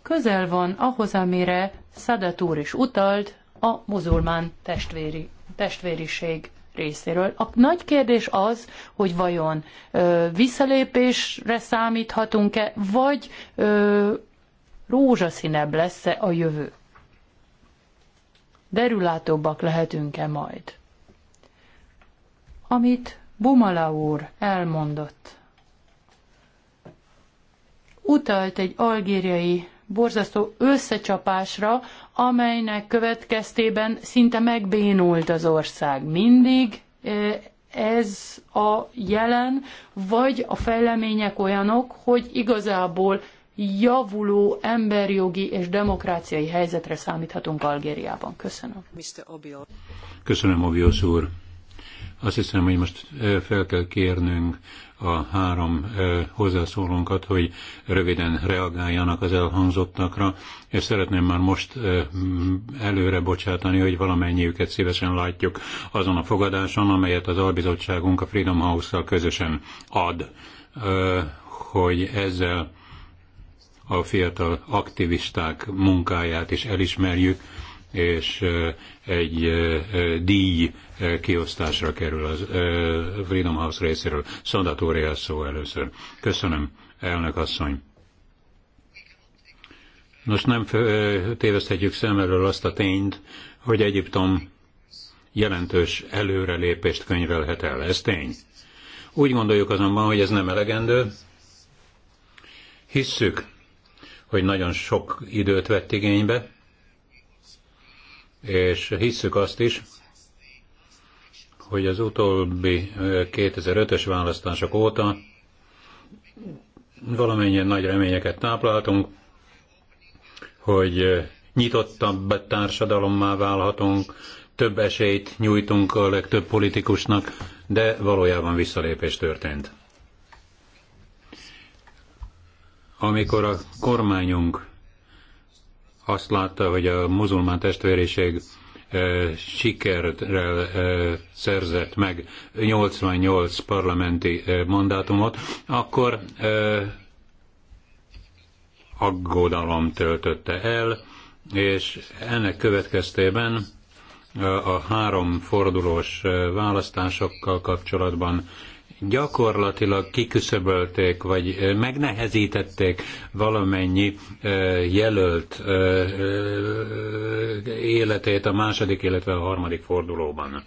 közel van ahhoz, amire Szadat úr is utalt, a muzulmán testvéri, testvériség részéről. A nagy kérdés az, hogy vajon ö, visszalépésre számíthatunk-e, vagy ö, rózsaszínebb lesz-e a jövő. Derülátóbbak lehetünk-e majd? Amit Bumala úr elmondott, utalt egy algériai borzasztó összecsapásra, amelynek következtében szinte megbénult az ország. Mindig ez a jelen, vagy a fejlemények olyanok, hogy igazából javuló emberjogi és demokráciai helyzetre számíthatunk Algériában. Köszönöm. Mr. Köszönöm, Obios úr. Azt hiszem, hogy most fel kell kérnünk a három hozzászólónkat, hogy röviden reagáljanak az elhangzottakra, és szeretném már most előre bocsátani, hogy valamennyiüket szívesen látjuk azon a fogadáson, amelyet az albizottságunk a Freedom House-szal közösen ad, hogy ezzel a fiatal aktivisták munkáját is elismerjük, és egy díj kiosztásra kerül az Freedom House részéről. Szondatória szó először. Köszönöm, elnök asszony. Nos, nem téveszthetjük szem elől azt a tényt, hogy Egyiptom jelentős előrelépést könyvelhet el. Ez tény. Úgy gondoljuk azonban, hogy ez nem elegendő. Hisszük, hogy nagyon sok időt vett igénybe, és hisszük azt is, hogy az utóbbi 2005-ös választások óta valamennyien nagy reményeket tápláltunk, hogy nyitottabb társadalommá válhatunk, több esélyt nyújtunk a legtöbb politikusnak, de valójában visszalépés történt. Amikor a kormányunk azt látta, hogy a muzulmán testvériség e, sikerrel e, szerzett meg 88 parlamenti e, mandátumot, akkor aggodalom töltötte el, és ennek következtében a három fordulós választásokkal kapcsolatban gyakorlatilag kiküszöbölték, vagy megnehezítették valamennyi jelölt életét a második, illetve a harmadik fordulóban.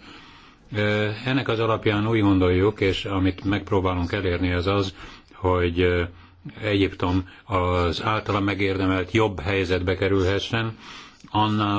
Ennek az alapján úgy gondoljuk, és amit megpróbálunk elérni az az, hogy Egyiptom az általa megérdemelt jobb helyzetbe kerülhessen, annál